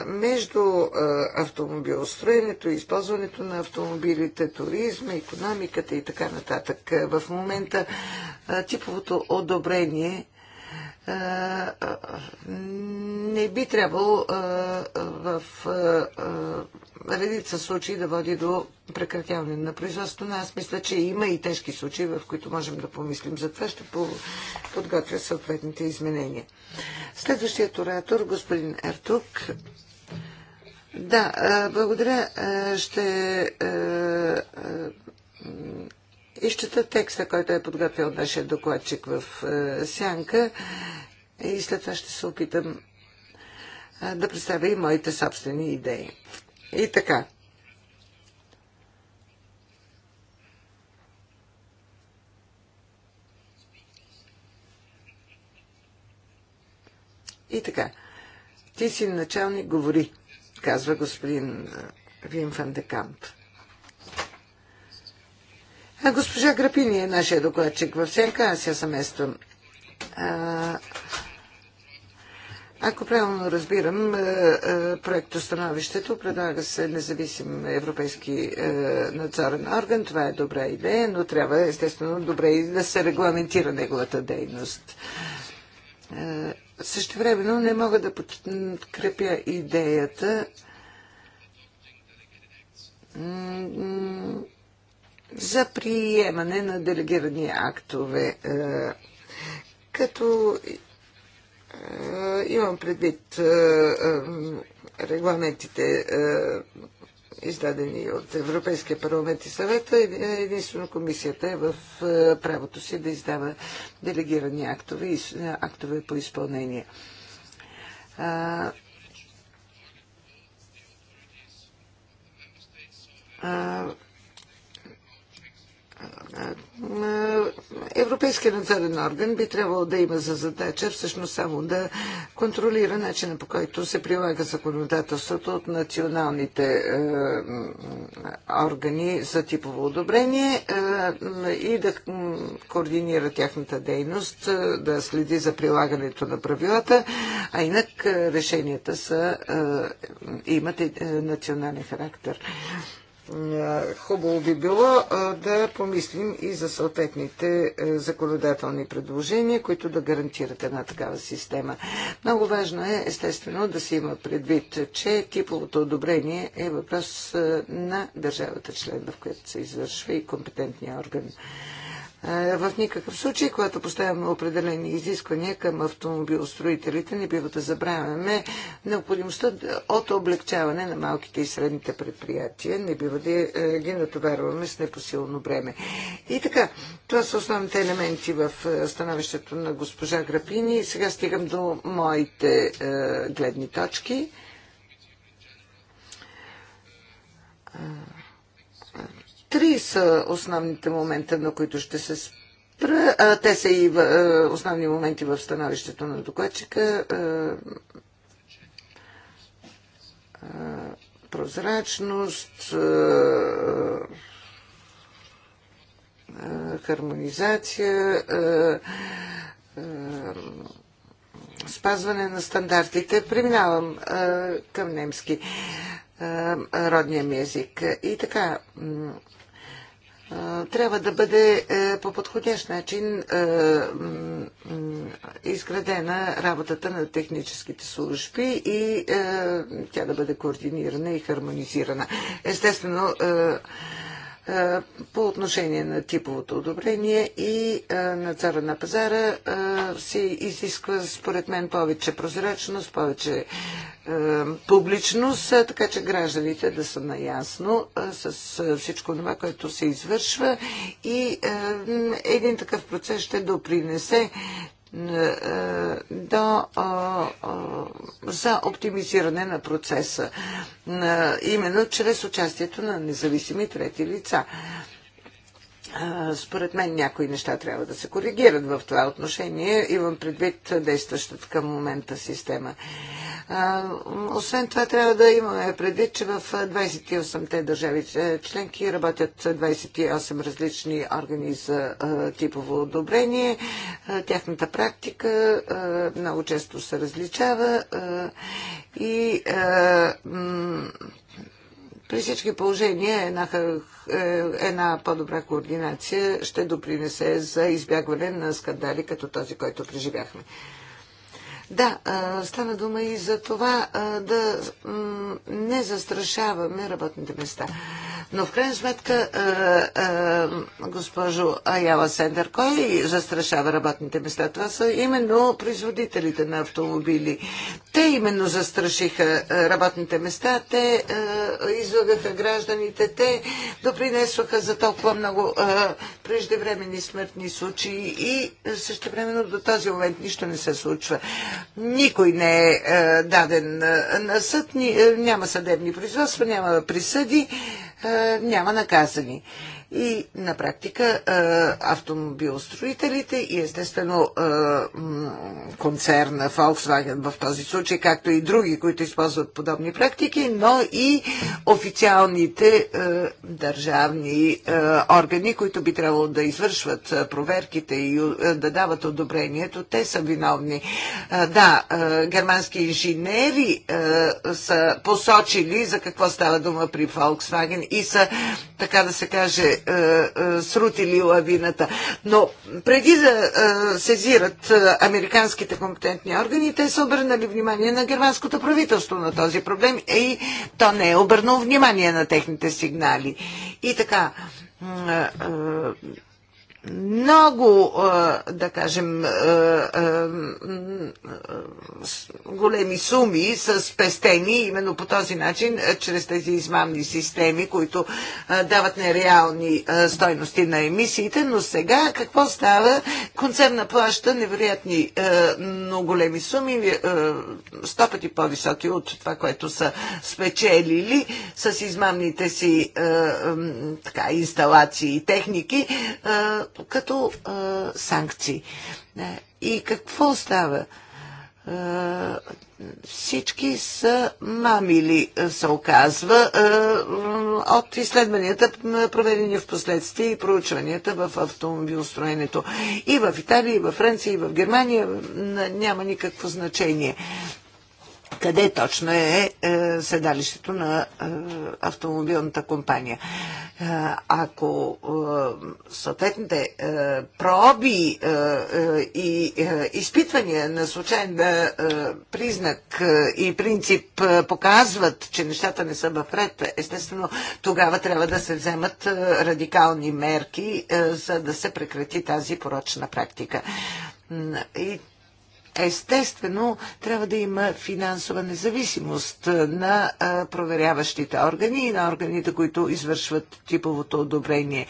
S4: между автомобилостроенето, използването на автомобилите, туризма, економиката и така нататък. В момента типовото одобрение е, не би трябвало е, в е, редица случаи да води до прекратяване на производството, но аз мисля, че има и тежки случаи, в които можем да помислим. Затова ще подготвя съответните изменения. Следващият оратор, господин Ертук. Да, благодаря. Ще изчета текста, който е подготвил нашия докладчик в е, сянка и след това ще се опитам е, да представя и моите собствени идеи. И така. И така. Ти си началник, говори, казва господин Вин Фандекамп. Камп. Госпожа Грапини е нашия докладчик в Сенка, аз я съм Есто. Ако правилно разбирам, проекто становището предлага се независим европейски надзорен орган. Това е добра идея, но трябва естествено добре и да се регламентира неговата дейност. Също времено не мога да подкрепя идеята за приемане на делегирани актове. Е, като е, е, имам предвид регламентите, издадени от Европейския парламент и съвета, единствено комисията е в правото си да издава делегирани актове и актове по изпълнение. Uh Европейския надзорен орган би трябвало да има за задача всъщност само да контролира начина по който се прилага законодателството от националните е, органи за типово одобрение е, и да координира тяхната дейност, е, да следи за прилагането на правилата, а инак решенията са, имат национален характер. Хубаво би било да помислим и за съответните е, законодателни предложения, които да гарантират една такава система. Много важно е, естествено, да се има предвид, че типовото одобрение е въпрос е, на държавата член, в която се извършва и компетентния орган. Е, в никакъв случай, когато поставяме определени изисквания към автомобилостроителите, не бива да забравяме необходимостта от облегчаване на малките и средните предприятия. Не бива да е, ги натоварваме с непосилно бреме. И така, това са основните елементи в е, становището на госпожа Грапини. Сега стигам до моите гледни точки. Три са основните момента, на които ще се спра. Те са и основни моменти в становището на докладчика. Прозрачност, хармонизация, спазване на стандартите. Преминавам към немски родния ми език. И така, трябва да бъде е, по подходящ начин е, изградена работата на техническите служби и е, тя да бъде координирана и хармонизирана. Естествено, по отношение на типовото одобрение и надзора на пазара се изисква според мен повече прозрачност, повече публичност, така че гражданите да са наясно с всичко това, което се извършва и един такъв процес ще допринесе до, за оптимизиране на процеса, именно чрез участието на независими трети лица. Според мен някои неща трябва да се коригират в това отношение. Имам предвид действащата към момента система. Освен това, трябва да имаме предвид, че в 28-те държави членки работят 28 различни органи за типово одобрение. Тяхната практика много често се различава и при всички положения една, е, една по-добра координация ще допринесе за избягване на скандали като този, който преживяхме. Да, стана дума и за това да не застрашаваме работните места. Но в крайна сметка, е, е, госпожо Аяла Сендер, кой застрашава работните места? Това са именно производителите на автомобили. Те именно застрашиха е, работните места, те излагаха гражданите, те допринесоха за толкова много преждевременни смъртни случаи и същевременно до този момент нищо не се случва. Никой не е даден на съд, няма съдебни производства, няма присъди е, няма наказани. И на практика автомобилостроителите и естествено концерна Volkswagen в този случай, както и други, които използват подобни практики, но и официалните държавни органи, които би трябвало да извършват проверките и да дават одобрението, те са виновни. Да, германски инженери са посочили за какво става дума при Volkswagen и са, така да се каже, е, е, срутили лавината. Но преди да е, сезират американските компетентни органи, те са обърнали внимание на германското правителство на този проблем и то не е обърнало внимание на техните сигнали. И така, много, да кажем, големи суми са спестени именно по този начин, чрез тези измамни системи, които дават нереални стойности на емисиите. Но сега какво става? Концерна плаща невероятни, но големи суми, сто пъти по-високи от това, което са спечелили с измамните си така, инсталации и техники като а, санкции. Е, и какво става? Е, всички са мамили, е, се оказва, от изследванията, проведени в последствие и проучванията в автомобилостроенето. И в Италия, и в Франция, и в Германия няма никакво значение къде точно е, е седалището на е, автомобилната компания. Е, ако е, съответните е, проби е, е, и е, изпитвания на случайен е, признак е, и принцип е, показват, че нещата не са в ред, естествено тогава трябва да се вземат е, радикални мерки, е, за да се прекрати тази порочна практика. И Естествено, трябва да има финансова независимост на проверяващите органи и на органите, които извършват типовото одобрение.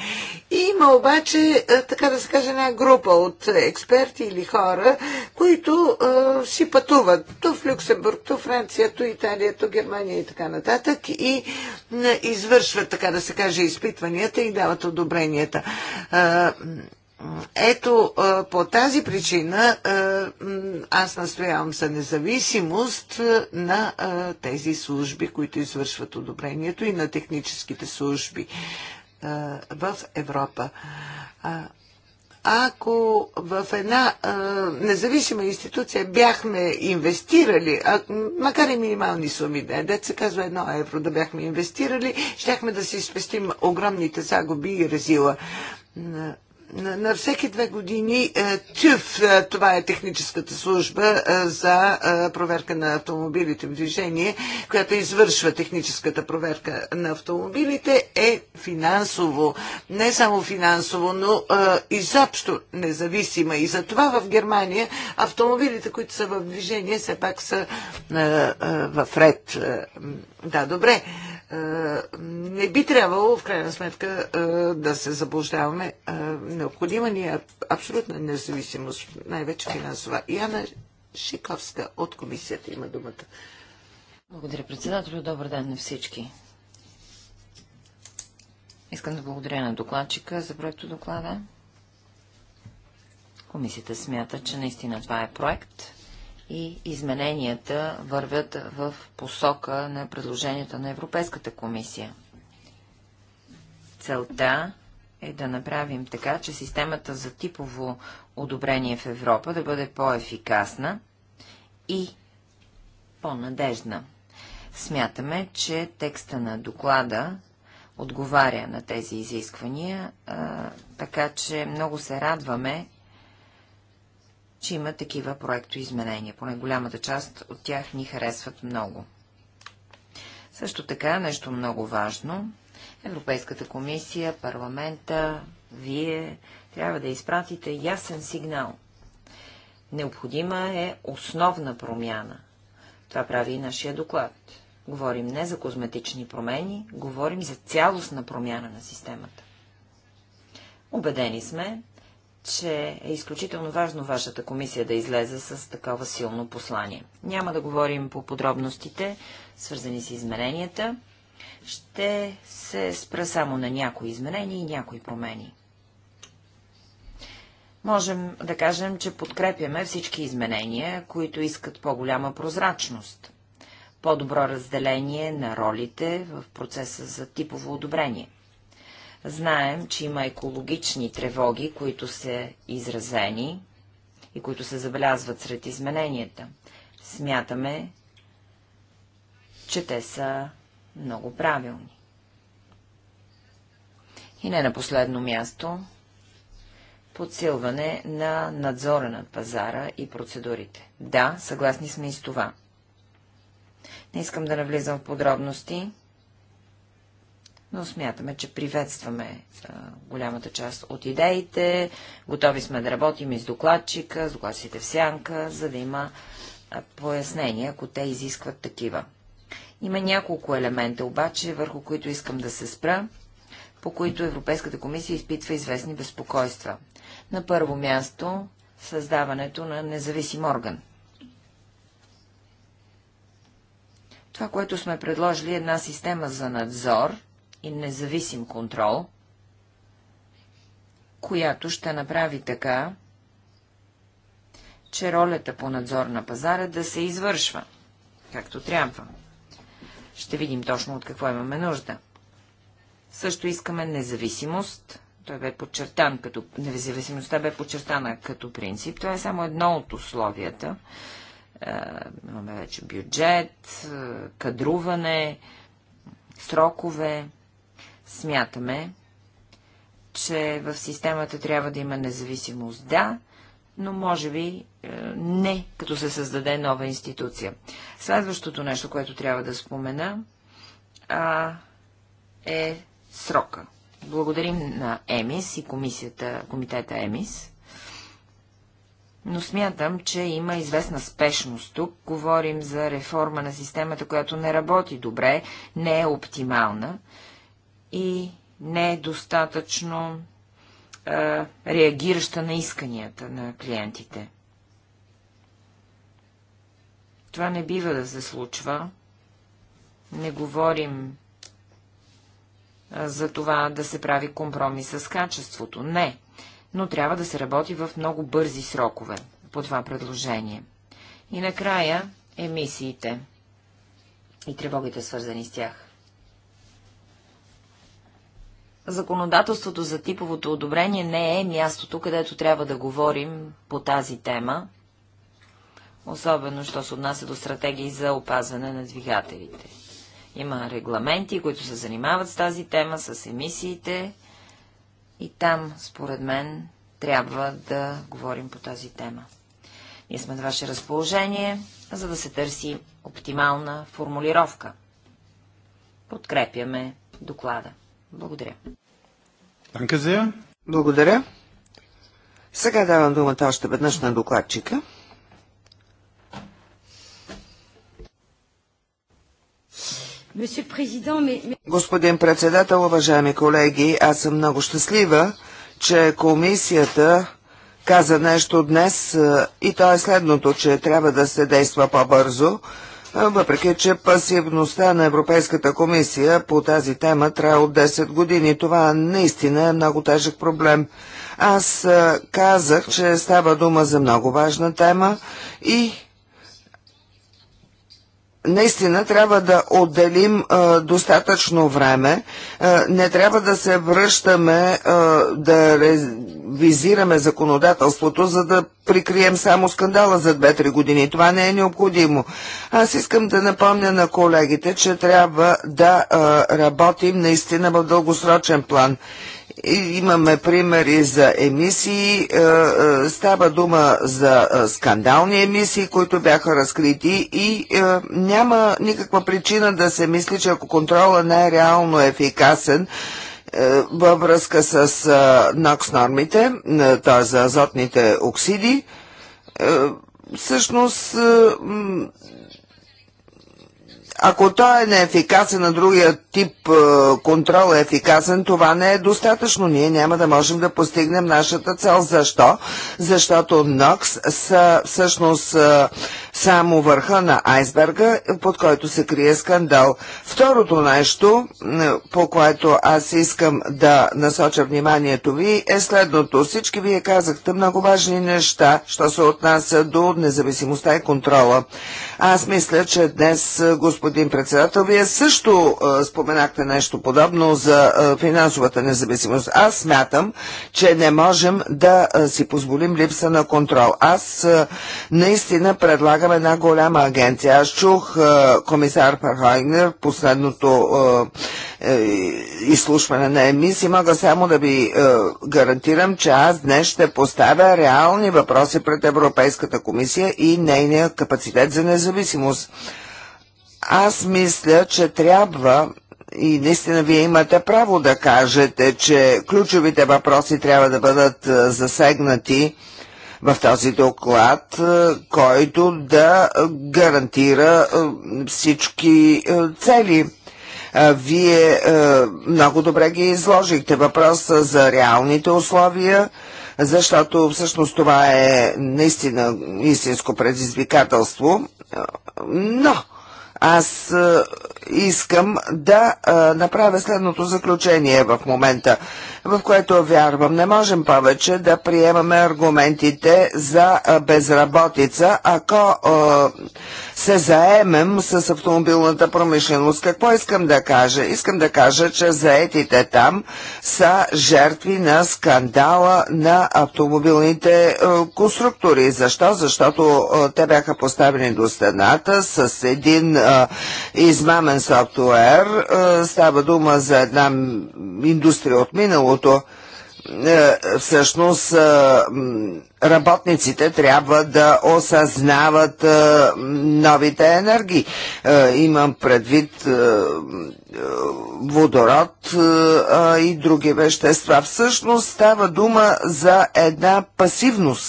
S4: Има обаче, така да се каже, една група от експерти или хора, които а, си пътуват то в Люксембург, то Франция, то Италия, то Германия и така нататък и извършват, така да се каже, изпитванията и дават одобренията. А, ето по тази причина аз настоявам за независимост на тези служби, които извършват одобрението и на техническите служби в Европа. Ако в една а, независима институция бяхме инвестирали, а, макар и минимални суми, да, е се казва едно евро да бяхме инвестирали, щяхме да си спестим огромните загуби и резила на всеки две години е, ТЮФ, е, това е техническата служба е, за проверка на автомобилите в движение, която извършва техническата проверка на автомобилите, е финансово, не само финансово, но изобщо независима. И затова в Германия автомобилите, които са в движение, все пак са в ред. Да, добре. Е, не би трябвало, в крайна сметка, е, да се заблуждаваме. Е, необходима ни е абсолютна независимост, най-вече финансова. Яна Шиковска от комисията има думата.
S3: Благодаря, председател, Добър ден на всички. Искам да благодаря на докладчика за проекто доклада. Комисията смята, че наистина това е проект, и измененията вървят в посока на предложенията на Европейската комисия. Целта е да направим така, че системата за типово одобрение в Европа да бъде по-ефикасна и по-надежна. Смятаме, че текста на доклада отговаря на тези изисквания, а, така че много се радваме, че има такива проектоизменения. Поне голямата част от тях ни харесват много. Също така, нещо много важно, Европейската комисия, парламента, вие трябва да изпратите ясен сигнал. Необходима е основна промяна. Това прави и нашия доклад. Говорим не за козметични промени, говорим за цялостна промяна на системата. Обедени сме, че е изключително важно вашата комисия да излезе с такова силно послание. Няма да говорим по подробностите, свързани с измененията. Ще се спра само на някои изменения и някои промени. Можем да кажем, че подкрепяме всички изменения, които искат по-голяма прозрачност, по-добро разделение на ролите в процеса за типово одобрение – Знаем, че има екологични тревоги, които са изразени и които се забелязват сред измененията. Смятаме, че те са много правилни. И не на последно място подсилване на надзора над пазара и процедурите. Да, съгласни сме и с това. Не искам да навлизам в подробности, но смятаме, че приветстваме а, голямата част от идеите. Готови сме да работим и с докладчика, с гласите в сянка, за да има а, пояснения, ако те изискват такива. Има няколко елемента обаче, върху които искам да се спра, по които Европейската комисия изпитва известни безпокойства. На първо място създаването на независим орган. Това, което сме предложили, е една система за надзор – и независим контрол, която ще направи така, че ролята по надзор на пазара да се извършва, както трябва. Ще видим точно от какво имаме нужда. Също искаме независимост. Той бе подчертан като... Независимостта бе подчертана като принцип. Това е само едно от условията. Е, имаме вече бюджет, е, кадруване, срокове. Смятаме, че в системата трябва да има независимост, да, но може би е, не, като се създаде нова институция. Следващото нещо, което трябва да спомена, а, е срока. Благодарим на ЕМИС и комисията, комитета ЕМИС, но смятам, че има известна спешност тук. Говорим за реформа на системата, която не работи добре, не е оптимална и не е достатъчно а, реагираща на исканията на клиентите. Това не бива да се случва. Не говорим а, за това да се прави компромис с качеството. Не. Но трябва да се работи в много бързи срокове по това предложение. И накрая емисиите и тревогите свързани с тях законодателството за типовото одобрение не е мястото, където трябва да говорим по тази тема, особено, що се отнася до стратегии за опазване на двигателите. Има регламенти, които се занимават с тази тема, с емисиите и там, според мен, трябва да говорим по тази тема. Ние сме на ваше разположение, за да се търси оптимална формулировка. Подкрепяме доклада. Благодаря.
S1: Благодаря.
S2: Сега давам думата още веднъж на докладчика. Господин председател, уважаеми колеги, аз съм много щастлива, че комисията каза нещо днес е, и то е следното, че трябва да се действа по-бързо въпреки че пасивността на Европейската комисия по тази тема трябва от 10 години. Това наистина е много тежък проблем. Аз казах, че става дума за много важна тема и наистина трябва да отделим а, достатъчно време. А, не трябва да се връщаме а, да ревизираме законодателството, за да прикрием само скандала за 2-3 години. Това не е необходимо. Аз искам да напомня на колегите, че трябва да а, работим наистина в дългосрочен план. Имаме примери за емисии. Е, е, става дума за е, скандални емисии, които бяха разкрити и няма никаква причина да се мисли, че ако контрола не е реално ефикасен, във връзка с НОКС нормите, т.е. за азотните оксиди, всъщност ако той е неефикасен, а другия тип е, контрол е ефикасен, това не е достатъчно. Ние няма да можем да постигнем нашата цел. Защо? Защото НОКС са всъщност е, само върха на айсберга, под който се крие скандал. Второто нещо, е, по което аз искам да насоча вниманието ви, е следното. Всички вие казахте много важни неща, що се отнася до независимостта и контрола. Аз мисля, че днес господин господин председател. Вие също а, споменахте нещо подобно за а, финансовата независимост. Аз смятам, че не можем да а, си позволим липса на контрол. Аз наистина предлагам една голяма агенция. Аз чух комисар Ферхайнер последното е, изслушване на емисии. Мога само да ви гарантирам, че аз днес ще поставя реални въпроси пред Европейската комисия и нейния капацитет за независимост. Аз мисля, че трябва и наистина вие имате право да кажете, че ключовите въпроси трябва да бъдат засегнати в този доклад, който да гарантира всички цели. Вие много добре ги изложихте въпроса за реалните условия, защото всъщност това е наистина истинско предизвикателство. Но аз искам да а, направя следното заключение в момента, в което вярвам. Не можем повече да приемаме аргументите за безработица, ако а, се заемем с автомобилната промишленост. Какво искам да кажа? Искам да кажа, че заетите там са жертви на скандала на автомобилните а, конструктори. Защо? Защото а, те бяха поставени до стената с един а, измамен програмен софтуер. Става дума за една индустрия от миналото. Е, всъщност е, работниците трябва да осъзнават е, новите енергии. Имам предвид водород и други вещества. Всъщност става дума за една пасивност,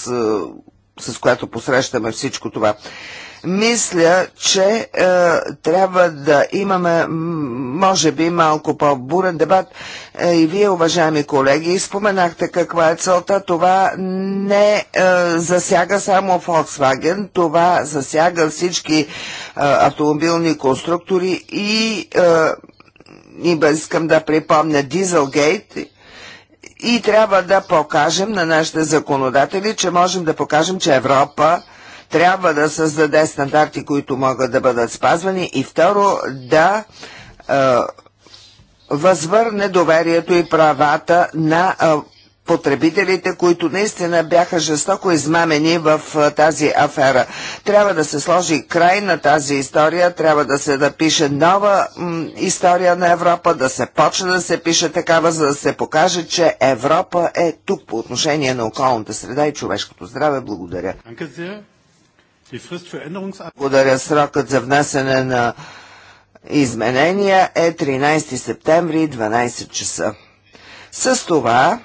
S2: с която посрещаме всичко това. Мисля, че е, трябва да имаме, може би, малко по-бурен дебат. Е, и вие, уважаеми колеги, споменахте каква е целта. Това не е, засяга само Volkswagen, това засяга всички е, автомобилни конструктори и, е, и искам да припомня Дизелгейт и трябва да покажем на нашите законодатели, че можем да покажем, че Европа трябва да създаде стандарти, които могат да бъдат спазвани и второ да е, възвърне доверието и правата на е, потребителите, които наистина бяха жестоко измамени в тази афера. Трябва да се сложи край на тази история, трябва да се напише нова история на Европа, да се почне да се пише такава, за да се покаже, че Европа е тук по отношение на околната среда и човешкото здраве. Благодаря. Благодаря. Срокът за внасяне на изменения е 13 септември 12 часа. С това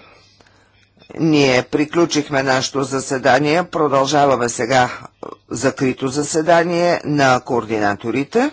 S2: ние приключихме нашето заседание. Продължаваме сега закрито заседание на координаторите.